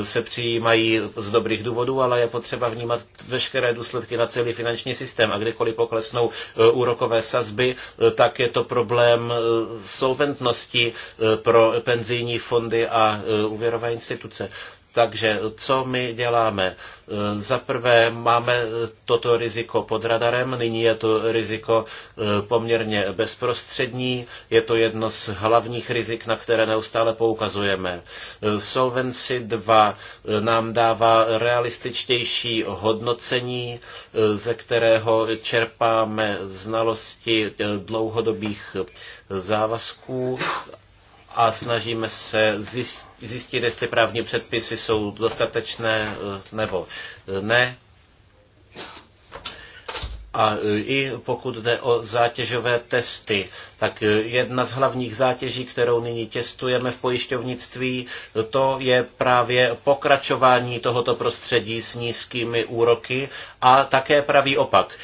Speaker 2: se přijímají z dobrých důvodů, ale je potřeba vnímat veškeré důsledky na celý finanční systém. A kdykoliv poklesnou úrokové sazby, tak je to problém solventnosti pro penzijní fondy a úvěrové instituce. Takže co my děláme? Eh, za prvé máme toto riziko pod radarem, nyní je to riziko eh, poměrně bezprostřední, je to jedno z hlavních rizik, na které neustále poukazujeme. Eh, Solvency 2 nám dává realističtější hodnocení, ze kterého čerpáme znalosti dlouhodobých závazků a snažíme se zjistit, jestli právní předpisy jsou dostatečné eh, nebo ne. A eh, i pokud jde o zátěžové testy, tak eh, jedna z hlavních zátěží, kterou nyní testujeme v pojišťovnictví, to je právě pokračování tohoto prostředí s nízkými úroky a také pravý opak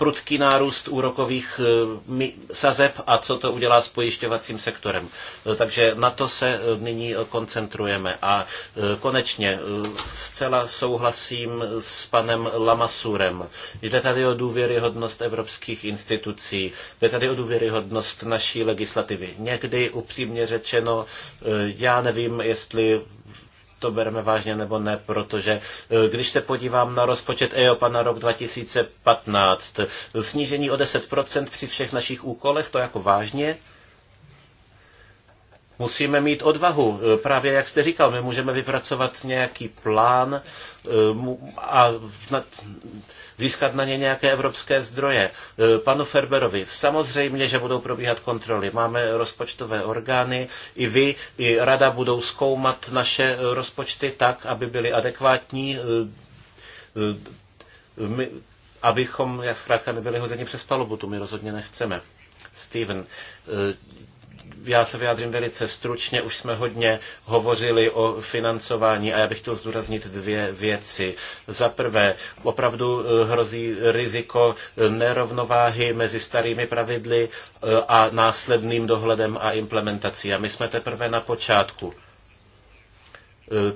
Speaker 2: prudký nárůst úrokových eh, sazeb a co to udělá s pojišťovacím sektorem. Eh, takže na to se eh, nyní koncentrujeme. A konečně zcela souhlasím s panem Lamasurem. Jde tady o důvěryhodnost evropských institucí, jde tady o důvěryhodnost naší legislativy. Někdy upřímně řečeno, já nevím, jestli to bereme vážně nebo ne, protože eh, když se podívám na rozpočet EOPA na rok 2015, snížení o 10% při všech našich úkolech, to jako vážně, Musíme mít odvahu. E, právě jak jste říkal, my můžeme vypracovat nějaký plán e, a získat na ně nějaké evropské zdroje. E, panu Ferberovi, samozřejmě, že budou probíhat kontroly. Máme rozpočtové orgány, i vy, i rada budou zkoumat naše rozpočty tak, aby byly adekvátní my, abychom, jak zkrátka, nebyli hozeni přes palubu, To my rozhodně nechceme. Steven, já se vyjádřím velice stručně, už jsme hodně hovořili o financování a já bych chtěl zdůraznit dvě věci. Za prvé, opravdu eh, hrozí riziko eh, nerovnováhy mezi starými pravidly eh, a následným dohledem a implementací. A my jsme teprve na počátku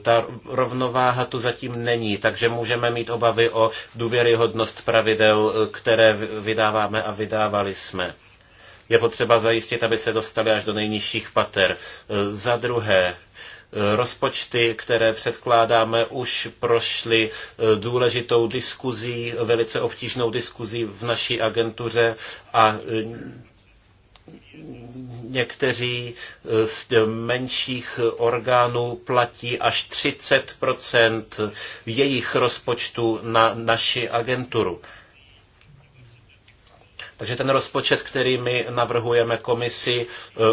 Speaker 2: ta rovnováha tu zatím není, takže můžeme mít obavy o důvěryhodnost pravidel, které vydáváme a vydávali jsme je potřeba zajistit, aby se dostali až do nejnižších pater. E, za druhé, e, rozpočty, které předkládáme, už prošly e, důležitou diskuzí, velice obtížnou diskuzí v naší agentuře a někteří z menších orgánů platí až 30 jejich rozpočtu na naši agenturu. Takže ten rozpočet, který my navrhujeme komisi, e,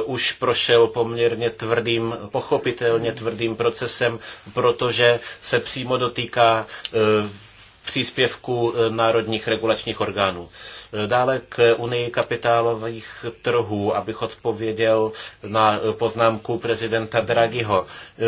Speaker 2: už prošel poměrně tvrdým, pochopitelně tvrdým procesem, protože se přímo dotýká e, příspěvků eh, národních regulačních orgánů. Eh, dále k Unii kapitálových trhů, abych odpověděl na eh, poznámku prezidenta Draghiho.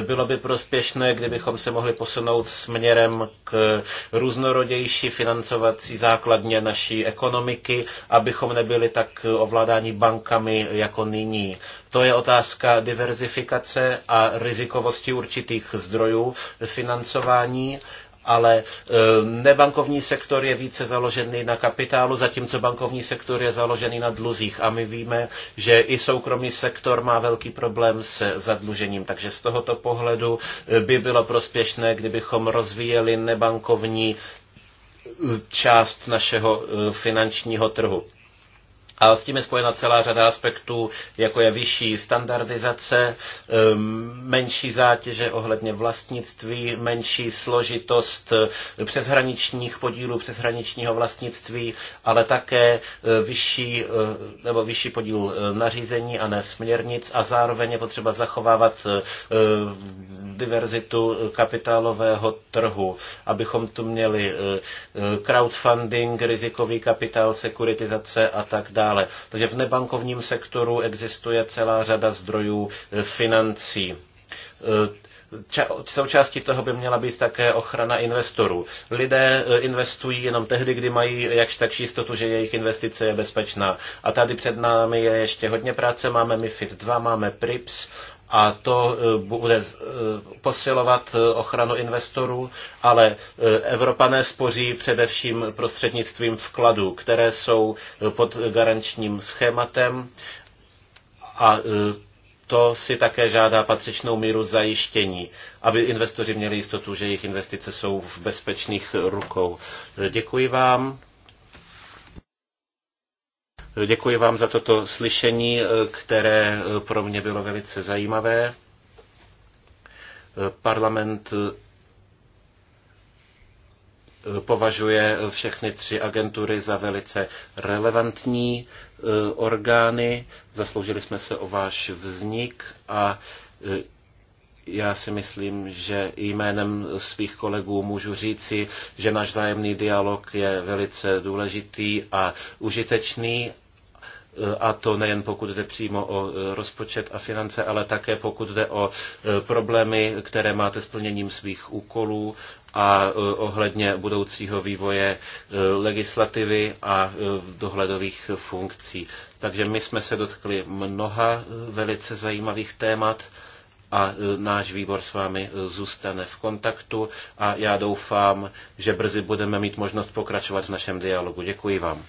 Speaker 2: Bylo by prospěšné, kdybychom se mohli posunout směrem k různorodější financovací základně naší ekonomiky, abychom nebyli tak ovládáni bankami jako nyní. To je otázka diverzifikace a rizikovosti určitých zdrojů financování ale e, nebankovní sektor je více založený na kapitálu, zatímco bankovní sektor je založený na dluzích. A my víme, že i soukromý sektor má velký problém se zadlužením. Takže z tohoto pohledu e, by bylo prospěšné, kdybychom rozvíjeli nebankovní e, část našeho finančního trhu. A s tím je spojena celá řada aspektů, jako je vyšší standardizace, menší zátěže ohledně vlastnictví, menší složitost eh, přeshraničních podílů, přeshraničního vlastnictví, ale také eh, vyšší, eh, nebo vyšší podíl nařízení a ne směrnic a zároveň je potřeba zachovávat diverzitu kapitálového trhu, abychom tu měli crowdfunding, rizikový kapitál, sekuritizace a tak dále dále. Takže v nebankovním sektoru existuje celá řada zdrojů e, financí. E, ča- součástí toho by měla být také ochrana investorů. Lidé e, investují jenom tehdy, kdy mají jakž tak jistotu, že jejich investice je bezpečná. A tady před námi je ještě hodně práce. Máme MIFID 2, máme PRIPS, a to eh, bude eh, posilovat eh, ochranu investorů, ale Evropané spoří především prostřednictvím vkladů, které jsou pod garančním schématem a to si také žádá patřičnou míru zajištění, aby investoři měli jistotu, že jejich investice jsou v bezpečných rukou. Děkuji vám. Děkuji vám za toto slyšení, eh, které eh, pro mě bylo velice zajímavé. Eh, parlament považuje všechny tři agentury za velice relevantní orgány. Zasloužili jsme se o váš vznik a já si myslím, že jménem svých kolegů můžu říci, že náš zájemný dialog je velice důležitý a užitečný a to nejen pokud jde přímo o e, rozpočet a finance, ale také pokud jde o e, problémy, které máte s plněním svých úkolů a e, ohledně budoucího vývoje legislativy a dohledových funkcí. Takže my jsme se dotkli mnoha velice zajímavých témat a náš výbor s vámi zůstane v kontaktu a já doufám, že brzy budeme mít možnost pokračovat v našem dialogu. Děkuji vám.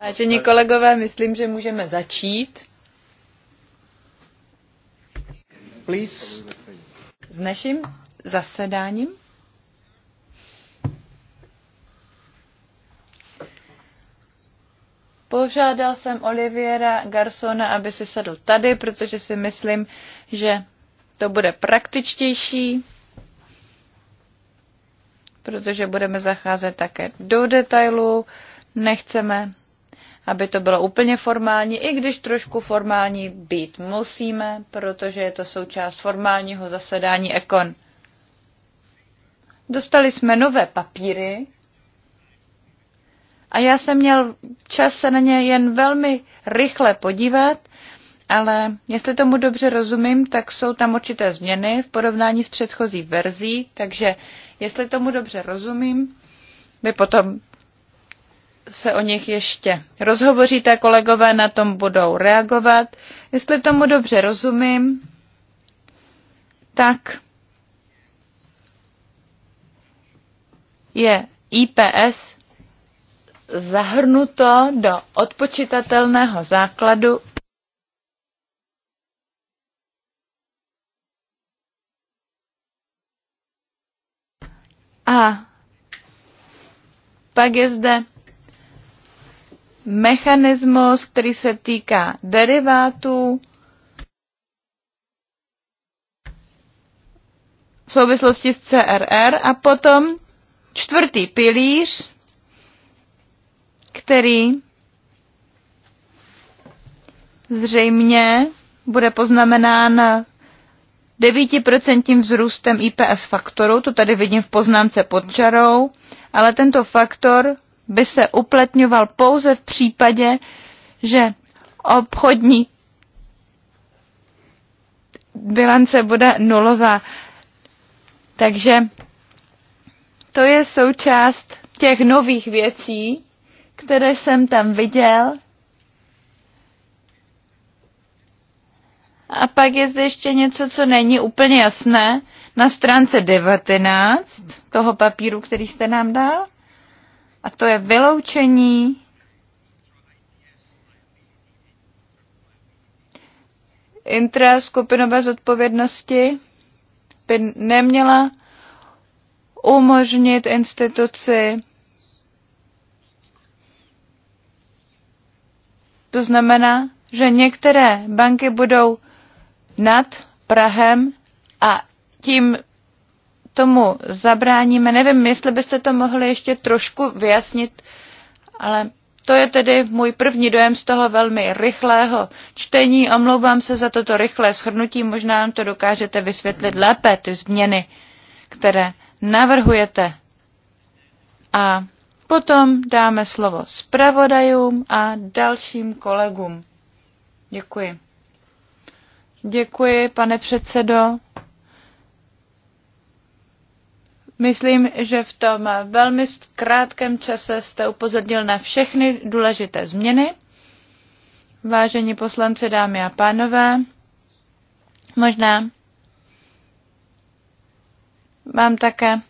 Speaker 3: Vážení
Speaker 5: kolegové, myslím, že můžeme začít. Please. S naším zasedáním. Požádal jsem Oliviera Garsona, aby si sedl tady, protože si myslím, že to bude praktičtější protože budeme zacházet také do detailů. Nechceme, aby to bylo úplně formální, i když trošku formální být musíme, protože je to součást formálního zasedání Ekon. Dostali jsme nové papíry a já jsem měl čas se na ně jen velmi rychle podívat ale jestli tomu dobře rozumím, tak jsou tam určité změny v porovnání s předchozí verzí, takže jestli tomu dobře rozumím, vy potom se o nich ještě rozhovoříte, kolegové na tom budou reagovat. Jestli tomu dobře rozumím, tak je IPS zahrnuto do odpočitatelného základu A pak je zde mechanismus, který se týká derivátů v souvislosti s CRR a potom čtvrtý pilíř, který zřejmě bude poznamenán 9% vzrůstem IPS faktoru, to tady vidím v poznámce pod čarou, ale tento faktor by se uplatňoval pouze v případě, že obchodní bilance bude nulová. Takže to je součást těch nových věcí, které jsem tam viděl A pak je zde ještě něco, co není úplně jasné. Na stránce 19 toho papíru, který jste nám dal, a to je vyloučení skupinové zodpovědnosti by neměla umožnit instituci To znamená, že některé banky budou nad Prahem a tím tomu zabráníme. Nevím, jestli byste to mohli ještě trošku vyjasnit, ale to je tedy můj první dojem z toho velmi rychlého čtení. Omlouvám se za toto rychlé shrnutí, možná nám to dokážete vysvětlit lépe, ty změny, které navrhujete. A potom dáme slovo zpravodajům a dalším kolegům. Děkuji. Děkuji, pane předsedo. Myslím, že v tom velmi krátkém čase jste upozornil na všechny důležité změny. Vážení poslanci, dámy a pánové, možná vám také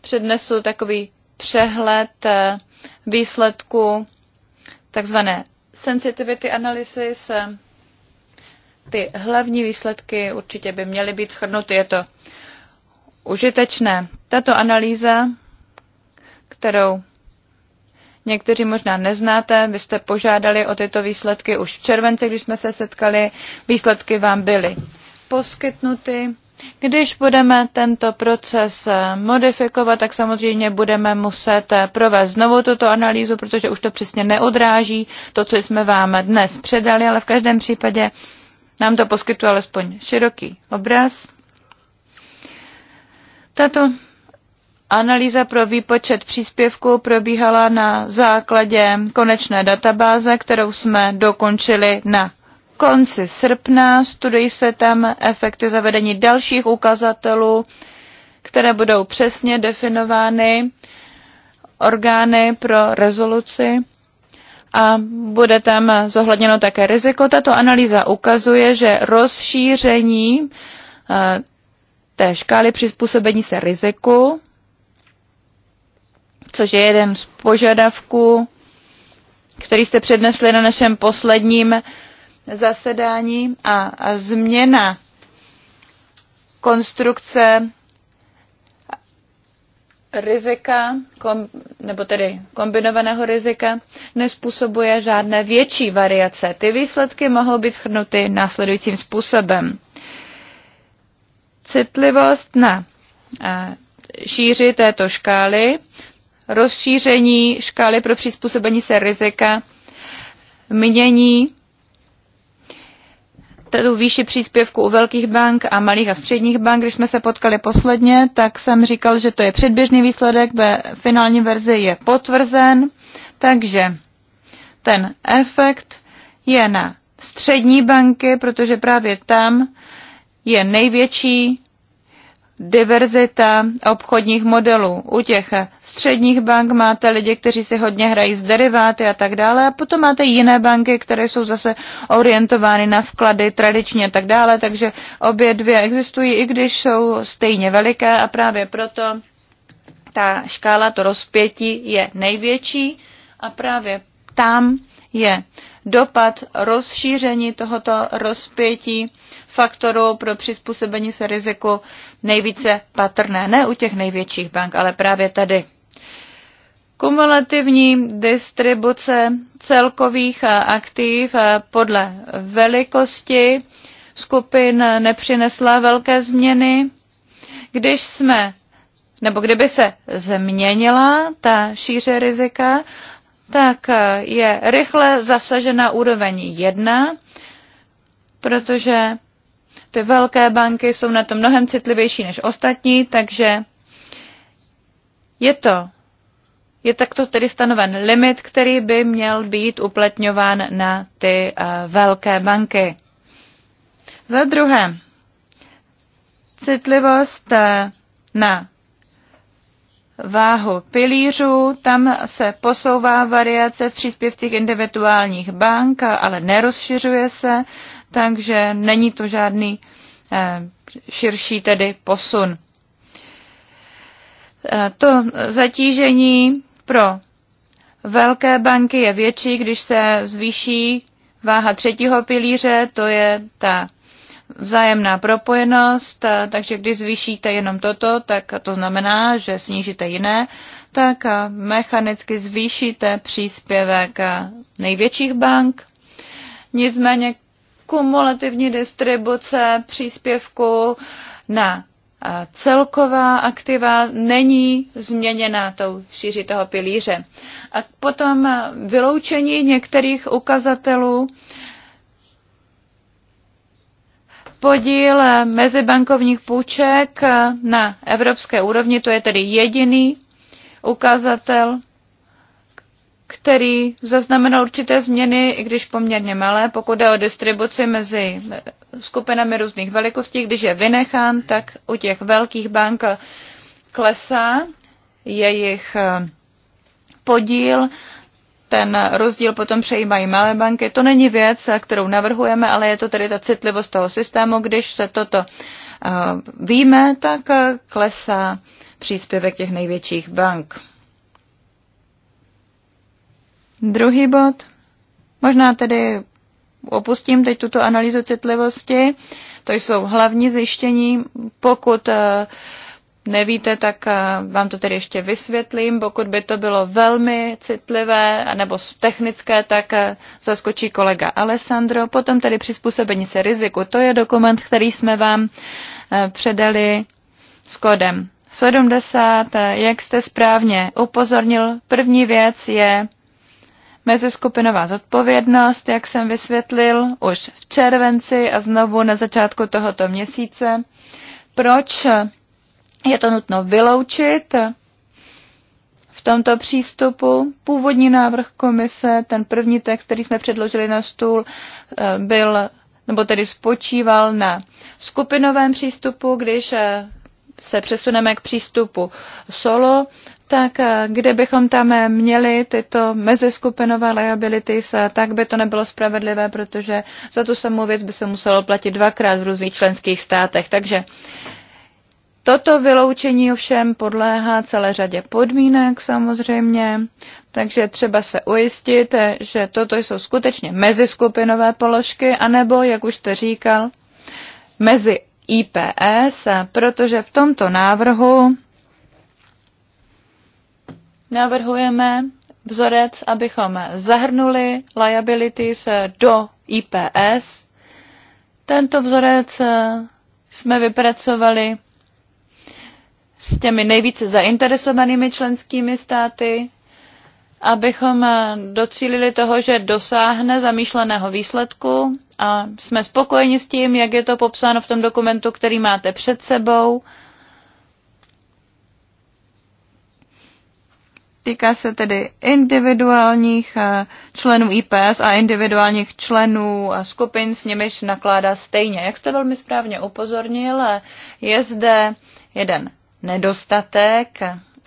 Speaker 5: přednesu takový přehled eh, výsledku takzvané sensitivity analysis eh, ty hlavní výsledky určitě by měly být shrnuty. Je to užitečné. Tato analýza, kterou někteří možná neznáte, vy jste požádali o tyto výsledky už v červenci, když jsme se setkali, výsledky vám byly poskytnuty. Když budeme tento proces eh, modifikovat, tak samozřejmě budeme muset eh, provést znovu tuto analýzu, protože už to přesně neodráží to, co jsme vám dnes předali, ale v každém případě nám to poskytuje alespoň široký obraz. Tato analýza pro výpočet příspěvku probíhala na základě konečné databáze, kterou jsme dokončili na konci srpna. Studují se tam efekty zavedení dalších ukazatelů, které budou přesně definovány orgány pro rezoluci a bude tam zohledněno také riziko. Tato analýza ukazuje, že rozšíření eh, té škály přizpůsobení se riziku, což je jeden z požadavků, který jste přednesli na našem posledním zasedání a, a změna konstrukce rizika, kom, nebo tedy kombinovaného rizika, nespůsobuje žádné větší variace. Ty výsledky mohou být shrnuty následujícím způsobem. Citlivost na eh, šíři této škály, rozšíření škály pro přizpůsobení se rizika, mění tu výši příspěvku u velkých bank a malých a středních bank, když jsme se potkali posledně, tak jsem říkal, že to je předběžný výsledek, ve finální verzi je potvrzen, takže ten efekt je na střední banky, protože právě tam je největší diverzita obchodních modelů. U těch středních bank máte lidi, kteří si hodně hrají s deriváty a tak dále, a potom máte jiné banky, které jsou zase orientovány na vklady tradičně a tak dále, takže obě dvě existují, i když jsou stejně veliké a právě proto ta škála, to rozpětí je největší a právě tam je dopad rozšíření tohoto rozpětí faktorů pro přizpůsobení se riziku nejvíce patrné. Ne u těch největších bank, ale právě tady. Kumulativní distribuce celkových eh, aktiv eh, podle velikosti skupin nepřinesla velké změny. Když jsme, nebo kdyby se změnila ta šíře rizika, tak eh, je rychle zasažena úroveň 1, protože ty velké banky jsou na to mnohem citlivější než ostatní, takže je to je takto tedy stanoven limit, který by měl být uplatňován na ty eh, velké banky. Za druhé, citlivost eh, na váhu pilířů, tam se posouvá variace v příspěvcích individuálních bank, ale nerozšiřuje se takže není to žádný eh, širší tedy posun. Eh, to zatížení pro velké banky je větší, když se zvýší váha třetího pilíře, to je ta vzájemná propojenost, eh, takže když zvýšíte jenom toto, tak to znamená, že snížíte jiné, tak mechanicky zvýšíte příspěvek největších bank. Nicméně kumulativní distribuce příspěvku na celková aktiva není změněna tou šíří toho pilíře. A potom vyloučení některých ukazatelů, podíl mezibankovních půjček na evropské úrovni, to je tedy jediný ukazatel, který zaznamenal určité změny, i když poměrně malé, pokud jde o distribuci mezi skupinami různých velikostí. Když je vynechán, tak u těch velkých bank klesá jejich eh, podíl. Ten rozdíl potom přejímají malé banky. To není věc, kterou navrhujeme, ale je to tedy ta citlivost toho systému. Když se toto eh, víme, tak eh, klesá příspěvek těch největších bank. Druhý bod, možná tedy opustím teď tuto analýzu citlivosti, to jsou hlavní zjištění. Pokud eh, nevíte, tak eh, vám to tedy ještě vysvětlím. Pokud by to bylo velmi citlivé nebo technické, tak eh, zaskočí kolega Alessandro. Potom tedy přizpůsobení se riziku. To je dokument, který jsme vám předali s kodem 70. Jak jste správně upozornil, první věc je meziskupinová zodpovědnost, jak jsem vysvětlil už v červenci a znovu na začátku tohoto měsíce. Proč je to nutno vyloučit v tomto přístupu? Původní návrh komise, ten první text, který jsme předložili na stůl, byl nebo tedy spočíval na skupinovém přístupu, když se přesuneme k přístupu solo, tak eh, kdybychom tam eh, měli tyto meziskupinové liabilities, eh, tak by to nebylo spravedlivé, protože za tu samou věc by se muselo platit dvakrát v různých členských státech. Takže Toto vyloučení ovšem podléhá celé řadě podmínek samozřejmě, takže třeba se ujistit, že toto jsou skutečně meziskupinové položky, anebo, jak už jste říkal, mezi IPS, protože v tomto návrhu navrhujeme vzorec, abychom zahrnuli liabilities do IPS. Tento vzorec eh, jsme vypracovali s těmi nejvíce zainteresovanými členskými státy, abychom eh, docílili toho, že dosáhne zamýšleného výsledku a jsme spokojeni s tím, jak je to popsáno v tom dokumentu, který máte před sebou. Týká se tedy individuálních eh, členů IPS a individuálních členů skupin, s nimiž nakládá stejně. Jak jste velmi správně upozornil, je zde jeden nedostatek,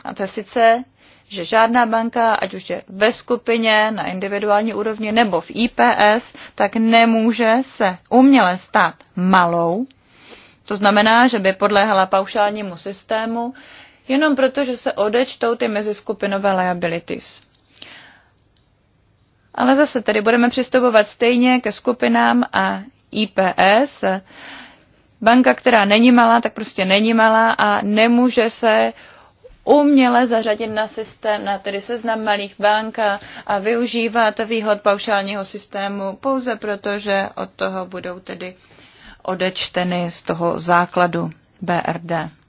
Speaker 5: a to je sice, že žádná banka, ať už je ve skupině, na individuální úrovni nebo v IPS, tak nemůže se uměle stát malou. To znamená, že by podléhala paušálnímu systému, jenom proto, že se odečtou ty meziskupinové liabilities. Ale zase tedy budeme přistupovat stejně ke skupinám a IPS. Banka, která není malá, tak prostě není malá a nemůže se uměle zařadit na systém, na tedy seznam malých bank a využívat výhod paušálního systému pouze proto, že od toho budou tedy odečteny z toho základu BRD.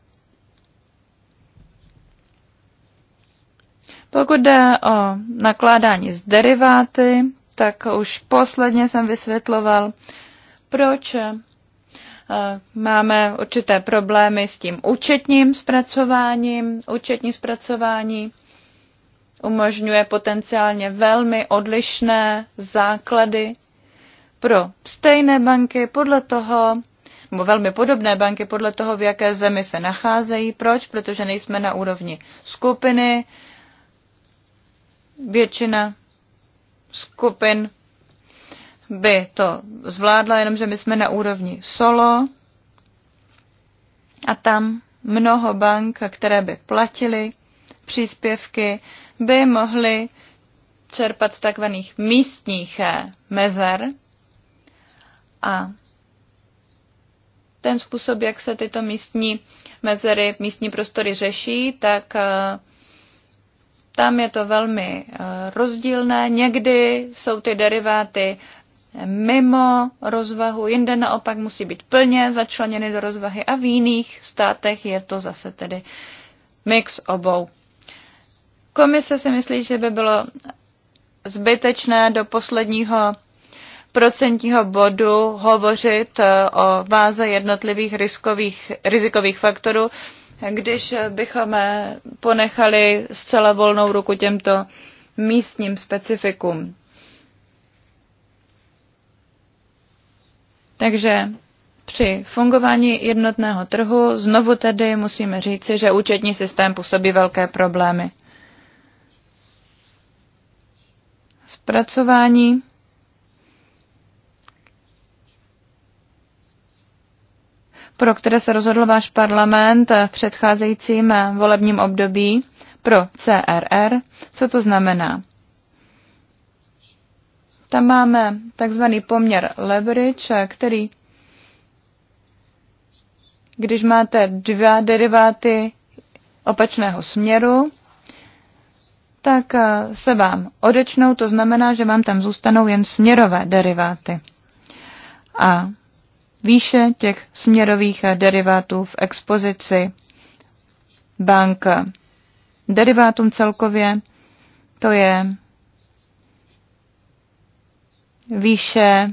Speaker 5: Pokud jde o nakládání s deriváty, tak už posledně jsem vysvětloval, proč eh, máme určité problémy s tím účetním zpracováním. Účetní zpracování umožňuje potenciálně velmi odlišné základy pro stejné banky podle toho, nebo velmi podobné banky podle toho, v jaké zemi se nacházejí. Proč? Protože nejsme na úrovni skupiny, většina skupin by to zvládla, jenomže my jsme na úrovni solo a tam mnoho bank, které by platily příspěvky, by mohly čerpat z takzvaných místních eh, mezer a ten způsob, jak se tyto místní mezery, místní prostory řeší, tak eh, tam je to velmi eh, rozdílné. Někdy jsou ty deriváty mimo rozvahu, jinde naopak musí být plně začleněny do rozvahy a v jiných státech je to zase tedy mix obou. Komise si myslí, že by bylo zbytečné do posledního procentního bodu hovořit eh, o váze jednotlivých riskových, rizikových faktorů když bychom eh, ponechali zcela volnou ruku těmto místním specifikům. Takže při fungování jednotného trhu znovu tedy musíme říci, že účetní systém působí velké problémy. Zpracování pro které se rozhodl váš parlament v předcházejícím volebním období pro CRR. Co to znamená? Tam máme takzvaný poměr leverage, který, když máte dva deriváty opačného směru, tak eh, se vám odečnou, to znamená, že vám tam zůstanou jen směrové deriváty. A výše těch směrových derivátů v expozici bank derivátům celkově, to je výše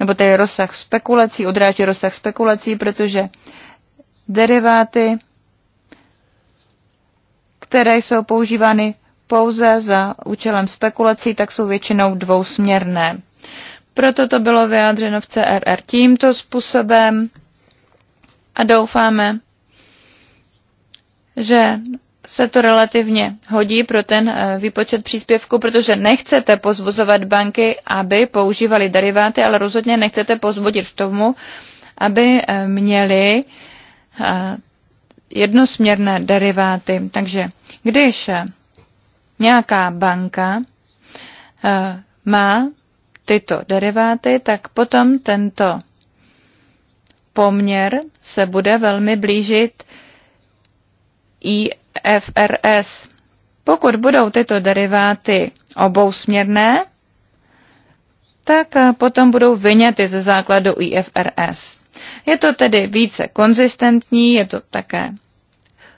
Speaker 5: nebo tedy rozsah spekulací, odráží rozsah spekulací, protože deriváty, které jsou používány pouze za účelem spekulací, tak jsou většinou dvousměrné. Proto to bylo vyjádřeno v CRR tímto způsobem a doufáme, že se to relativně hodí pro ten eh, výpočet příspěvku, protože nechcete pozbuzovat banky, aby používali deriváty, ale rozhodně nechcete pozvodit v tomu, aby eh, měli eh, jednosměrné deriváty. Takže když nějaká banka má tyto deriváty, tak potom tento poměr se bude velmi blížit IFRS. Pokud budou tyto deriváty obousměrné, tak potom budou vyňaty ze základu IFRS. Je to tedy více konzistentní, je to také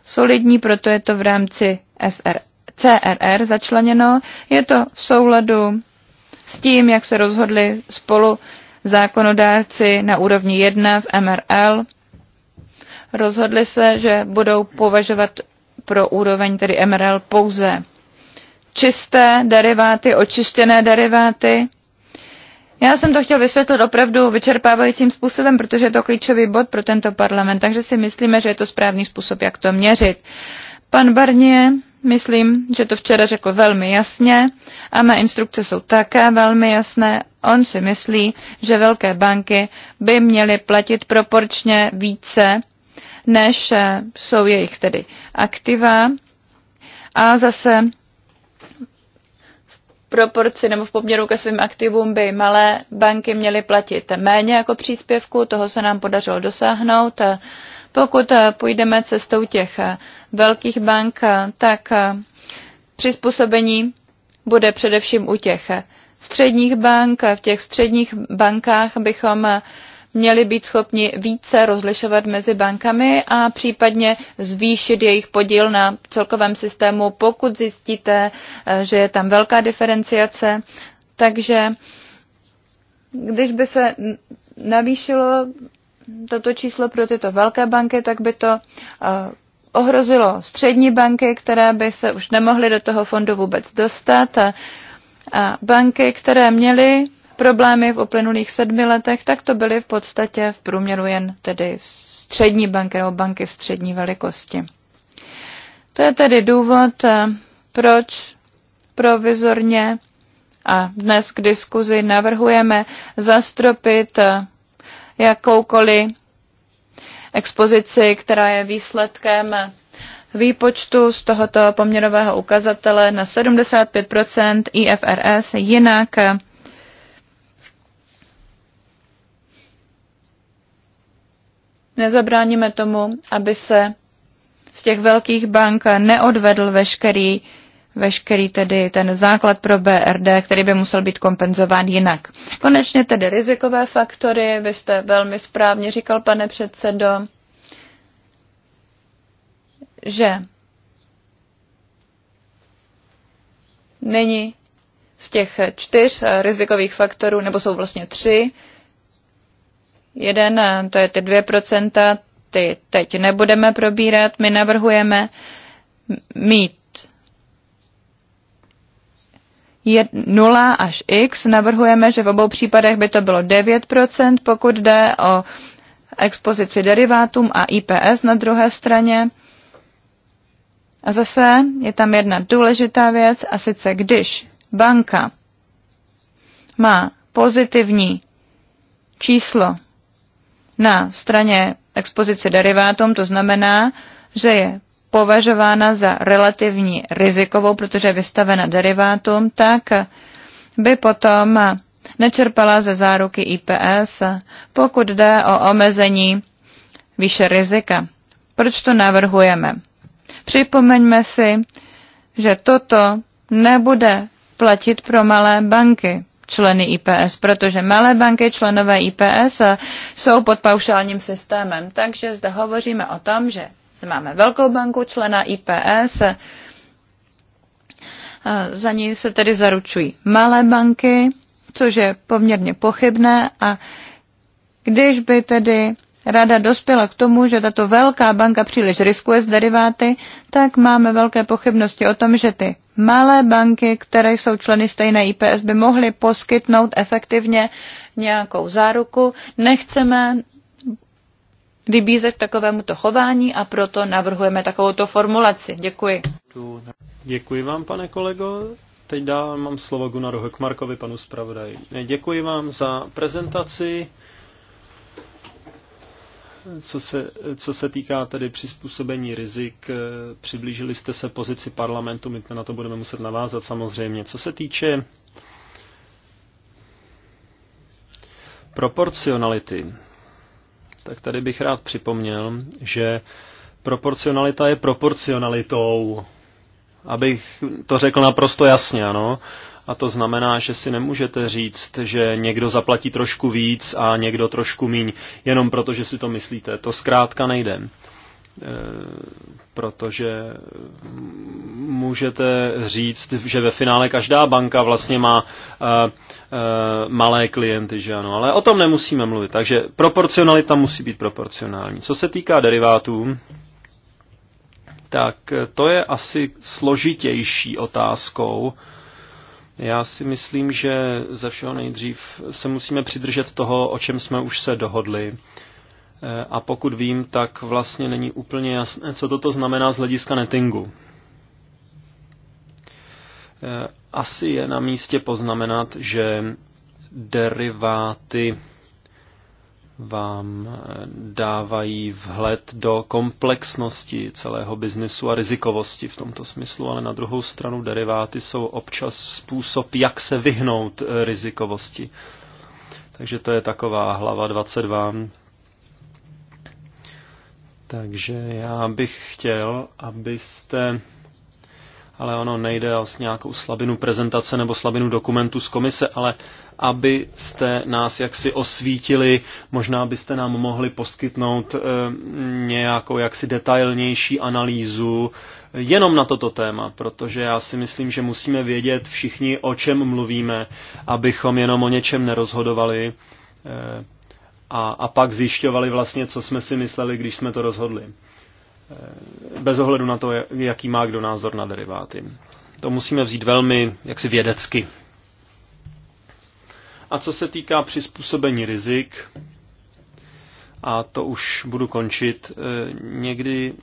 Speaker 5: solidní, proto je to v rámci SR, CRR začleněno. Je to v souladu s tím, jak se rozhodli spolu zákonodárci na úrovni 1 v MRL. Rozhodli se, že budou považovat pro úroveň tedy MRL pouze čisté deriváty, očištěné deriváty. Já jsem to chtěl vysvětlit opravdu vyčerpávajícím způsobem, protože je to klíčový bod pro tento parlament, takže si myslíme, že je to správný způsob, jak to měřit. Pan Barnier Myslím, že to včera řekl velmi jasně a mé instrukce jsou také velmi jasné. On si myslí, že velké banky by měly platit proporčně více, než jsou jejich tedy aktiva. A zase v proporci nebo v poměru ke svým aktivům by malé banky měly platit méně jako příspěvku, toho se nám podařilo dosáhnout pokud eh, půjdeme cestou těch eh, velkých bank, eh, tak přizpůsobení bude především u těch středních bank. V těch středních bankách bychom měli být schopni více rozlišovat mezi bankami a případně zvýšit jejich podíl na celkovém systému, pokud zjistíte, že je tam velká diferenciace. Takže když by se navýšilo toto číslo pro tyto velké banky, tak by to eh, ohrozilo střední banky, které by se už nemohly do toho fondu vůbec dostat. Eh, a banky, které měly problémy v uplynulých sedmi letech, tak to byly v podstatě v průměru jen tedy střední banky nebo banky střední velikosti. To je tedy důvod, eh, proč provizorně a dnes k diskuzi navrhujeme zastropit jakoukoliv expozici, která je výsledkem výpočtu z tohoto poměrového ukazatele na 75 IFRS, jinak nezabráníme tomu, aby se z těch velkých bank neodvedl veškerý veškerý tedy ten základ pro BRD, který by musel být kompenzován jinak. Konečně tedy rizikové faktory, vy jste velmi správně říkal, pane předsedo, že není z těch čtyř rizikových faktorů, nebo jsou vlastně tři. Jeden, to je ty dvě procenta, ty teď nebudeme probírat, my navrhujeme mít 0 až x. Navrhujeme, že v obou případech by to bylo 9 pokud jde o expozici derivátům a IPS na druhé straně. A zase je tam jedna důležitá věc, a sice když banka má pozitivní číslo na straně expozice derivátům, to znamená, že je považována za relativní rizikovou, protože je vystavena derivátům, tak by potom nečerpala ze záruky IPS, pokud jde o omezení výše rizika. Proč to navrhujeme? Připomeňme si, že toto nebude platit pro malé banky, členy IPS, protože malé banky, členové IPS jsou pod paušálním systémem. Takže zde hovoříme o tom, že Máme velkou banku, člena IPS, za ní se tedy zaručují malé banky, což je poměrně pochybné a když by tedy Rada dospěla k tomu, že tato velká banka příliš riskuje s deriváty, tak máme velké pochybnosti o tom, že ty malé banky, které jsou členy stejné IPS, by mohly poskytnout efektivně nějakou záruku. Nechceme vybízet k takovémuto chování a proto navrhujeme takovouto formulaci. Děkuji.
Speaker 4: Děkuji vám, pane kolego. Teď dávám mám slovo Gunaru Hökmarkovi, panu zpravodaji. Děkuji vám za prezentaci. Co se, co se týká tedy přizpůsobení rizik, přiblížili jste se pozici parlamentu, my na to budeme muset navázat samozřejmě. Co se týče proporcionality, tak tady bych rád připomněl, že proporcionalita je proporcionalitou. Abych to řekl naprosto jasně, ano. A to znamená, že si nemůžete říct, že někdo zaplatí trošku víc a někdo trošku míň, jenom proto, že si to myslíte. To zkrátka nejde. Eh, protože můžete říct, že ve finále každá banka vlastně má eh, eh, malé klienty, že ano, ale o tom nemusíme mluvit, takže proporcionalita musí být proporcionální. Co se týká derivátů, tak to je asi složitější otázkou. Já si myslím, že ze všeho nejdřív se musíme přidržet toho, o čem jsme už se dohodli a pokud vím, tak vlastně není úplně jasné, co toto znamená z hlediska nettingu. Eh, asi je na místě poznamenat, že deriváty vám eh, dávají vhled do komplexnosti celého biznesu a rizikovosti v tomto smyslu, ale na druhou stranu deriváty jsou občas způsob, jak se vyhnout eh, rizikovosti. Takže to je taková hlava 22 takže já bych chtěl, abyste ale ono nejde o vlastně nějakou slabinu prezentace nebo slabinu dokumentu z komise, ale abyste nás jaksi osvítili, možná byste nám mohli poskytnout e, nějakou jaksi detailnější analýzu eh, jenom na toto téma, protože já si myslím, že musíme vědět všichni, o čem mluvíme, abychom jenom o něčem nerozhodovali. E, a, a pak zjišťovali vlastně, co jsme si mysleli, když jsme to rozhodli. Eh, bez ohledu na to, jaký má kdo názor na deriváty. To musíme vzít velmi jaksi vědecky. A co se týká přizpůsobení rizik, a to už budu končit, eh, někdy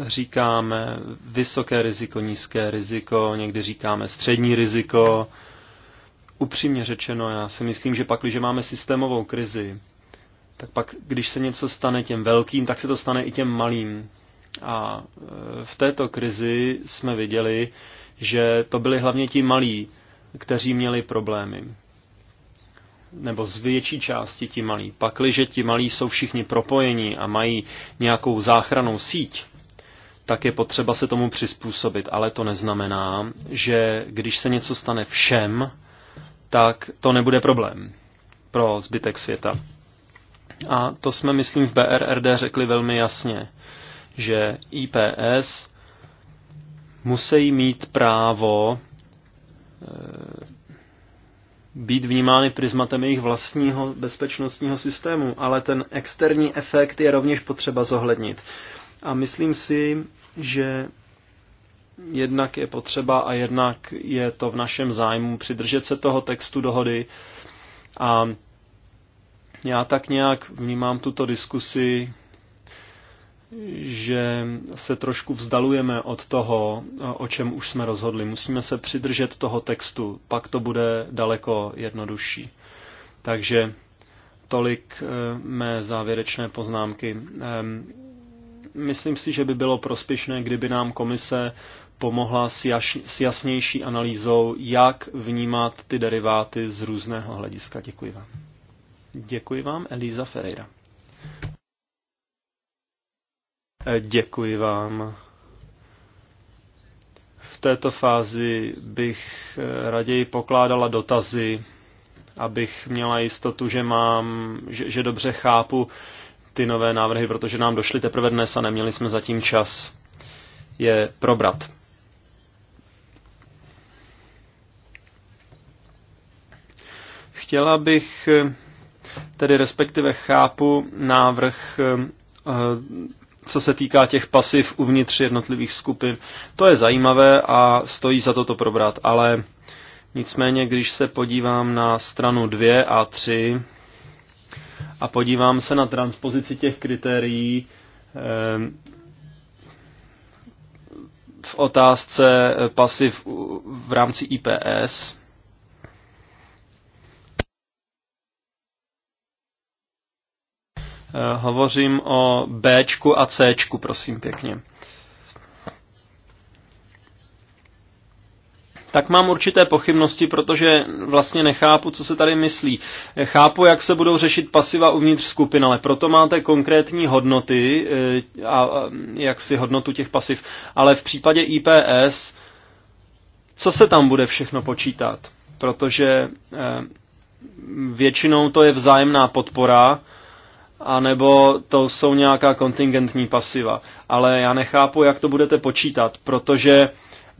Speaker 4: říkáme vysoké riziko, nízké riziko, někdy říkáme střední riziko. Upřímně řečeno, já si myslím, že pak, když máme systémovou krizi, tak pak, když se něco stane těm velkým, tak se to stane i těm malým. A e, v této krizi jsme viděli, že to byli hlavně ti malí, kteří měli problémy. Nebo z větší části ti malí. Pakliže ti malí jsou všichni propojeni a mají nějakou záchranou síť, tak je potřeba se tomu přizpůsobit. Ale to neznamená, že když se něco stane všem, tak to nebude problém pro zbytek světa. A to jsme, myslím, v BRRD řekli velmi jasně, že IPS musí mít právo eh, být vnímány prismatem jejich vlastního bezpečnostního systému, ale ten externí efekt je rovněž potřeba zohlednit. A myslím si, že jednak je potřeba a jednak je to v našem zájmu přidržet se toho textu dohody a já tak nějak vnímám tuto diskusi, že se trošku vzdalujeme od toho, o čem už jsme rozhodli. Musíme se přidržet toho textu, pak to bude daleko jednodušší. Takže tolik eh, mé závěrečné poznámky. Ehm, myslím si, že by bylo prospěšné, kdyby nám komise pomohla s, s jasnější analýzou, jak vnímat ty deriváty z různého hlediska. Děkuji vám. Děkuji vám, Elisa Ferreira. E, děkuji vám. V této fázi bych e, raději pokládala dotazy, abych měla jistotu, že mám, že, že dobře chápu ty nové návrhy, protože nám došly teprve dnes a neměli jsme zatím čas je probrat. Chtěla bych e, tedy respektive chápu návrh, eh, co se týká těch pasiv uvnitř jednotlivých skupin. To je zajímavé a stojí za to to probrat, ale nicméně, když se podívám na stranu 2 a 3 a podívám se na transpozici těch kritérií, eh, v otázce eh, pasiv v rámci IPS, Eh, hovořím o B a C, prosím pěkně. tak mám určité pochybnosti, protože vlastně nechápu, co se tady myslí. Eh, chápu, jak se budou řešit pasiva uvnitř skupin, ale proto máte konkrétní hodnoty eh, a jak si hodnotu těch pasiv. Ale v případě IPS, co se tam bude všechno počítat? Protože většinou to je vzájemná podpora, a nebo to jsou nějaká kontingentní pasiva. Ale já nechápu, jak to budete počítat, protože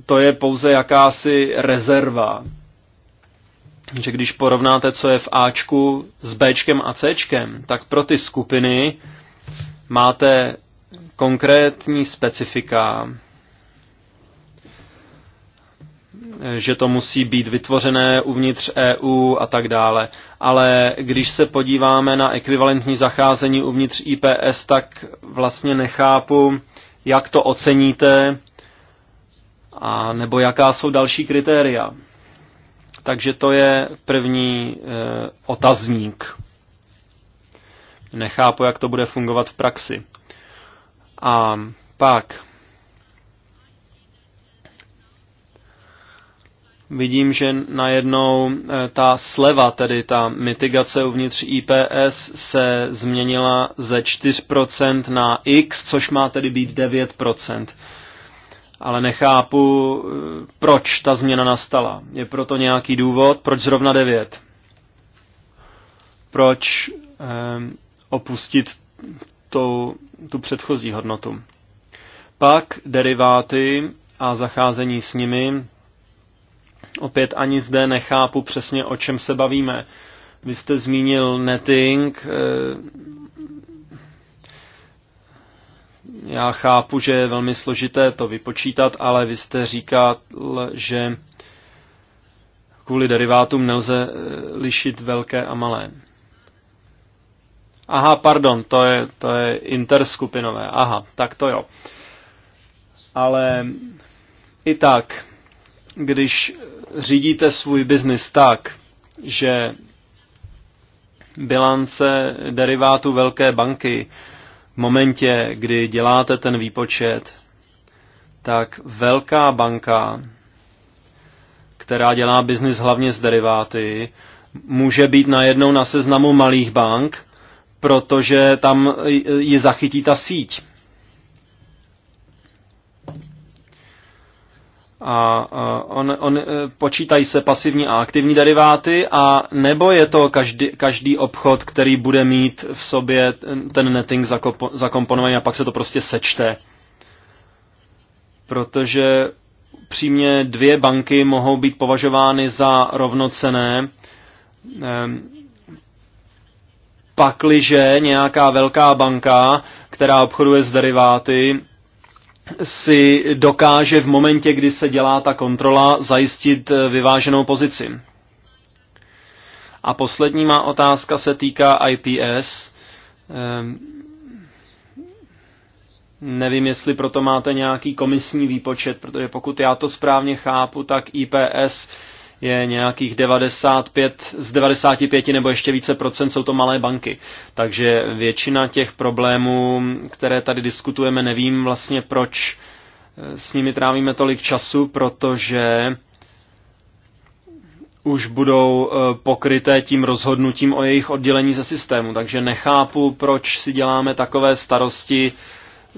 Speaker 4: to je pouze jakási rezerva. Že když porovnáte, co je v Ačku s Bčkem a Cčkem, tak pro ty skupiny máte konkrétní specifika, že to musí být vytvořené uvnitř EU a tak dále. Ale když se podíváme na ekvivalentní zacházení uvnitř IPS, tak vlastně nechápu, jak to oceníte a nebo jaká jsou další kritéria. Takže to je první e, otazník. Nechápu, jak to bude fungovat v praxi. A pak vidím, že najednou eh, ta sleva, tedy ta mitigace uvnitř IPS, se změnila ze 4% na X, což má tedy být 9%. Ale nechápu, eh, proč ta změna nastala. Je proto nějaký důvod, proč zrovna 9? Proč eh, opustit tu, tu předchozí hodnotu? Pak deriváty a zacházení s nimi Opět ani zde nechápu přesně, o čem se bavíme. Vy jste zmínil netting. Eh, já chápu, že je velmi složité to vypočítat, ale vy jste říkal, že kvůli derivátům nelze eh, lišit velké a malé. Aha, pardon, to je, to je interskupinové. Aha, tak to jo. Ale i tak, když řídíte svůj biznis tak, že bilance derivátu velké banky v momentě, kdy děláte ten výpočet, tak velká banka, která dělá biznis hlavně s deriváty, může být najednou na seznamu malých bank, protože tam ji zachytí ta síť. A on, on, e, počítají se pasivní a aktivní deriváty, a nebo je to každý, každý obchod, který bude mít v sobě ten netting zakomponovaný a pak se to prostě sečte. Protože přímě dvě banky mohou být považovány za rovnocené, ehm, pakliže nějaká velká banka, která obchoduje s deriváty, si dokáže v momentě, kdy se dělá ta kontrola, zajistit eh, vyváženou pozici. A poslední má otázka se týká IPS. Ehm, nevím, jestli proto máte nějaký komisní výpočet, protože pokud já to správně chápu, tak IPS je nějakých 95, z 95 nebo ještě více procent jsou to malé banky. Takže většina těch problémů, které tady diskutujeme, nevím vlastně proč eh, s nimi trávíme tolik času, protože už budou eh, pokryté tím rozhodnutím o jejich oddělení ze systému. Takže nechápu, proč si děláme takové starosti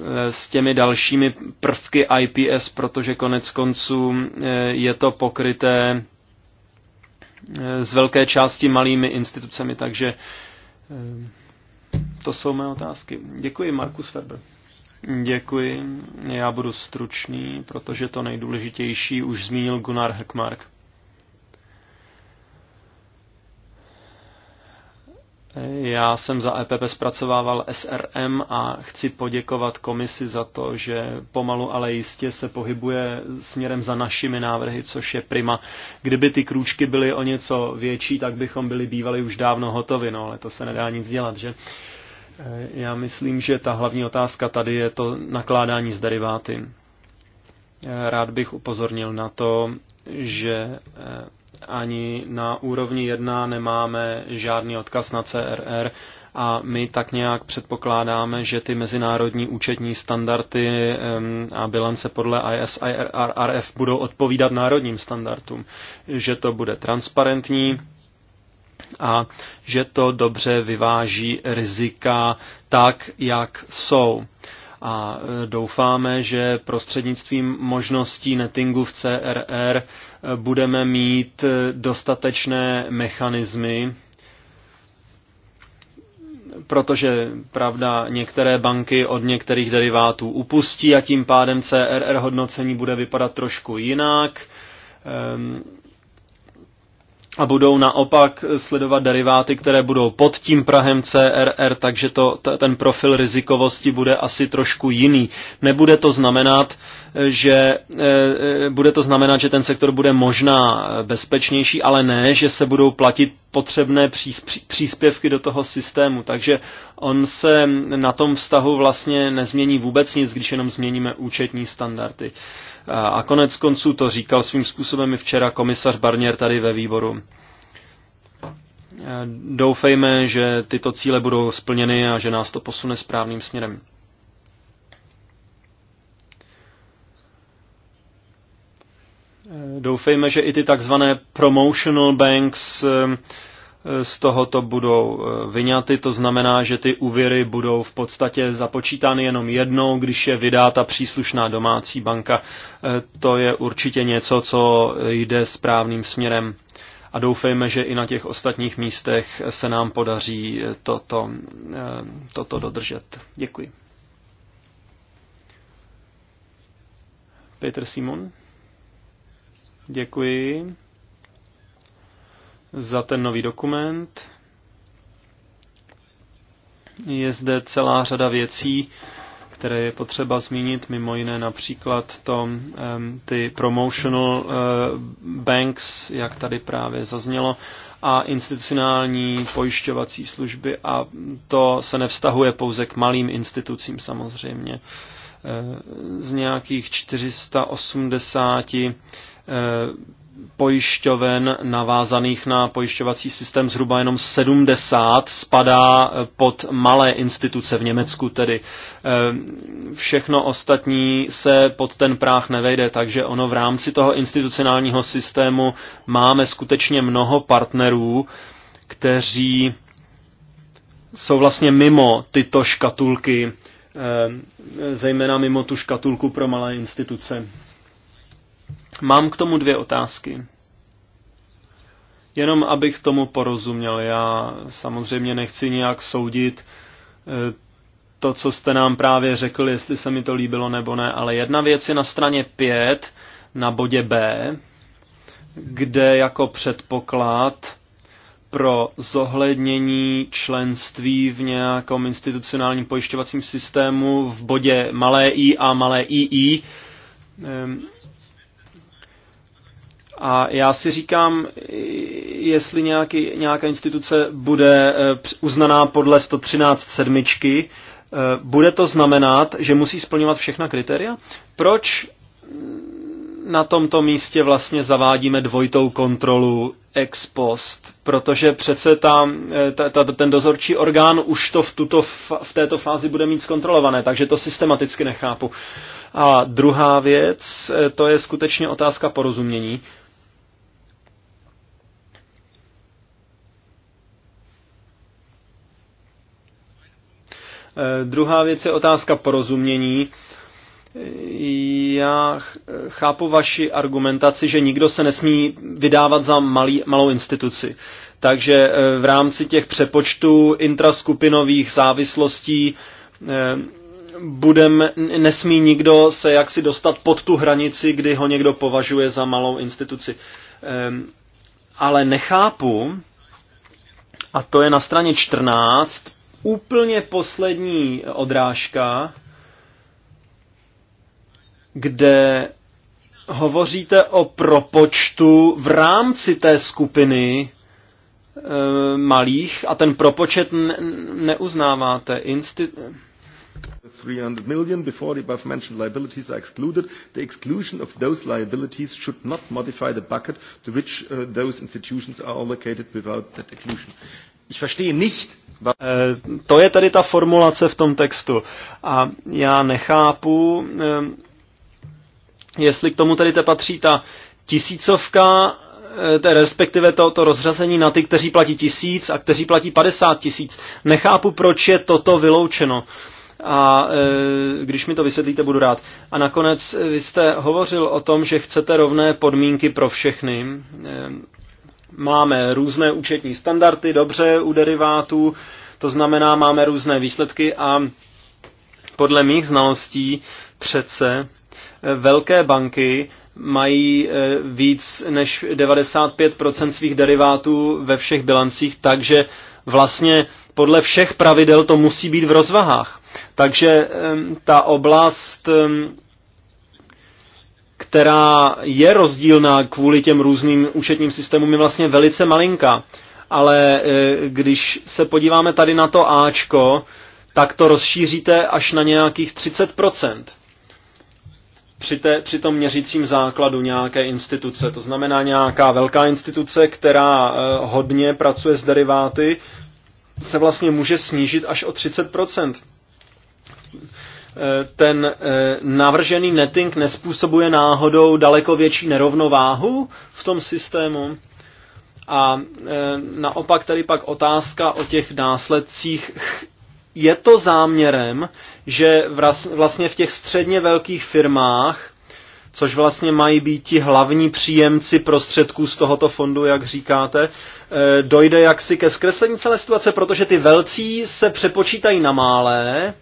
Speaker 4: eh, s těmi dalšími prvky IPS, protože konec konců je to pokryté Eh, z velké části malými institucemi, takže eh, to jsou mé otázky. Děkuji, Markus Weber. Děkuji, já budu stručný, protože to nejdůležitější už zmínil Gunnar Heckmark. Já jsem za EPP zpracovával SRM a chci poděkovat komisi za to, že pomalu, ale jistě se pohybuje směrem za našimi návrhy, což je prima. Kdyby ty krůčky byly o něco větší, tak bychom byli bývali už dávno hotovi, no ale to se nedá nic dělat, že? Eh, já myslím, že ta hlavní otázka tady je to nakládání s deriváty. Eh, rád bych upozornil na to, že eh, ani na úrovni 1 nemáme žádný odkaz na CRR a my tak nějak předpokládáme, že ty mezinárodní účetní standardy a bilance podle ISIRF budou odpovídat národním standardům, že to bude transparentní a že to dobře vyváží rizika tak, jak jsou a e, doufáme, že prostřednictvím možností nettingu v CRR e, budeme mít e, dostatečné mechanismy, protože, pravda, některé banky od některých derivátů upustí a tím pádem CRR hodnocení bude vypadat trošku jinak. Ehm, a budou naopak sledovat deriváty, které budou pod tím Prahem CRR, takže to, ten profil rizikovosti bude asi trošku jiný. Nebude to znamenat, že e, e, bude to znamenat, že ten sektor bude možná bezpečnější, ale ne, že se budou platit potřebné příspěvky do toho systému. Takže on se na tom vztahu vlastně nezmění vůbec nic, když jenom změníme účetní standardy. A konec konců to říkal svým způsobem i včera komisař Barnier tady ve výboru. E, doufejme, že tyto cíle budou splněny a že nás to posune správným směrem. E, doufejme, že i ty takzvané promotional banks e, z tohoto budou eh, vyňaty, to znamená, že ty úvěry budou v podstatě započítány jenom jednou, když je vydá ta příslušná domácí banka. Eh, to je určitě něco, co jde správným směrem a doufejme, že i na těch ostatních místech se nám podaří eh, toto, toto dodržet. Děkuji. Petr Simon. Děkuji za ten nový dokument. Je zde celá řada věcí, které je potřeba zmínit, mimo jiné například to, ty promotional eh, banks, jak tady právě zaznělo, a institucionální pojišťovací služby a to se nevztahuje pouze k malým institucím samozřejmě. Eh, z nějakých 480 pojišťoven navázaných na pojišťovací systém zhruba jenom 70 spadá eh, pod malé instituce v Německu tedy. Eh, všechno ostatní se pod ten práh nevejde, takže ono v rámci toho institucionálního systému máme skutečně mnoho partnerů, kteří jsou vlastně mimo tyto škatulky, eh, zejména mimo tu škatulku pro malé instituce. Mám k tomu dvě otázky. Jenom abych tomu porozuměl, já samozřejmě nechci nějak soudit eh, to, co jste nám právě řekl, jestli se mi to líbilo nebo ne, ale jedna věc je na straně 5, na bodě B, kde jako předpoklad pro zohlednění členství v nějakém institucionálním pojišťovacím systému v bodě malé i a malé ii a já si říkám, jestli nějaký, nějaká instituce bude eh, uznaná podle 113 sedmičky, eh, bude to znamenat, že musí splňovat všechna kritéria? Proč na tomto místě vlastně zavádíme dvojitou kontrolu ex post, protože přece ta, eh, ta, ta, ten dozorčí orgán už to v, tuto, v této fázi bude mít zkontrolované, takže to systematicky nechápu. A druhá věc, to je skutečně otázka porozumění. Eh, druhá věc je otázka porozumění. Já chápu vaši argumentaci, že nikdo se nesmí vydávat za malý, malou instituci. Takže eh, v rámci těch přepočtů intraskupinových závislostí eh, budem, nesmí nikdo se jaksi dostat pod tu hranici, kdy ho někdo považuje za malou instituci. Ale nechápu, a to je na straně 14, úplně poslední odrážka, kde hovoříte o propočtu v rámci té skupiny e, malých a ten propočet ne, neuznáváte. Insti-
Speaker 1: 300 million before the above mentioned liabilities are excluded, the exclusion of those liabilities should not modify the bucket to which uh, those institutions are allocated without that exclusion. Ich verstehe nicht, eh,
Speaker 4: to je tady ta formulace v tom textu. A já nechápu, eh, jestli k tomu tady te patří ta tisícovka, eh, respektive to, to rozřazení na ty, kteří platí tisíc a kteří platí 50 tisíc. Nechápu, proč je toto vyloučeno. A když mi to vysvětlíte, budu rád. A nakonec vy jste hovořil o tom, že chcete rovné podmínky pro všechny. Máme různé účetní standardy, dobře, u derivátů, to znamená, máme různé výsledky a podle mých znalostí přece eh, velké banky mají eh, víc než 95% svých derivátů ve všech bilancích, takže vlastně podle všech pravidel to musí být v rozvahách. Takže eh, ta oblast která je rozdílná kvůli těm různým účetním systémům, je vlastně velice malinká. Ale e, když se podíváme tady na to Ačko, tak to rozšíříte až na nějakých 30% při, té, při tom měřícím základu nějaké instituce. To znamená nějaká velká instituce, která e, hodně pracuje s deriváty, se vlastně může snížit až o 30%. Eh, ten eh, navržený netting nespůsobuje náhodou daleko větší nerovnováhu v tom systému? A eh, naopak tady pak otázka o těch následcích. Je to záměrem, že vlastně v těch středně velkých firmách, což vlastně mají být ti hlavní příjemci prostředků z tohoto fondu, jak říkáte, dojde jaksi ke zkreslení celé situace, protože ty velcí se přepočítají na malé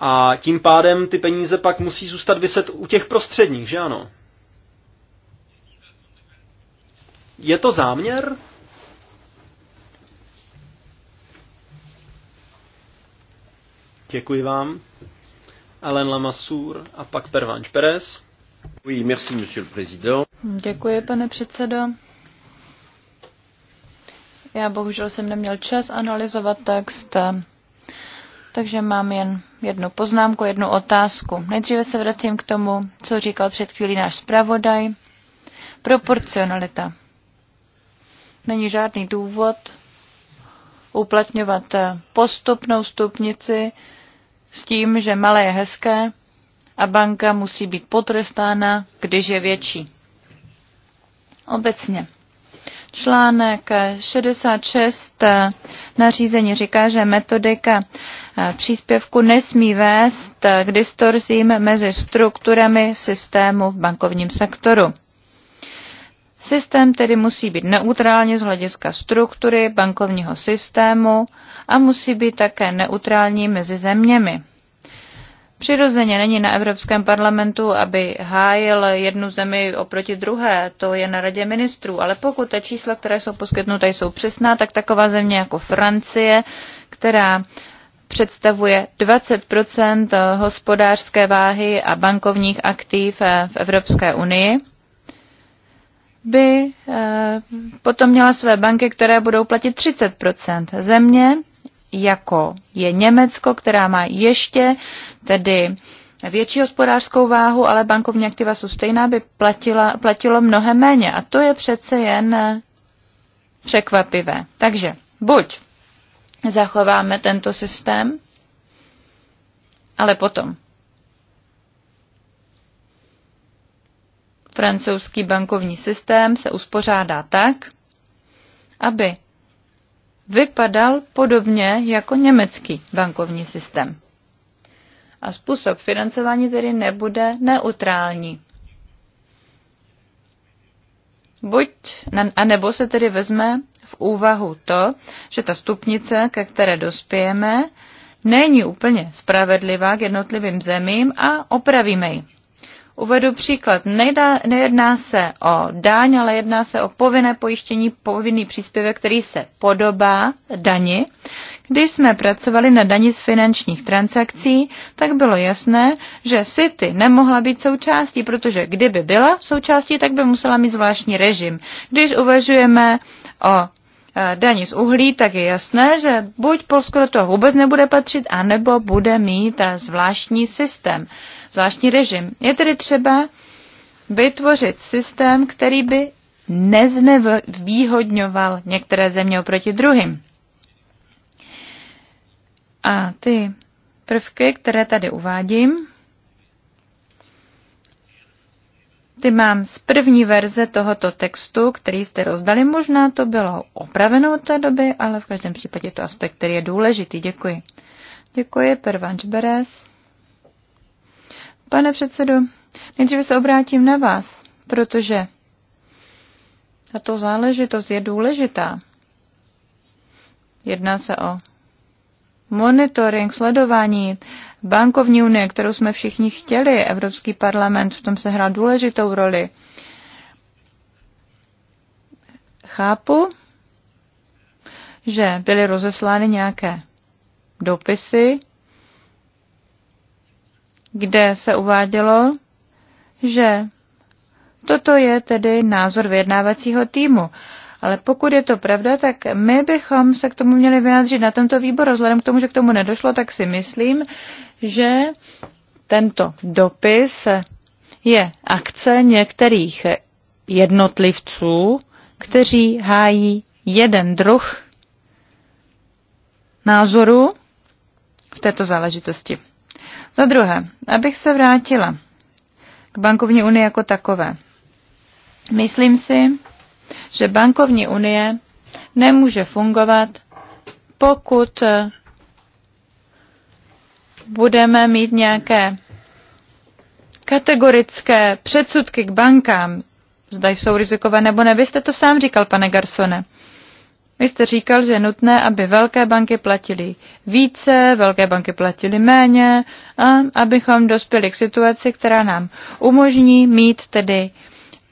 Speaker 4: a tím pádem ty peníze pak musí zůstat vyset u těch prostředních, že ano? Je to záměr? Děkuji vám. Alain Lamassour a pak Pervanč Perez. Oui, merci, monsieur le président.
Speaker 5: Děkuji, pane předsedo. Já bohužel jsem neměl čas analyzovat text takže mám jen jednu poznámku, jednu otázku. Nejdříve se vracím k tomu, co říkal před chvílí náš zpravodaj. Proporcionalita. Není žádný důvod uplatňovat postupnou stupnici s tím, že malé je hezké a banka musí být potrestána, když je větší. Obecně Článek 66 eh, nařízení říká, že metodika eh, příspěvku nesmí vést eh, k distorzím mezi strukturami systému v bankovním sektoru. Systém tedy musí být neutrální z hlediska struktury bankovního systému a musí být také neutrální mezi zeměmi. Přirozeně není na Evropském parlamentu, aby hájil jednu zemi oproti druhé, to je na radě ministrů, ale pokud ta čísla, které jsou poskytnuta, jsou přesná, tak taková země jako Francie, která představuje 20 hospodářské váhy a bankovních aktiv eh, v Evropské unii, by eh, potom měla své banky, které budou platit 30 Země, jako je Německo, která má ještě tedy větší hospodářskou váhu, ale bankovní aktiva jsou stejná, by platila, platilo mnohem méně. A to je přece jen eh, překvapivé. Takže buď zachováme tento systém, ale potom francouzský bankovní systém se uspořádá tak, aby vypadal podobně jako německý bankovní systém a způsob financování tedy nebude neutrální. Buď, nebo se tedy vezme v úvahu to, že ta stupnice, ke které dospějeme, není úplně spravedlivá k jednotlivým zemím a opravíme ji. Uvedu příklad. Nejda, nejedná se o daň, ale jedná se o povinné pojištění, povinný příspěvek, který se podobá dani, když jsme pracovali na dani z finančních transakcí, tak bylo jasné, že City nemohla být součástí, protože kdyby byla součástí, tak by musela mít zvláštní režim. Když uvažujeme o e, daní z uhlí, tak je jasné, že buď Polsko do toho vůbec nebude patřit, anebo bude mít e, zvláštní systém, zvláštní režim. Je tedy třeba vytvořit systém, který by neznevýhodňoval některé země oproti druhým. A ty prvky, které tady uvádím, ty mám z první verze tohoto textu, který jste rozdali. Možná to bylo opraveno od té doby, ale v každém případě to aspekt, který je důležitý. Děkuji. Děkuji, Pervanč Beres. Pane předsedu, nejdříve se obrátím na vás, protože tato záležitost je důležitá. Jedná se o monitoring, sledování bankovní unie, kterou jsme všichni chtěli, Evropský parlament v tom se hrál důležitou roli. Chápu, že byly rozeslány nějaké dopisy, kde se uvádělo, že toto je tedy názor vyjednávacího týmu. Ale pokud je to pravda, tak my bychom se k tomu měli vyjádřit na tomto výboru. Vzhledem k tomu, že k tomu nedošlo, tak si myslím, že tento dopis je akce některých jednotlivců, kteří hájí jeden druh názoru v této záležitosti. Za druhé, abych se vrátila k bankovní unii jako takové. Myslím si, že bankovní unie nemůže fungovat, pokud eh, budeme mít nějaké kategorické předsudky k bankám, zda jsou rizikové nebo ne. Vy jste to sám říkal, pane Garsone. Vy jste říkal, že je nutné, aby velké banky platily více, velké banky platily méně a abychom dospěli k situaci, která nám umožní mít tedy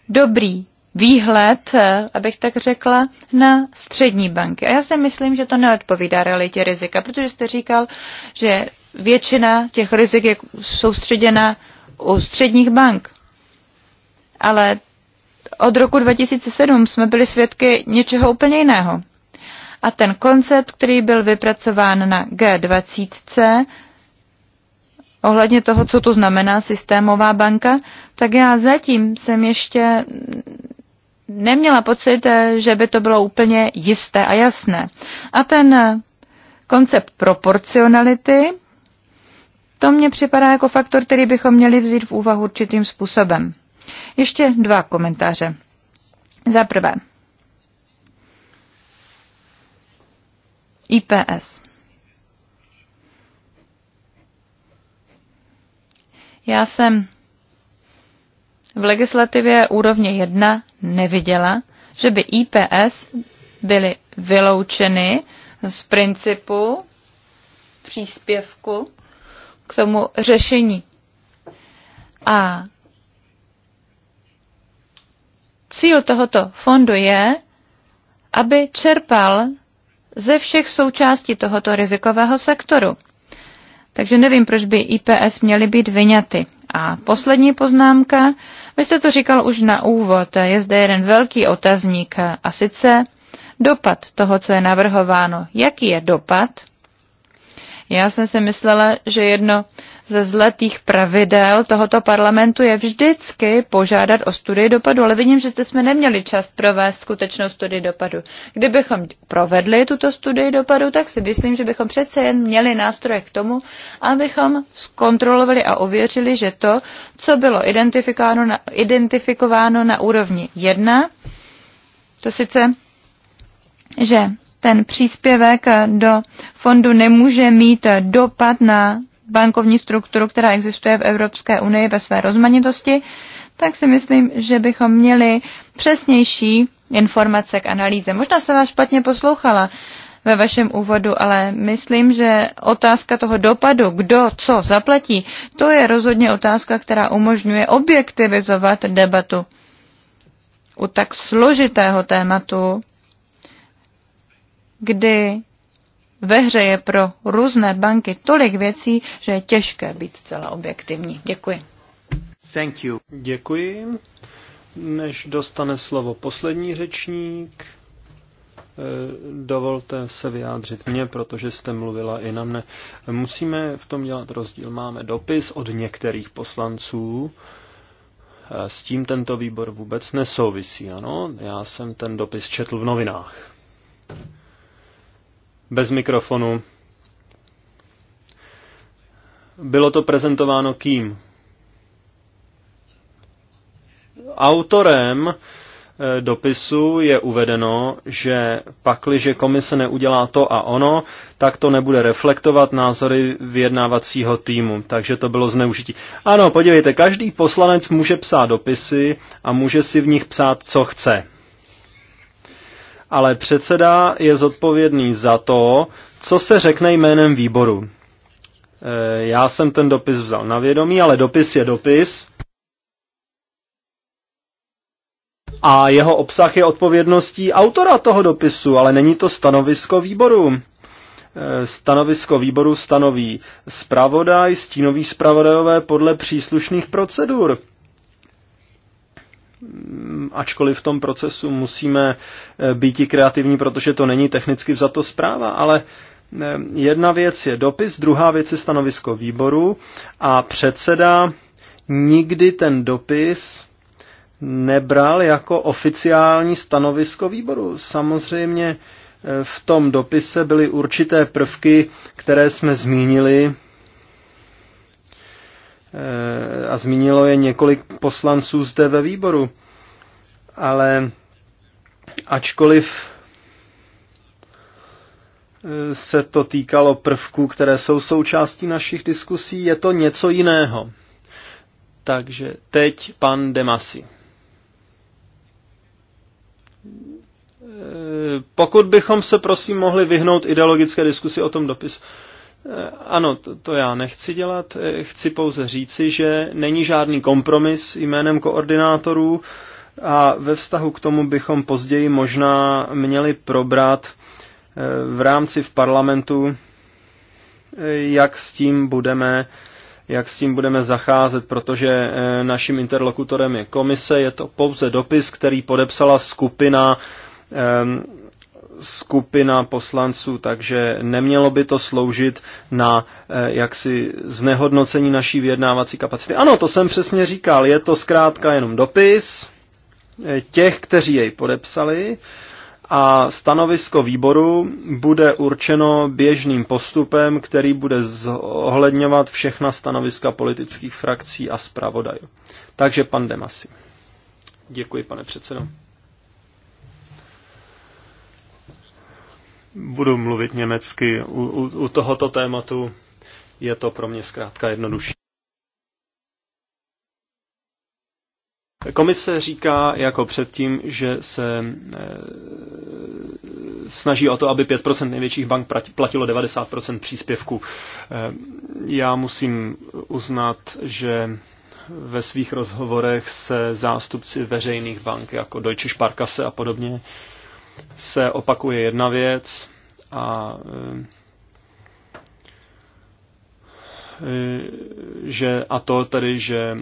Speaker 5: dobrý výhled, eh, abych tak řekla, na střední banky. A já si myslím, že to neodpovídá realitě rizika, protože jste říkal, že většina těch rizik je soustředěna u středních bank. Ale od roku 2007 jsme byli svědky něčeho úplně jiného. A ten koncept, který byl vypracován na G20, ohledně toho, co to znamená systémová banka, tak já zatím jsem ještě neměla pocit, eh, že by to bylo úplně jisté a jasné. A ten eh, koncept proporcionality, to mně připadá jako faktor, který bychom měli vzít v úvahu určitým způsobem. Ještě dva komentáře. Za prvé, IPS. Já jsem v legislativě úrovně 1 neviděla, že by IPS byly vyloučeny z principu příspěvku k tomu řešení. A cíl tohoto fondu je, aby čerpal ze všech součástí tohoto rizikového sektoru. Takže nevím, proč by IPS měly být vyňaty. A poslední poznámka, vy jste to říkal už na úvod, je zde jeden velký otazník a sice dopad toho, co je navrhováno. Jaký je dopad? Já jsem si myslela, že jedno ze zlatých pravidel tohoto parlamentu je vždycky požádat o studii dopadu, ale vidím, že jsme neměli čas provést skutečnou studii dopadu. Kdybychom provedli tuto studii dopadu, tak si myslím, že bychom přece jen měli nástroje k tomu, abychom zkontrolovali a ověřili, že to, co bylo identifikováno na, identifikováno na úrovni 1, to sice, že ten příspěvek do fondu nemůže mít dopad na bankovní strukturu, která existuje v Evropské unii ve své rozmanitosti, tak si myslím, že bychom měli přesnější informace k analýze. Možná jsem vás špatně poslouchala ve vašem úvodu, ale myslím, že otázka toho dopadu, kdo co zaplatí, to je rozhodně otázka, která umožňuje objektivizovat debatu u tak složitého tématu, kdy ve hře je pro různé banky tolik věcí, že je těžké být zcela objektivní. Děkuji.
Speaker 4: Thank you. Děkuji. Než dostane slovo poslední řečník, eh, dovolte se vyjádřit mě, protože jste mluvila i na mne. Musíme v tom dělat rozdíl. Máme dopis od některých poslanců, eh, s tím tento výbor vůbec nesouvisí, ano? Já jsem ten dopis četl v novinách bez mikrofonu. Bylo to prezentováno kým? Autorem eh, dopisu je uvedeno, že pakliže komise neudělá to a ono, tak to nebude reflektovat názory vyjednávacího týmu. Takže to bylo zneužití. Ano, podívejte, každý poslanec může psát dopisy a může si v nich psát, co chce ale předseda je zodpovědný za to, co se řekne jménem výboru. E, já jsem ten dopis vzal na vědomí, ale dopis je dopis. A jeho obsah je odpovědností autora toho dopisu, ale není to stanovisko výboru. E, stanovisko výboru stanoví zpravodaj, stínový zpravodajové podle příslušných procedur ačkoliv v tom procesu musíme eh, být i kreativní, protože to není technicky vzato zpráva, ale eh, jedna věc je dopis, druhá věc je stanovisko výboru a předseda nikdy ten dopis nebral jako oficiální stanovisko výboru. Samozřejmě eh, v tom dopise byly určité prvky, které jsme zmínili Eh, a zmínilo je několik poslanců zde ve výboru. Ale ačkoliv eh, se to týkalo prvků, které jsou součástí našich diskusí, je to něco jiného. Takže teď pan Demasi. Eh, pokud bychom se prosím mohli vyhnout ideologické diskusi o tom dopisu. Eh, ano, to, to já nechci dělat. Eh, chci pouze říci, že není žádný kompromis jménem koordinátorů a ve vztahu k tomu bychom později možná měli probrat eh, v rámci v parlamentu, jak s tím budeme jak s tím budeme zacházet, protože naším interlokutorem je komise, je to pouze dopis, který podepsala skupina skupina poslanců, takže nemělo by to sloužit na eh, jaksi znehodnocení naší vyjednávací kapacity. Ano, to jsem přesně říkal, je to zkrátka jenom dopis eh, těch, kteří jej podepsali a stanovisko výboru bude určeno běžným postupem, který bude zohledňovat všechna stanoviska politických frakcí a zpravodajů. Takže pan Demasi. Děkuji, pane předsedo. Budu mluvit německy. U, u, u tohoto tématu je to pro mě zkrátka jednodušší. Komise říká jako předtím, že se eh, snaží o to, aby 5% největších bank platilo 90% příspěvku. Eh, já musím uznat, že ve svých rozhovorech se zástupci veřejných bank jako Deutsche Sparkasse a podobně se opakuje jedna věc a e, e, že a to tedy, že e,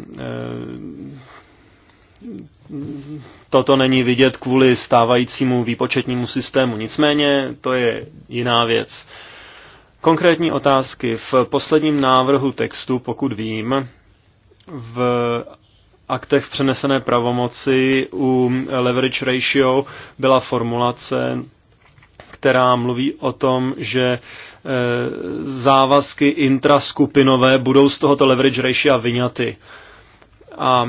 Speaker 4: toto není vidět kvůli stávajícímu výpočetnímu systému. Nicméně to je jiná věc. Konkrétní otázky. V posledním návrhu textu, pokud vím, v aktech přenesené pravomoci u leverage ratio byla formulace, která mluví o tom, že e, závazky intraskupinové budou z tohoto leverage ratio vyňaty. A e,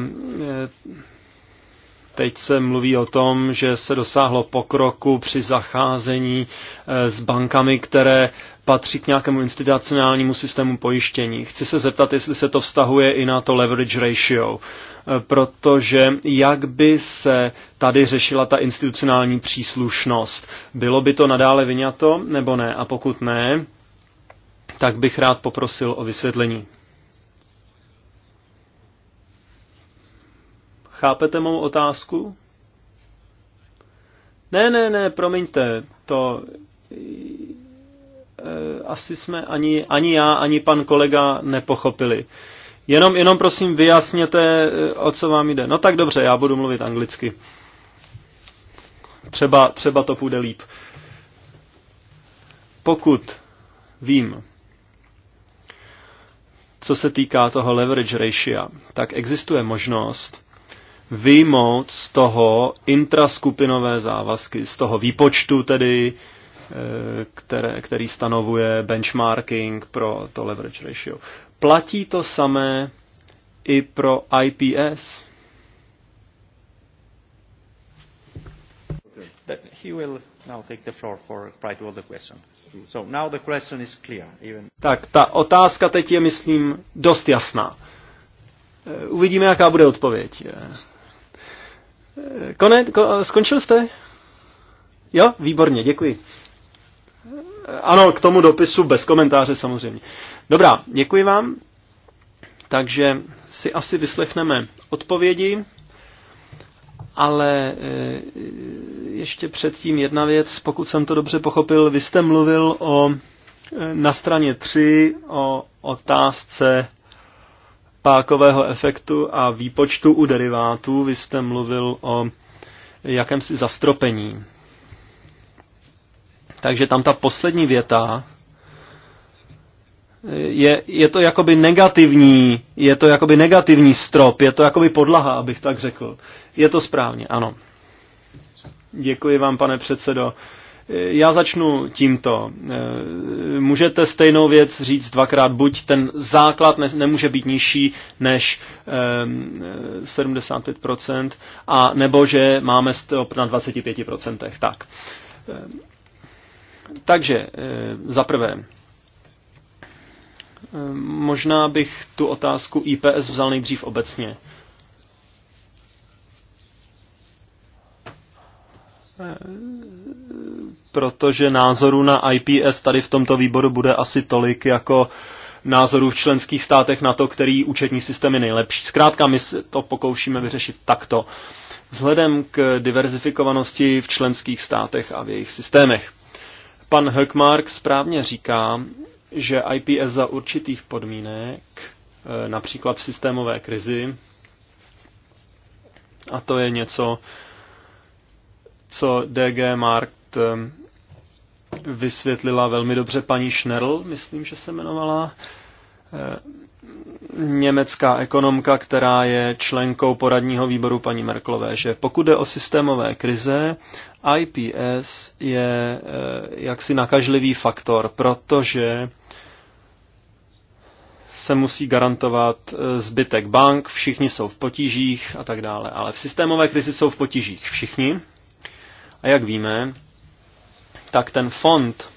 Speaker 4: Teď se mluví o tom, že se dosáhlo pokroku při zacházení eh, s bankami, které patří k nějakému institucionálnímu systému pojištění. Chci se zeptat, jestli se to vztahuje i na to leverage ratio, eh, protože jak by se tady řešila ta institucionální příslušnost? Bylo by to nadále vyňato nebo ne? A pokud ne, tak bych rád poprosil o vysvětlení. Chápete mou otázku? Ne, ne, ne, promiňte, to e, asi jsme ani, ani já, ani pan kolega nepochopili. Jenom, jenom prosím vyjasněte, e, o co vám jde. No tak dobře, já budu mluvit anglicky. Třeba, třeba to půjde líp. Pokud vím, co se týká toho leverage ratio, tak existuje možnost, vyjmout z toho intraskupinové závazky, z toho výpočtu tedy, eh, které, který stanovuje benchmarking pro to leverage ratio. Platí to samé i pro IPS? Tak, ta otázka teď je, myslím, dost jasná. Eh, uvidíme, jaká bude odpověď. Eh, Konec, ko, skončil jste? Jo, výborně, děkuji. Ano, k tomu dopisu bez komentáře samozřejmě. Dobrá, děkuji vám. Takže si asi vyslechneme odpovědi, ale eh, ještě předtím jedna věc, pokud jsem to dobře pochopil, vy jste mluvil o eh, na straně 3 o otázce pákového efektu a výpočtu u derivátů. Vy jste mluvil o jakémsi zastropení. Takže tam ta poslední věta je, je to jakoby negativní, je to jakoby negativní strop, je to jakoby podlaha, abych tak řekl. Je to správně, ano. Děkuji vám, pane předsedo. Já začnu tímto. Eh, můžete stejnou věc říct dvakrát, buď ten základ ne, nemůže být nižší než um, ehm, 75%, eh, a nebo že máme stop na 25%. Tak. Eh, takže, za prvé, možná bych tu otázku IPS vzal nejdřív obecně.
Speaker 3: Uh,
Speaker 4: protože názorů na IPS tady v tomto výboru bude asi tolik jako názorů v členských státech na to, který účetní systém je nejlepší. Zkrátka my se to pokoušíme vyřešit takto, vzhledem k diverzifikovanosti v členských státech a v jejich systémech. Pan Höckmark správně říká, že IPS za určitých podmínek, e, například v systémové krizi, a to je něco, co DG Markt e, vysvětlila velmi dobře paní Schnerl, myslím, že se jmenovala, eh, německá ekonomka, která je členkou poradního výboru paní Merklové, že pokud jde o systémové krize, IPS je eh, jaksi nakažlivý faktor, protože se musí garantovat eh, zbytek bank, všichni jsou v potížích a tak dále. Ale v systémové krizi jsou v potížích všichni. A jak víme, tak ten fond,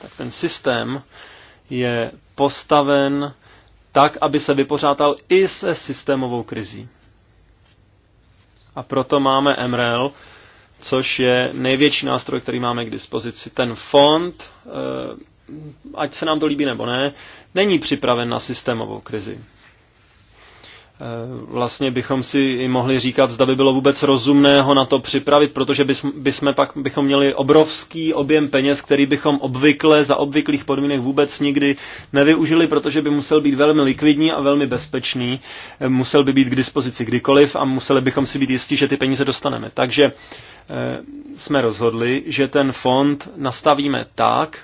Speaker 4: tak ten systém je postaven tak, aby se vypořádal i se systémovou krizí. A proto máme MREL, což je největší nástroj, který máme k dispozici. Ten fond, eh, ať se nám to líbí nebo ne, není připraven na systémovou krizi. Eh, vlastně bychom si i mohli říkat, zda by bylo vůbec rozumného na to připravit, protože bychom pak bychom měli obrovský objem peněz, který bychom obvykle za obvyklých podmínek vůbec nikdy nevyužili, protože by musel být velmi likvidní a velmi bezpečný, eh, musel by být k dispozici kdykoliv a museli bychom si být jistí, že ty peníze dostaneme. Takže eh, jsme rozhodli, že ten fond nastavíme tak,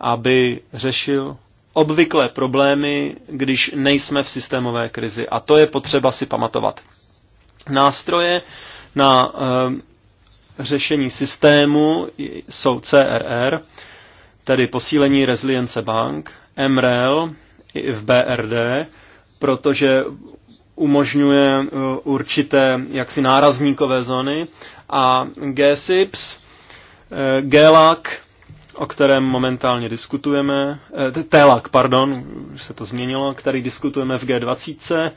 Speaker 4: aby řešil obvyklé problémy, když nejsme v systémové krizi. A to je potřeba si pamatovat. Nástroje na uh, řešení systému jsou CRR, tedy posílení rezilience bank, MREL i v BRD, protože umožňuje eh, určité jaksi nárazníkové zóny a GSIPS, eh, GELAC o kterém momentálně diskutujeme, eh, TELAK, pardon, už se to změnilo, který diskutujeme v G20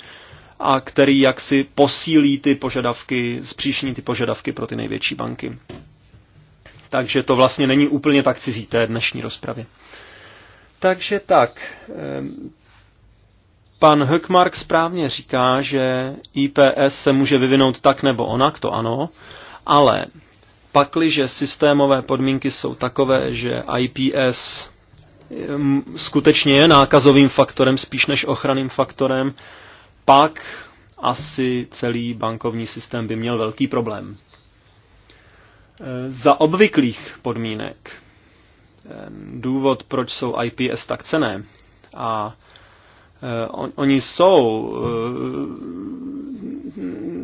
Speaker 4: a který jaksi posílí ty požadavky, zpříšní ty požadavky pro ty největší banky. Takže to vlastně není úplně tak cizí té dnešní rozpravě. Takže tak, ehm, pan Höckmark správně říká, že IPS se může vyvinout tak nebo onak, to ano, ale Pakliže systémové podmínky jsou takové, že IPS mm, skutečně je nákazovým faktorem spíš než ochranným faktorem, pak asi celý bankovní systém by měl velký problém. E, za obvyklých podmínek e, důvod, proč jsou IPS tak cené a e, on, oni jsou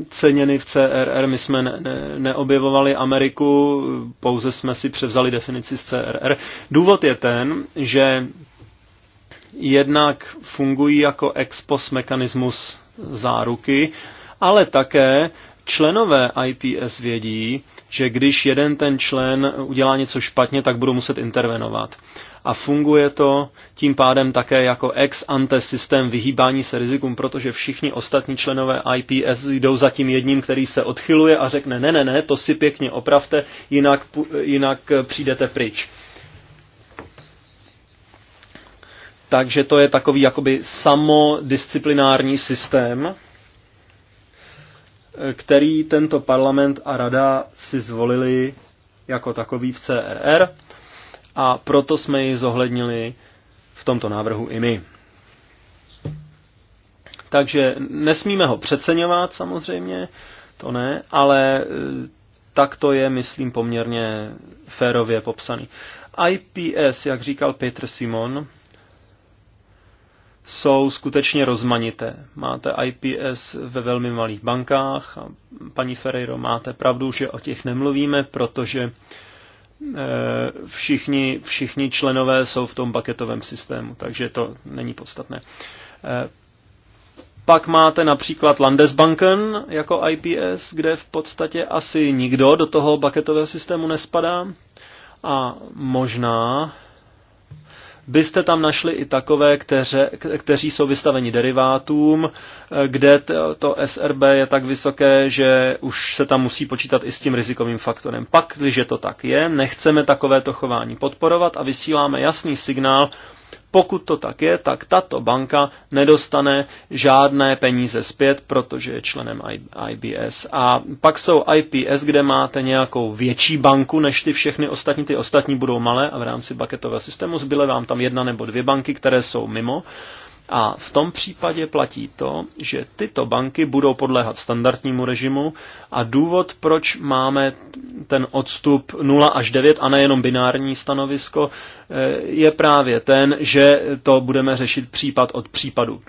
Speaker 4: ceněny v CRR. My jsme ne, ne, neobjevovali Ameriku, pouze jsme si převzali definici z CRR. Důvod je ten, že jednak fungují jako ex post mechanismus záruky, ale také členové IPS vědí, že když jeden ten člen udělá něco špatně, tak budou muset intervenovat. A funguje to tím pádem také jako ex ante systém vyhýbání se rizikům, protože všichni ostatní členové IPS jdou za tím jedním, který se odchyluje a řekne ne, ne, ne, to si pěkně opravte, jinak, jinak eh, přijdete pryč. Takže to je takový jakoby samodisciplinární systém, který tento parlament a rada si zvolili jako takový v CRR a proto jsme ji zohlednili v tomto návrhu i my. Takže nesmíme ho přeceňovat samozřejmě, to ne, ale e, tak to je, myslím, poměrně férově popsaný. IPS, jak říkal Petr Simon, jsou skutečně rozmanité. Máte IPS ve velmi malých bankách a paní Ferreiro, máte pravdu, že o těch nemluvíme, protože e, všichni, všichni členové jsou v tom paketovém systému, takže to není podstatné. E, pak máte například Landesbanken jako IPS, kde v podstatě asi nikdo do toho paketového systému nespadá. A možná byste tam našli i takové, kteře, kteří jsou vystaveni derivátům, eh, kde to, to SRB je tak vysoké, že už se tam musí počítat i s tím rizikovým faktorem. Pak, když to tak je, nechceme takovéto chování podporovat a vysíláme jasný signál pokud to tak je, tak tato banka nedostane žádné peníze zpět, protože je členem IBS. A pak jsou IPS, kde máte nějakou větší banku než ty všechny ostatní. Ty ostatní budou malé a v rámci baketového systému zbyle vám tam jedna nebo dvě banky, které jsou mimo. A v tom případě platí to, že tyto banky budou podléhat standardnímu režimu a důvod, proč máme ten odstup 0 až 9 a nejenom binární stanovisko, eh, je právě ten, že to budeme řešit případ od případu.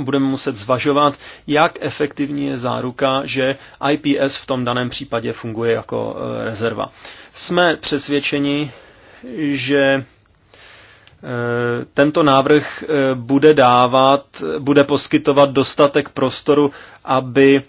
Speaker 4: Budeme muset zvažovat, jak efektivní je záruka, že IPS v tom daném případě funguje jako eh, rezerva. Jsme přesvědčeni, že Eh, tento návrh eh, bude dávat, bude poskytovat dostatek prostoru, aby eh,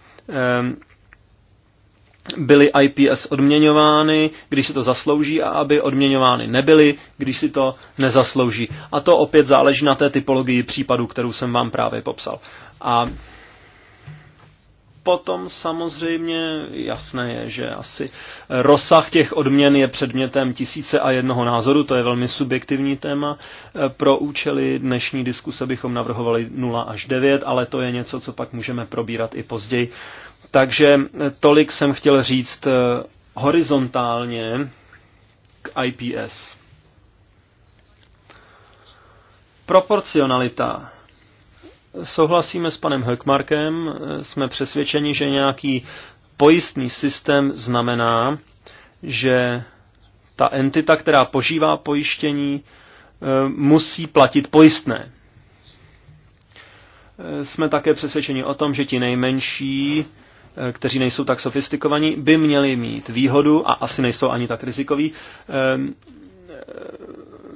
Speaker 4: byly IPS odměňovány, když si to zaslouží, a aby odměňovány nebyly, když si to nezaslouží. A to opět záleží na té typologii případů, kterou jsem vám právě popsal. A Potom samozřejmě jasné je, že asi rozsah těch odměn je předmětem tisíce a jednoho názoru, to je velmi subjektivní téma. Pro účely dnešní diskuse bychom navrhovali 0 až 9, ale to je něco, co pak můžeme probírat i později. Takže tolik jsem chtěl říct eh, horizontálně k IPS. Proporcionalita Souhlasíme s panem Hökmarkem, jsme přesvědčeni, že nějaký pojistný systém znamená, že ta entita, která požívá pojištění, e, musí platit pojistné. E, jsme také přesvědčeni o tom, že ti nejmenší, e, kteří nejsou tak sofistikovaní, by měli mít výhodu, a asi nejsou ani tak rizikoví,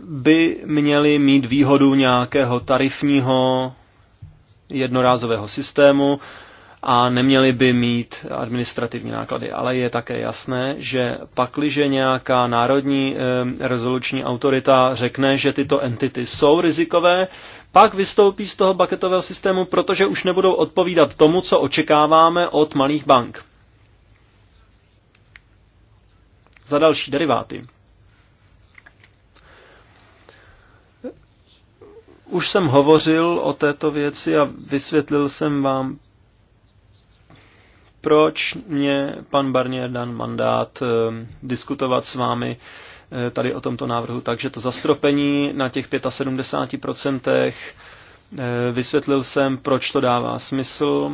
Speaker 4: by měli mít výhodu nějakého tarifního jednorázového systému a neměli by mít administrativní náklady. Ale je také jasné, že pakliže nějaká národní eh, rezoluční autorita řekne, že tyto entity jsou rizikové, pak vystoupí z toho baketového systému, protože už nebudou odpovídat tomu, co očekáváme od malých bank. Za další deriváty. Už jsem hovořil o této věci a vysvětlil jsem vám, proč mě pan Barnier dan mandát eh, diskutovat s vámi eh, tady o tomto návrhu. Takže to zastropení na těch 75%, eh, vysvětlil jsem, proč to dává smysl.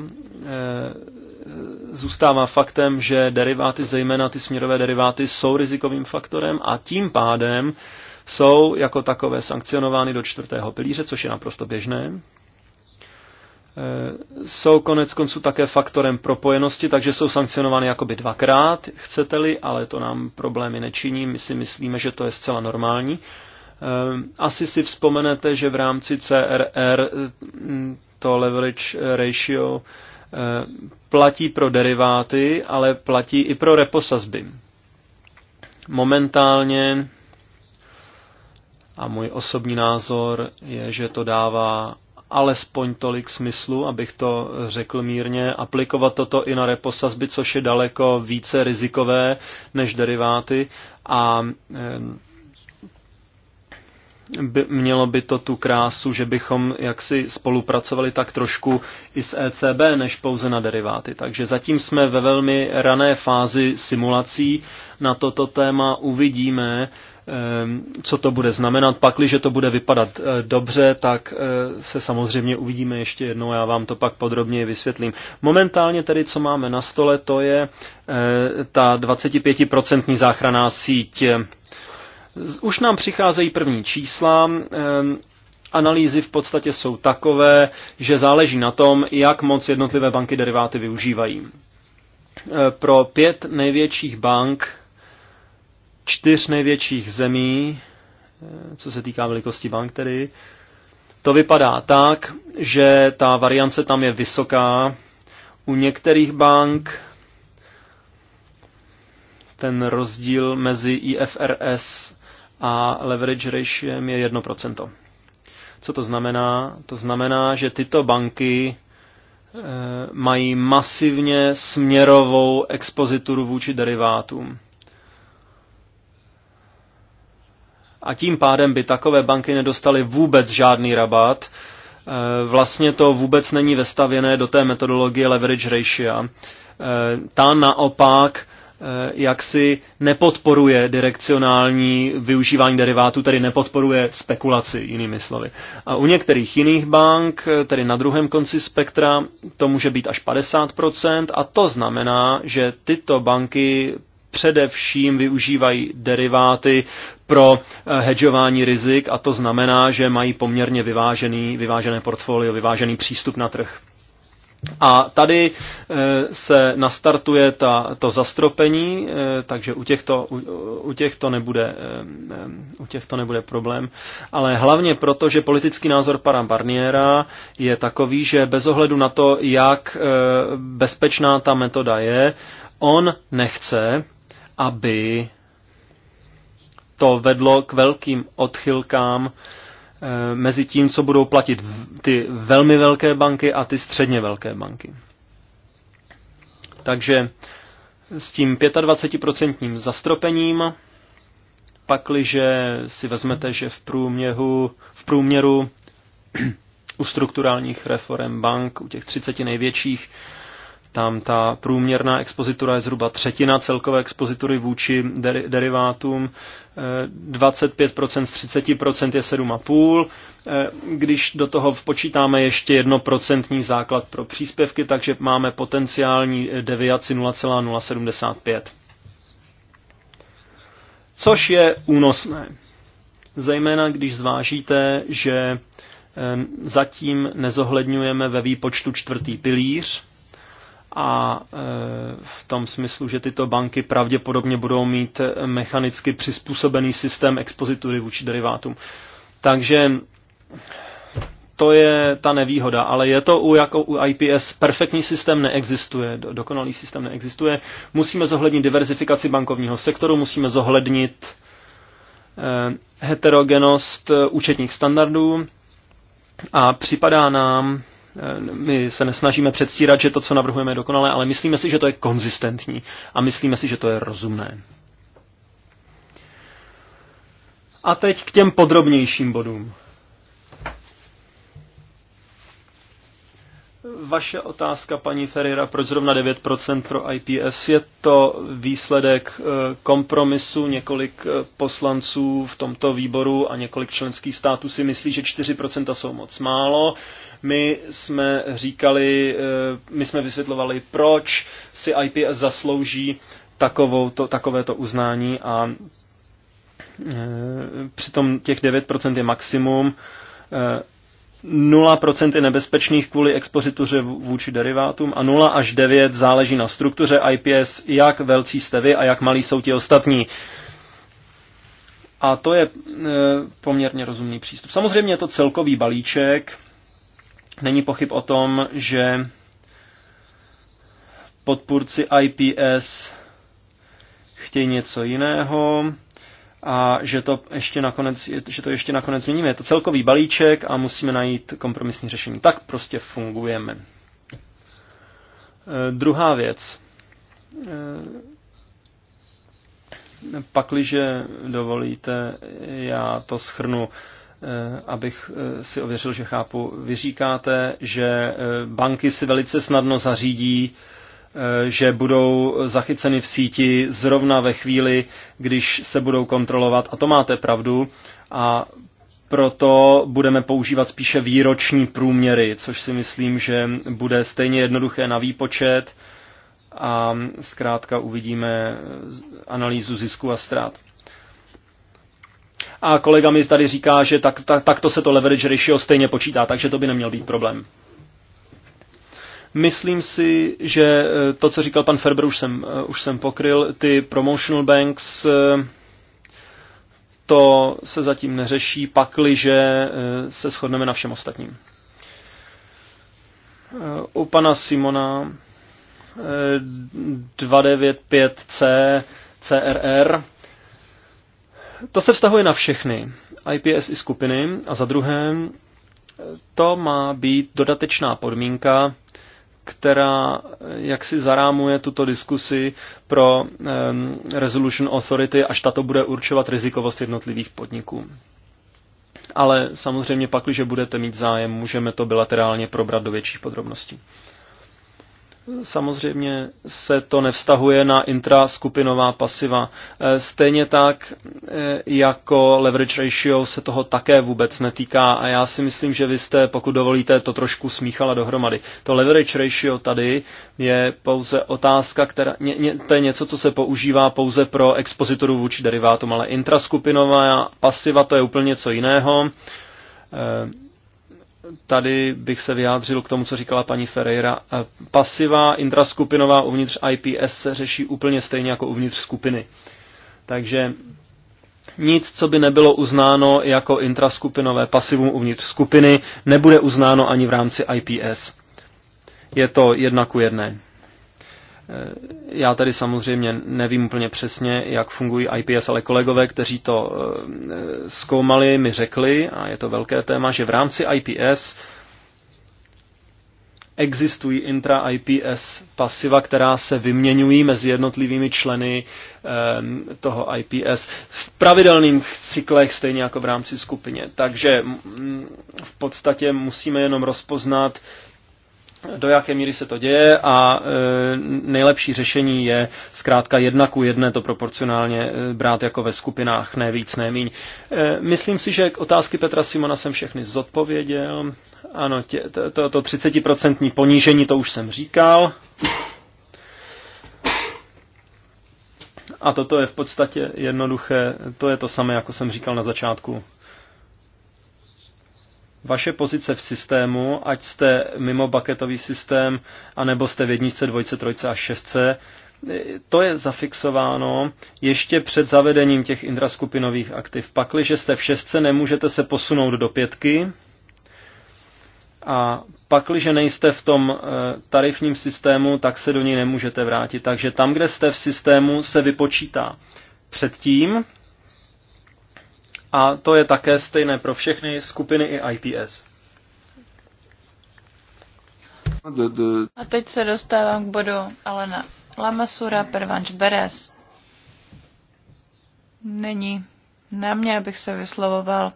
Speaker 4: Zůstává faktem, že deriváty, zejména ty směrové deriváty, jsou rizikovým faktorem a tím pádem jsou jako takové sankcionovány do čtvrtého pilíře, což je naprosto běžné. E, jsou konec konců také faktorem propojenosti, takže jsou sankcionovány jakoby dvakrát, chcete-li, ale to nám problémy nečiní, my si myslíme, že to je zcela normální. E, asi si vzpomenete, že v rámci CRR to leverage ratio e, platí pro deriváty, ale platí i pro reposazby. Momentálně a můj osobní názor je, že to dává alespoň tolik smyslu, abych to řekl mírně, aplikovat toto i na reposazby, což je daleko více rizikové než deriváty a by, mělo by to tu krásu, že bychom jaksi spolupracovali tak trošku i s ECB, než pouze na deriváty. Takže zatím jsme ve velmi rané fázi simulací na toto téma. Uvidíme, Ehm, co to bude znamenat. když to bude vypadat eh, dobře, tak eh, se samozřejmě uvidíme ještě jednou, já vám to pak podrobněji vysvětlím. Momentálně tedy, co máme na stole, to je eh, ta 25% záchraná síť. Už nám přicházejí první čísla, ehm, analýzy v podstatě jsou takové, že záleží na tom, jak moc jednotlivé banky deriváty využívají. Pro pět největších bank čtyř největších zemí, eh, co se týká velikosti bank tedy, to vypadá tak, že ta variance tam je vysoká. U některých bank ten rozdíl mezi IFRS a leverage ratio je 1%. Co to znamená? To znamená, že tyto banky eh, mají masivně směrovou expozituru vůči derivátům. a tím pádem by takové banky nedostaly vůbec žádný rabát. E, vlastně to vůbec není vestavěné do té metodologie leverage ratio. E, ta naopak e, jaksi nepodporuje direkcionální využívání derivátů, tedy nepodporuje spekulaci, jinými slovy. A u některých jiných bank, tedy na druhém konci spektra, to může být až 50%, a to znamená, že tyto banky především využívají deriváty pro eh, hedžování rizik a to znamená, že mají poměrně vyvážený, vyvážené portfolio, vyvážený přístup na trh. A tady eh, se nastartuje ta, to zastropení, eh, takže u těchto, u, u, těchto nebude, u těchto nebude problém. Ale hlavně proto, že politický názor pana Barniera je takový, že bez ohledu na to, jak bezpečná ta metoda je, on nechce, aby to vedlo k velkým odchylkám eh, mezi tím, co budou platit ty velmi velké banky a ty středně velké banky. Takže s tím 25% zastropením, pakliže si vezmete, že v průměru, v průměru u strukturálních reform bank, u těch 30 největších, tam ta průměrná expozitura je zhruba třetina celkové expozitury vůči derivátům. 25% eh, z 30% je 7,5%. Eh, když do toho vpočítáme ještě 1% základ pro příspěvky, takže máme potenciální deviaci 0,075. Což je únosné. Zejména když zvážíte, že eh, zatím nezohledňujeme ve výpočtu čtvrtý pilíř, a e, v tom smyslu, že tyto banky pravděpodobně budou mít e, mechanicky přizpůsobený systém expozitury vůči derivátům. Takže to je ta nevýhoda, ale je to u, jako u IPS, perfektní systém neexistuje, dokonalý systém neexistuje. Musíme zohlednit diverzifikaci bankovního sektoru, musíme zohlednit e, heterogenost účetních standardů a připadá nám, my se nesnažíme předstírat, že to, co navrhujeme, je dokonalé, ale myslíme si, že to je konzistentní a myslíme si, že to je rozumné. A teď k těm podrobnějším bodům. Vaše otázka, paní Ferreira, proč zrovna 9% pro IPS? Je to výsledek eh, kompromisu. Několik eh, poslanců v tomto výboru a několik členských států si myslí, že 4% jsou moc málo. My jsme říkali, eh, my jsme vysvětlovali, proč si IPS zaslouží takovou to, takovéto uznání a eh, přitom těch 9% je maximum. 0% eh, je nebezpečných kvůli expozituře vůči derivátům a 0 až 9 záleží na struktuře IPS, jak velcí jste vy a jak malí jsou ti ostatní. A to je e, poměrně rozumný přístup. Samozřejmě je to celkový balíček, Není pochyb o tom, že podpůrci IPS chtějí něco jiného a že to ještě nakonec, že to ještě nakonec změníme. Je to celkový balíček a musíme najít kompromisní řešení. Tak prostě fungujeme. Eh, druhá věc. Eh, Pakliže dovolíte, já to schrnu. Eh, Eh, abych eh, si ověřil, že chápu. Vy říkáte, že eh, banky si velice snadno zařídí, že budou zachyceny v síti zrovna ve chvíli, když se budou kontrolovat. A to máte pravdu. A proto budeme používat spíše výroční průměry, což si myslím, že bude stejně jednoduché na výpočet a zkrátka uvidíme analýzu zisku a ztrát a kolega mi tady říká, že tak, tak, takto se to leverage ratio stejně počítá, takže to by neměl být problém. Myslím si, že eh, to, co říkal pan Ferber, už jsem, eh, už jsem pokryl. Ty promotional banks, eh, to se zatím neřeší, pakliže se shodneme na všem ostatním. U pana Simona 295C CRR to se vztahuje na všechny IPS i skupiny a za druhé to má být dodatečná podmínka, která jaksi zarámuje tuto diskusi pro um, Resolution Authority, až tato bude určovat rizikovost jednotlivých podniků. Ale samozřejmě pak, když budete mít zájem, můžeme to bilaterálně probrat do větších podrobností. Samozřejmě se to nevztahuje na intraskupinová pasiva. E, stejně tak e, jako leverage ratio se toho také vůbec netýká a já si myslím, že vy jste, pokud dovolíte, to trošku smíchala dohromady. To leverage ratio tady je pouze otázka, která, ně, ně, to je něco, co se používá pouze pro expozitoru vůči derivátům, ale intraskupinová pasiva to je úplně něco jiného e, tady bych se vyjádřil k tomu, co říkala paní Ferreira. Eh, pasivá intraskupinová uvnitř IPS se řeší úplně stejně jako uvnitř skupiny. Takže nic, co by nebylo uznáno jako intraskupinové pasivum uvnitř skupiny, nebude uznáno ani v rámci IPS. Je to jedna ku jedné. Eh, já tady samozřejmě nevím úplně přesně, jak fungují IPS, ale kolegové, kteří to eh, zkoumali, mi řekli, a je to velké téma, že v rámci IPS existují intra-IPS pasiva, která se vyměňují mezi jednotlivými členy eh, toho IPS v pravidelných cyklech, stejně jako v rámci skupině. Takže mm, v podstatě musíme jenom rozpoznat, do jaké míry se to děje a e, nejlepší řešení je zkrátka jedna ku jedné to proporcionálně e, brát jako ve skupinách, ne víc, ne míň. E, myslím si, že otázky Petra Simona jsem všechny zodpověděl. Ano, tě, to, to, to 30% ponížení, to už jsem říkal. A toto je v podstatě jednoduché, to je to samé, jako jsem říkal na začátku vaše pozice v systému, ať jste mimo bucketový systém, anebo jste v jedničce, dvojce, trojce a šestce, to je zafixováno ještě před zavedením těch intraskupinových aktiv. Pakliže jste v šestce, nemůžete se posunout do pětky, a pakliže nejste v tom eh, tarifním systému, tak se do ní nemůžete vrátit. Takže tam, kde jste v systému, se vypočítá předtím a to je také stejné pro všechny skupiny i IPS.
Speaker 5: A teď se dostávám k bodu Alena Lamasura Pervanč Beres. Není na mě, abych se vyslovoval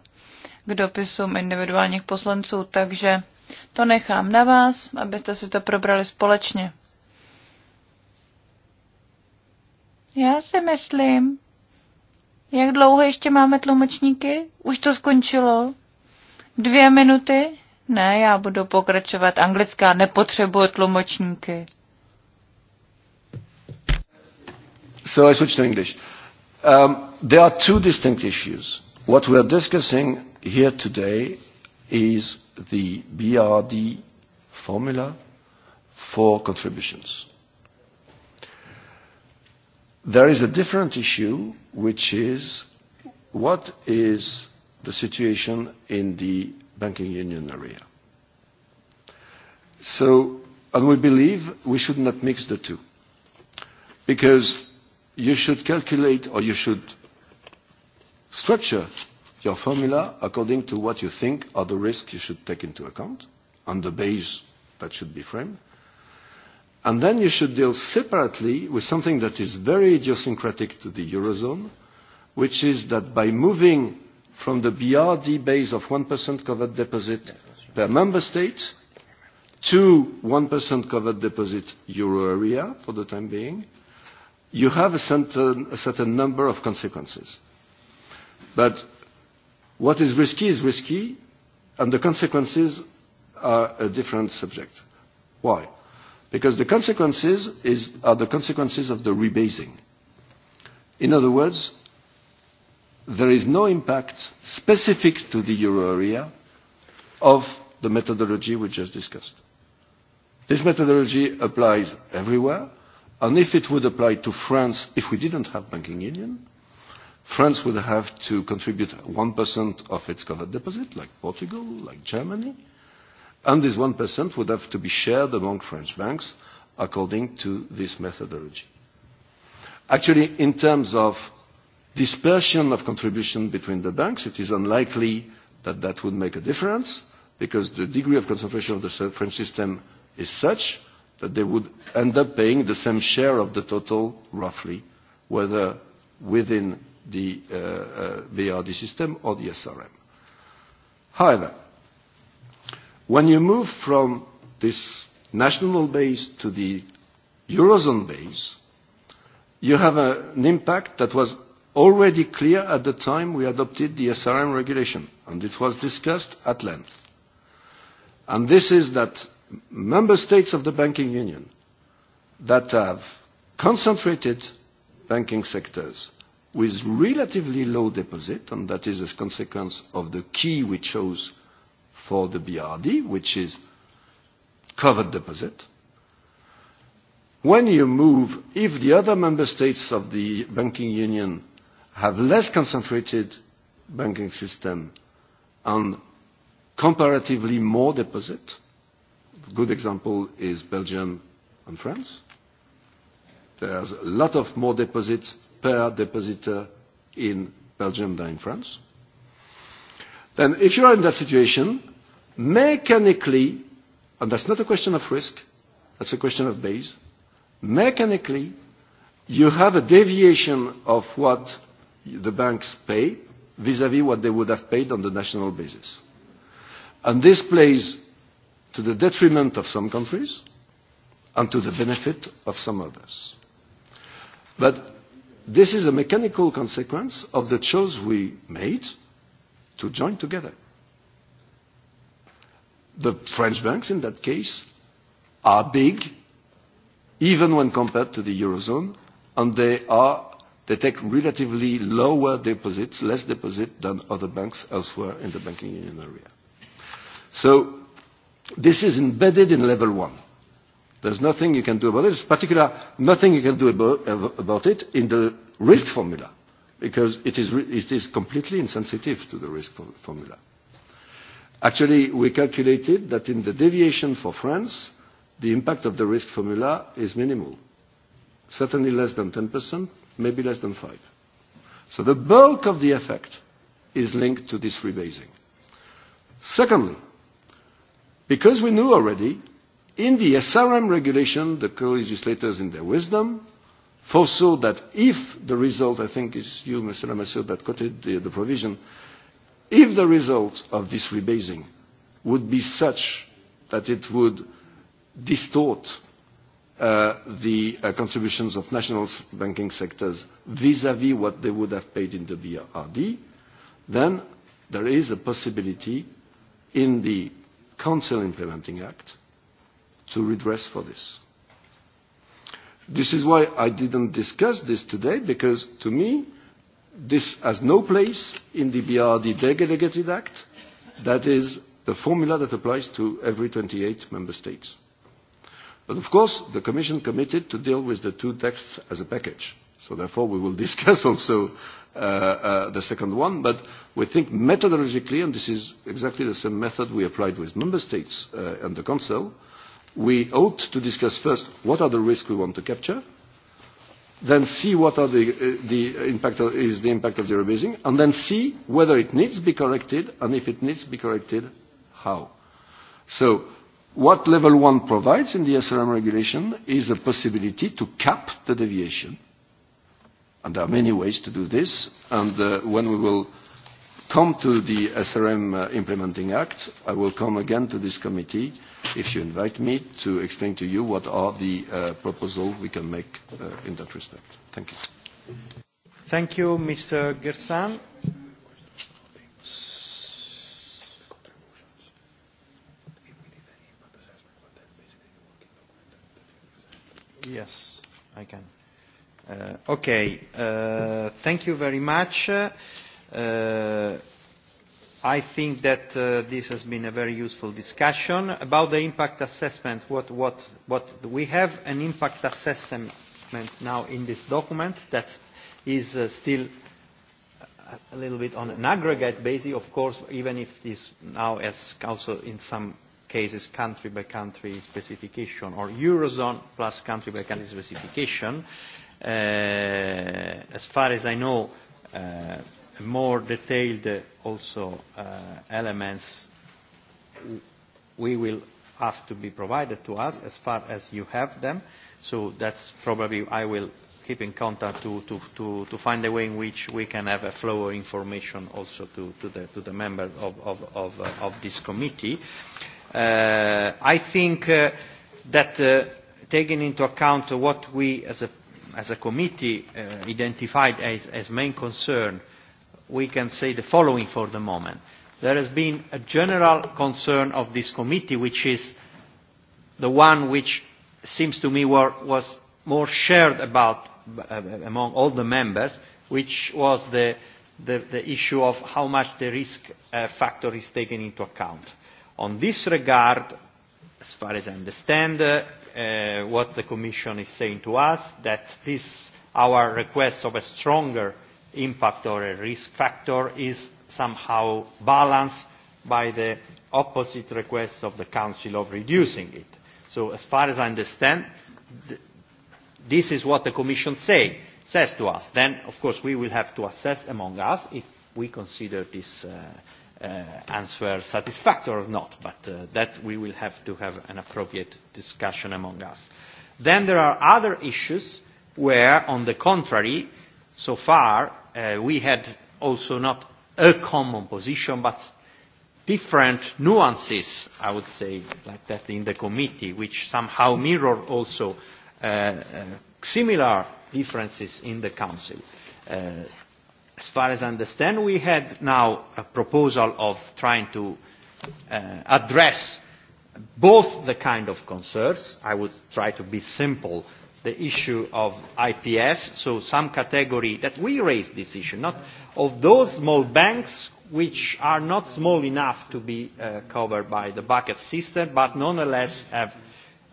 Speaker 5: k dopisům individuálních poslanců, takže to nechám na vás, abyste si to probrali společně. Já si myslím, jak dlouho ještě máme tlumočníky? Už to skončilo? Dvě minuty? Ne, já budu pokračovat anglická, nepotřebuje tlumočníky.
Speaker 1: So I switch to English. Um, there are two distinct issues. What we are discussing here today is the BRD formula for contributions There is a different issue, which is what is the situation in the banking union area? So, and we believe we should not mix the two, because you should calculate or you should structure your formula according to what you think are the risks you should take into account and the base that should be framed. And then you should deal separately with something that is very idiosyncratic to the Eurozone, which is that by moving from the BRD base of 1% covered deposit per member state to 1% covered deposit euro area for the time being, you have a certain, a certain number of consequences. But what is risky is risky, and the consequences are a different subject. Why? Because the consequences is, are the consequences of the rebasing. In other words, there is no impact specific to the euro area of the methodology we just discussed. This methodology applies everywhere, and if it would apply to France, if we didn't have banking union, France would have to contribute 1% of its covered deposit, like Portugal, like Germany, And this 1% would have to be shared among French banks according to this methodology. Actually, in terms of dispersion of contribution between the banks, it is unlikely that that would make a difference because the degree of concentration of the French system is such that they would end up paying the same share of the total, roughly, whether within the uh, uh, BRD system or the SRM. However, When you move from this national base to the Eurozone base, you have a, an impact that was already clear at the time we adopted the SRM regulation, and it was discussed at length. And this is that member states of the banking union that have concentrated banking sectors with relatively low deposit, and that is a consequence of the key we chose for the BRD, which is covered deposit. When you move, if the other member states of the banking union have less concentrated banking system and comparatively more deposit, a good example is Belgium and France, there's a lot of more deposits per depositor in Belgium than in France. Then if you are in that situation, mechanically, and that's not a question of risk, that's a question of base, mechanically, you have a deviation of what the banks pay vis-à-vis -vis what they would have paid on the national basis. And this plays to the detriment of some countries and to the benefit of some others. But this is a mechanical consequence of the choice we made to join together the French banks in that case are big, even when compared to the Eurozone, and they, are, they take relatively lower deposits, less deposit than other banks elsewhere in the banking union area. So this is embedded in level one. There's nothing you can do about it. It's particular, nothing you can do about, about it in the risk formula, because it is, it is completely insensitive to the risk formula. Actually, we calculated that in the deviation for France, the impact of the risk formula is minimal, certainly less than 10%, maybe less than 5%. So the bulk of the effect is linked to this rebasing. Secondly, because we knew already, in the SRM regulation, the co-legislators in their wisdom foresaw that if the result, I think it's you, Mr. Lamassoure, that quoted the, the provision, If the result of this rebasing would be such that it would distort uh, the uh, contributions of national banking sectors vis-à-vis -vis what they would have paid in the BRD, then there is a possibility in the Council Implementing Act to redress for this. This is why I didn't discuss this today, because to me, this has no place in the BRD Delegated Act. That is the formula that applies to every 28 member states. But of course, the Commission committed to deal with the two texts as a package. So therefore, we will <laughs> discuss also uh, uh, the second one. But we think methodologically, and this is exactly the same method we applied with member states uh, and the Council, we ought to discuss first what are the risks we want to capture – then see what are the, uh, the impact of, is the impact of the rebasing, and then see whether it needs to be corrected, and if it needs to be corrected, how. So what level one provides in the SRM regulation is a possibility to cap the deviation. And there are many ways to do this, and uh, when we will come to the SRM uh, Implementing Act. I will come again to this committee if you invite me to explain to you what are the uh, proposals we can make uh, in that respect. Thank you.
Speaker 3: Thank you, Mr. Gersan. Yes, I can. Uh, okay, uh, thank you very much. Uh, Uh, I think that uh, this has been a very useful discussion. About the impact assessment, what, what, what we have an impact assessment now in this document that is uh, still a little bit on an aggregate basis, of course, even if this now as also in some cases country by country specification or Eurozone plus country by country specification. Uh, as far as I know, uh, more detailed also uh, elements we will ask to be provided to us as far as you have them. So that's probably I will keep in contact to, to, to, to find a way in which we can have a flow of information also to, to, the, to the members of, of, of, uh, of this committee. Uh, I think uh, that uh, taking into account what we as a, as a committee uh, identified as, as main concern uh, we can say the following for the moment. There has been a general concern of this committee, which is the one which seems to me were, was more shared about uh, among all the members, which was the, the, the issue of how much the risk uh, factor is taken into account. On this regard, as far as I understand, uh, uh, what the Commission is saying to us, that this, our request of a stronger uh, impact or a risk factor is somehow balanced by the opposite request of the Council of reducing it. So as far as I understand, th this is what the Commission say, says to us. Then, of course, we will have to assess among us if we consider this uh, uh, answer satisfactory or not, but uh, that we will have to have an appropriate discussion among us. Then there are other issues where, on the contrary, so far uh, we had also not a common position, but different nuances, I would say, like that in the committee, which somehow mirror also uh, uh, similar differences in the Council. Uh, as far as I understand, we had now a proposal of trying to uh, address both the kind of concerns. I would try to be simple the issue of IPS, so some category that we raised this issue, not of those small banks which are not small enough to be uh, covered by the bucket system, but nonetheless have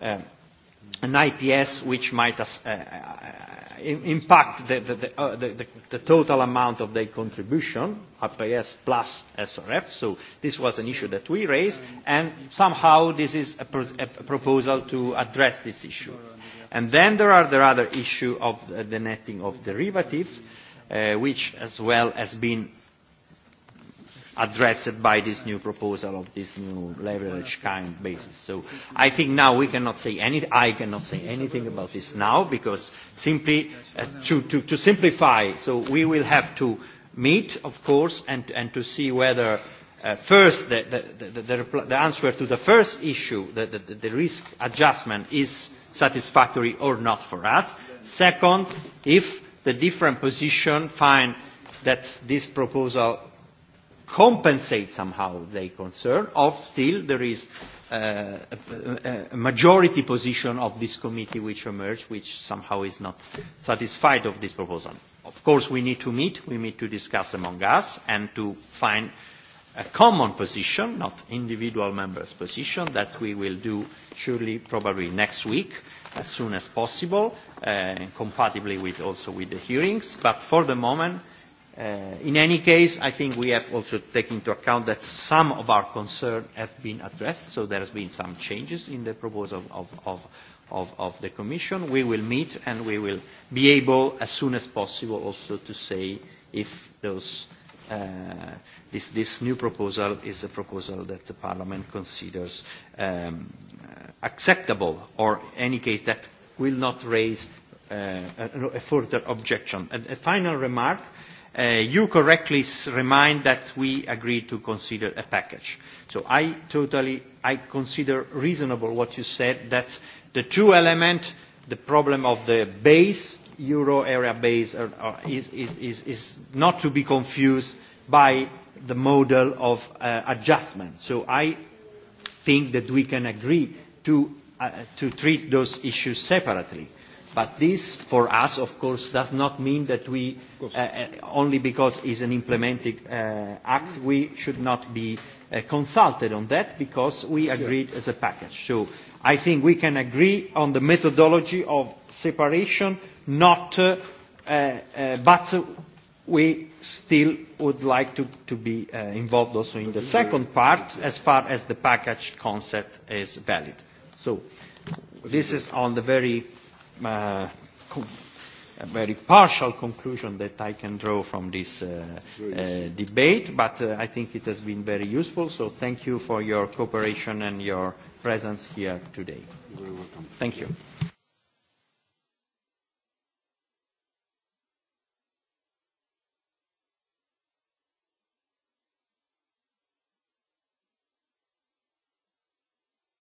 Speaker 3: uh, an IPS which might as, uh, uh impact the, the, the, uh, the, the, the total amount of their contribution, IPS plus SRF. So this was an issue that we raised, and somehow this is a, pro a proposal to address this issue. And then there are the other issue of the netting of derivatives, uh, which as well has been addressed by this new proposal of this new leverage kind basis. So I think now we cannot say anything, I cannot say anything about this now because simply uh, to, to, to simplify, so we will have to meet, of course, and, and to see whether Uh, first, the, the, the, the, the answer to the first issue, the, the, the risk adjustment, is satisfactory or not for us. Second, if the different position find that this proposal compensates somehow their concern, or still there is uh, a, a majority position of this committee which emerged, which somehow is not satisfied of this proposal. Of course, we need to meet, we need to discuss among us, and to find a common position, not individual members' position, that we will do surely probably next week as soon as possible, uh, compatibly with also with the hearings. But for the moment, uh, in any case, I think we have also taken into account that some of our concerns have been addressed, so there has been some changes in the proposal of, of, of, of the Commission. We will meet and we will be able, as soon as possible, also to say if those Uh, this, this new proposal is a proposal that the Parliament considers um, uh, acceptable or in any case that will not raise uh, a, a further objection. A, a final remark. Uh, you correctly remind that we agreed to consider a package. So I totally, I consider reasonable what you said, that the two elements, the problem of the base euro area base is, is, is, is not to be confused by the model of uh, adjustment. So I think that we can agree to, uh, to treat those issues separately. But this, for us, of course, does not mean that we, uh, uh, only because it's an implementing uh, act, we should not be uh, consulted on that because we agreed as a package. So i think we can agree on the methodology of separation, not, uh, uh, but we still would like to, to be uh, involved also in the second part as far as the package concept is valid. So this is on the very, uh, a very partial conclusion that I can draw from this uh, uh, debate, but uh, I think it has been very useful. So thank you for your cooperation and your presence here today.
Speaker 2: Thank you.